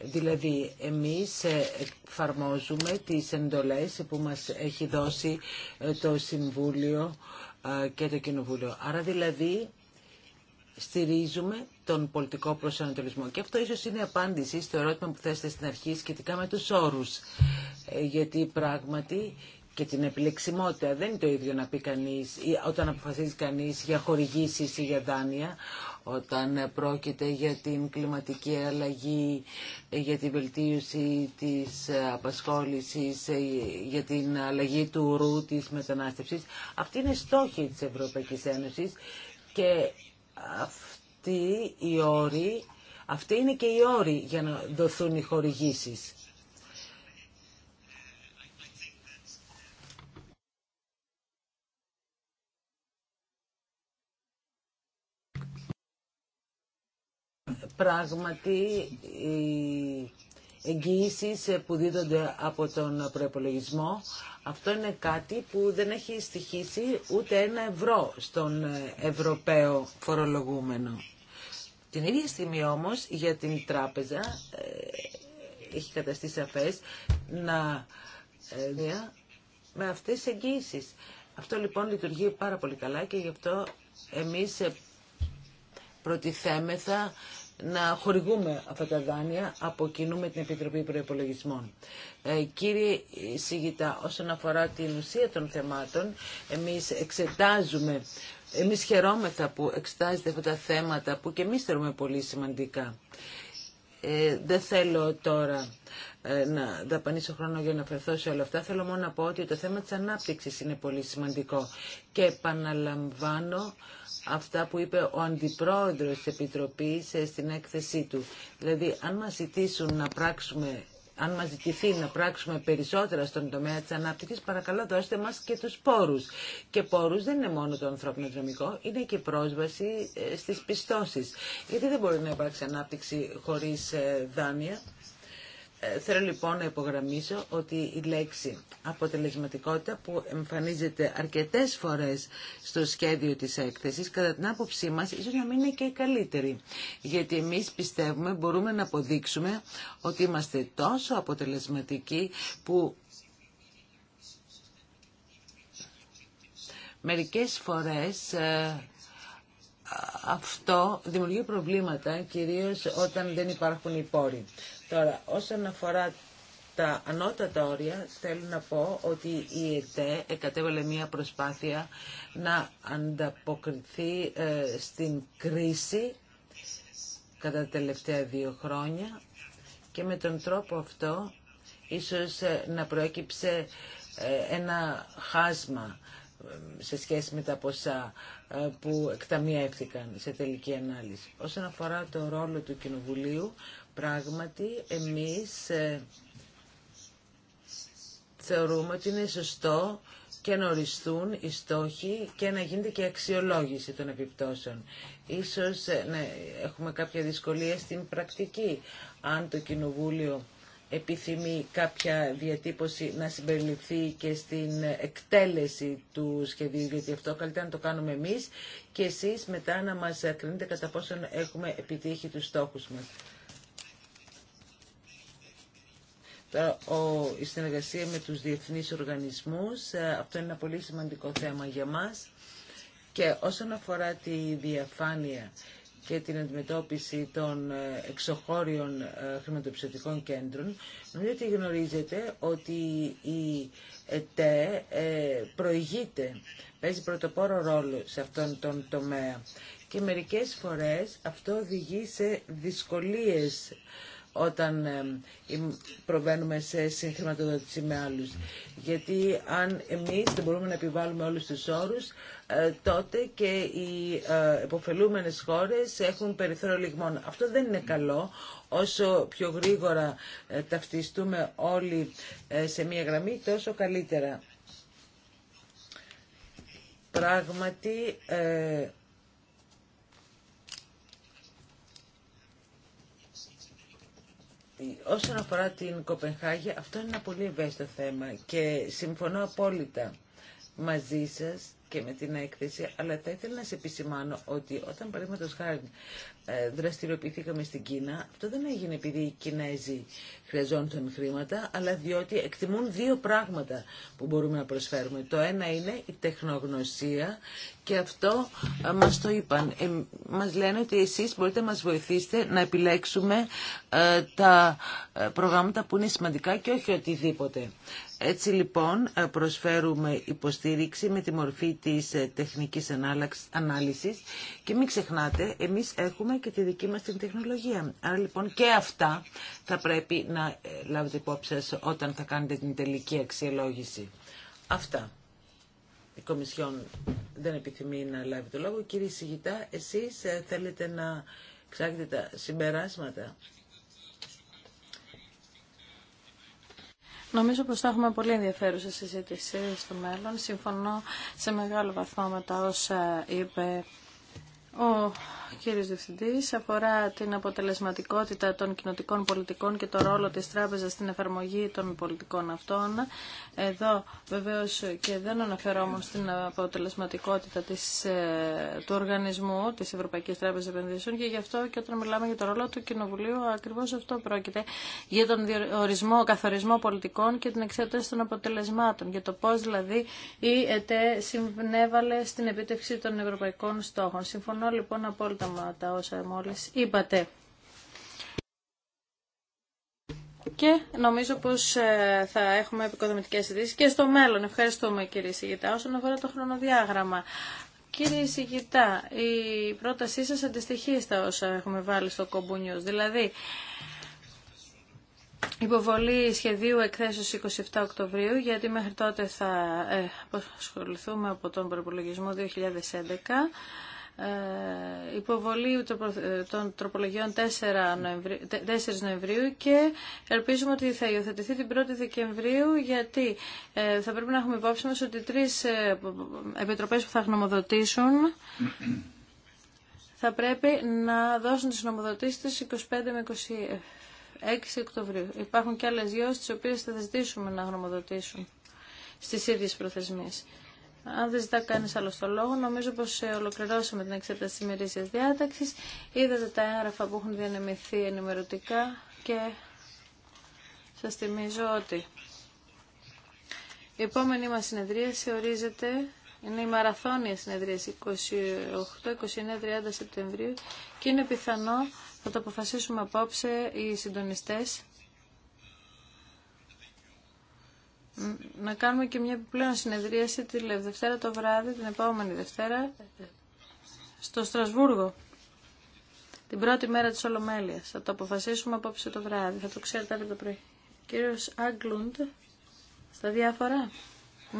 Δηλαδή, εμείς ε, εφαρμόζουμε τις εντολές που μας έχει δώσει ε, το Συμβούλιο και το Κοινοβούλιο. Άρα, δηλαδή, στηρίζουμε τον πολιτικό προσανατολισμό. Και αυτό ίσως είναι απάντηση στο ερώτημα που θέσατε στην αρχή σχετικά με τους όρους. Γιατί, πράγματι, και την επιλεξιμότητα. Δεν είναι το ίδιο να πει κανείς, όταν αποφασίζει κανείς για χορηγήσεις ή για δάνεια, όταν πρόκειται για την κλιματική αλλαγή, για την βελτίωση της απασχόλησης, για την αλλαγή του ρου της μετανάστευσης. Αυτή είναι στόχη της Ευρωπαϊκή Ένωση και αυτή η όροι, αυτοί είναι και η όροι για να δοθούν οι χορηγήσεις. Πράγματι, οι εγγυήσει που δίδονται από τον προπολογισμό, αυτό είναι κάτι που δεν έχει στοιχήσει ούτε ένα ευρώ στον Ευρωπαίο φορολογούμενο. Την ίδια στιγμή όμως για την τράπεζα ε, έχει καταστεί αφές να ε, με αυτές τις εγγύησεις. Αυτό λοιπόν λειτουργεί πάρα πολύ καλά και γι' αυτό εμείς ε, προτιθέμεθα να χορηγούμε αυτά τα δάνεια από κοινού με την Επιτροπή Προϋπολογισμών. Ε, κύριε Σιγητά, όσον αφορά την ουσία των θεμάτων, εμείς εξετάζουμε, εμείς χαιρόμεθα που εξετάζετε αυτά τα θέματα που και εμείς θεωρούμε πολύ σημαντικά. Ε, δεν θέλω τώρα ε, να δαπανίσω χρόνο για να αφαιρθώ σε όλα αυτά. Θέλω μόνο να πω ότι το θέμα της ανάπτυξης είναι πολύ σημαντικό. Και επαναλαμβάνω αυτά που είπε ο Αντιπρόεδρος της Επιτροπής ε, στην έκθεσή του. Δηλαδή, αν μας ζητήσουν να πράξουμε αν μας ζητηθεί να πράξουμε περισσότερα στον τομέα της ανάπτυξης, παρακαλώ δώστε μας και τους πόρους. Και πόρους δεν είναι μόνο το ανθρώπινο δρομικό, είναι και πρόσβαση ε, στις πιστώσεις. Γιατί δεν μπορεί να υπάρξει ανάπτυξη χωρίς ε, δάνεια. Ε, θέλω λοιπόν να υπογραμμίσω ότι η λέξη αποτελεσματικότητα που εμφανίζεται αρκετές φορές στο σχέδιο της έκθεσης κατά την άποψή μας ίσως να μην είναι και η καλύτερη. Γιατί εμείς πιστεύουμε μπορούμε να αποδείξουμε ότι είμαστε τόσο αποτελεσματικοί που μερικές φορές ε, αυτό δημιουργεί προβλήματα κυρίως όταν δεν υπάρχουν οι πόροι. Τώρα, όσον αφορά τα ανώτατα όρια, θέλω να πω ότι η ΕΤΕ εκατέβαλε μία προσπάθεια να ανταποκριθεί ε, στην κρίση κατά τα τελευταία δύο χρόνια και με τον τρόπο αυτό ίσως ε, να προέκυψε ε, ένα χάσμα σε σχέση με τα ποσά που εκταμιεύτηκαν σε τελική ανάλυση. Όσον αφορά το ρόλο του Κοινοβουλίου, Πράγματι, εμείς ε, θεωρούμε ότι είναι σωστό και να οριστούν οι στόχοι και να γίνεται και αξιολόγηση των επιπτώσεων. Ίσως ε, έχουμε κάποια δυσκολία στην πρακτική. Αν το Κοινοβούλιο επιθυμεί κάποια διατύπωση να συμπεριληφθεί και στην εκτέλεση του σχεδίου, γιατί αυτό καλύτερα να το κάνουμε εμείς και εσείς μετά να μας κρίνετε κατά πόσον έχουμε επιτύχει τους στόχους μας. η συνεργασία με τους διεθνείς οργανισμούς. Ε, αυτό είναι ένα πολύ σημαντικό θέμα για μας. Και όσον αφορά τη διαφάνεια και την αντιμετώπιση των ε, εξωχώριων ε, χρηματοπιστωτικών κέντρων, νομίζω ότι γνωρίζετε ότι η ΕΤΕ προηγείται, παίζει πρωτοπόρο ρόλο σε αυτόν τον τομέα. Και μερικές φορές αυτό οδηγεί σε δυσκολίες όταν προβαίνουμε σε συγχρηματοδότηση με άλλους. Γιατί αν εμείς δεν μπορούμε να επιβάλλουμε όλους τους όρους, ε, τότε και οι υποφελούμενες ε, χώρες έχουν περιθώριο λιγμών. Αυτό δεν είναι καλό. Όσο πιο γρήγορα ε, ταυτιστούμε όλοι σε μία γραμμή, τόσο καλύτερα. Πράγματι, όσον αφορά την Κοπενχάγη, αυτό είναι ένα πολύ ευαίσθητο θέμα και συμφωνώ απόλυτα μαζί σας και με την έκθεση, αλλά θα ήθελα να σε επισημάνω ότι όταν παραδείγματο χάρη ε, δραστηριοποιηθήκαμε στην Κίνα, αυτό δεν έγινε επειδή οι Κινέζοι χρειαζόντουσαν χρήματα, αλλά διότι εκτιμούν δύο πράγματα που μπορούμε να προσφέρουμε. Το ένα είναι η τεχνογνωσία και αυτό ε, μας το είπαν. Ε, μας λένε ότι εσείς μπορείτε να μας βοηθήσετε να επιλέξουμε τα προγράμματα που είναι σημαντικά και όχι οτιδήποτε. Έτσι λοιπόν ε, προσφέρουμε υποστήριξη με τη μορφή της ε, τεχνικής ανάλυσης και μην ξεχνάτε, εμείς έχουμε και τη δική μας την τεχνολογία. Άρα λοιπόν και αυτά θα πρέπει να ε, λάβετε υπόψη όταν θα κάνετε την τελική αξιολόγηση. Αυτά. Η Κομισιόν δεν επιθυμεί να λάβει το λόγο. Κύριε Σιγητά, εσείς θέλετε να ξάγετε τα συμπεράσματα. Νομίζω πως θα έχουμε πολύ ενδιαφέρουσα συζήτηση στο μέλλον. Συμφωνώ σε μεγάλο βαθμό με τα όσα είπε ο κύριος Διευθυντής αφορά την αποτελεσματικότητα των κοινοτικών πολιτικών και το ρόλο της τράπεζας στην εφαρμογή των πολιτικών αυτών. Εδώ βεβαίως και δεν αναφερόμουν στην αποτελεσματικότητα της, ε, του οργανισμού της Ευρωπαϊκής Τράπεζας Επενδύσεων και γι' αυτό και όταν μιλάμε για το ρόλο του Κοινοβουλίου ακριβώς αυτό πρόκειται για τον ορισμό, καθορισμό πολιτικών και την εξέταση των αποτελεσμάτων για το πώς δηλαδή η ΕΤΕ συνέβαλε στην επίτευξη των ευρωπαϊκών στόχων. Συμφωνώ Συμφωνώ λοιπόν απόλυτα με τα όσα μόλις είπατε. Και νομίζω πως ε, θα έχουμε επικοδομητικές ειδήσει και στο μέλλον. Ευχαριστούμε κύριε Σιγητά. Όσον αφορά το χρονοδιάγραμμα, Κύριε Σιγητά, η πρότασή σας αντιστοιχεί στα όσα έχουμε βάλει στο κομπούνιος. Δηλαδή, υποβολή σχεδίου εκθέσεως 27 Οκτωβρίου, γιατί μέχρι τότε θα ε, ασχοληθούμε από τον προπολογισμό 2011. Ε, υποβολή ε, των τροπολογιών 4 Νοεμβρίου, 4 Νοεμβρίου και ελπίζουμε ότι θα υιοθετηθεί την 1η Δεκεμβρίου γιατί ε, θα πρέπει να έχουμε υπόψη μας ότι τρεις επιτροπές που θα γνωμοδοτήσουν θα πρέπει να δώσουν τις νομοδοτήσεις 25 με 26 Οκτωβρίου. Υπάρχουν και άλλες δυο στις οποίες θα ζητήσουμε να γνωμοδοτήσουν στις ίδιες προθεσμίες. Αν δεν ζητά κανεί άλλο το λόγο, νομίζω πω ε, ολοκληρώσαμε την εξέταση τη ημερήσια διάταξη. Είδατε τα έγγραφα που έχουν διανεμηθεί ενημερωτικά και σα θυμίζω ότι η επόμενη μα συνεδρίαση ορίζεται, είναι η μαραθώνια συνεδρίαση 28-29-30 Σεπτεμβρίου και είναι πιθανό, θα το αποφασίσουμε απόψε οι συντονιστές, να κάνουμε και μια επιπλέον συνεδρίαση τη Δευτέρα το βράδυ, την επόμενη Δευτέρα, στο Στρασβούργο. Την πρώτη μέρα της Ολομέλειας. Θα το αποφασίσουμε απόψε το βράδυ. Θα το ξέρετε αύριο το πρωί. Κύριος Άγκλουντ, στα διάφορα.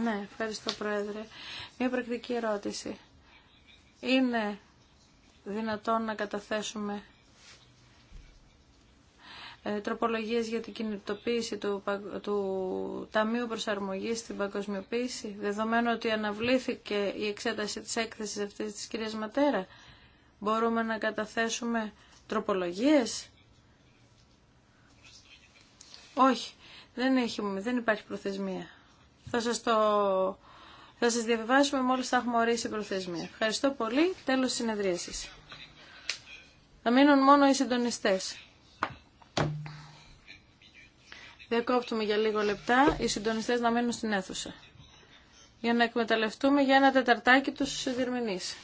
Ναι, ευχαριστώ Πρόεδρε. Μια πρακτική ερώτηση. Είναι δυνατόν να καταθέσουμε ε, τροπολογίες για την κινητοποίηση του, Ταμείου Προσαρμογής στην Παγκοσμιοποίηση, δεδομένου ότι αναβλήθηκε η εξέταση της έκθεσης αυτής της κυρία Ματέρα. Μπορούμε να καταθέσουμε τροπολογίες. Όχι, δεν, έχουμε, δεν υπάρχει προθεσμία. Θα σας το... Θα σας διαβιβάσουμε μόλις θα έχουμε ορίσει προθεσμία. Ευχαριστώ πολύ. Τέλος συνεδρίασης. Θα μείνουν μόνο οι συντονιστές. Διακόπτουμε για λίγο λεπτά οι συντονιστές να μείνουν στην αίθουσα για να εκμεταλλευτούμε για ένα τεταρτάκι του διερμηνείς.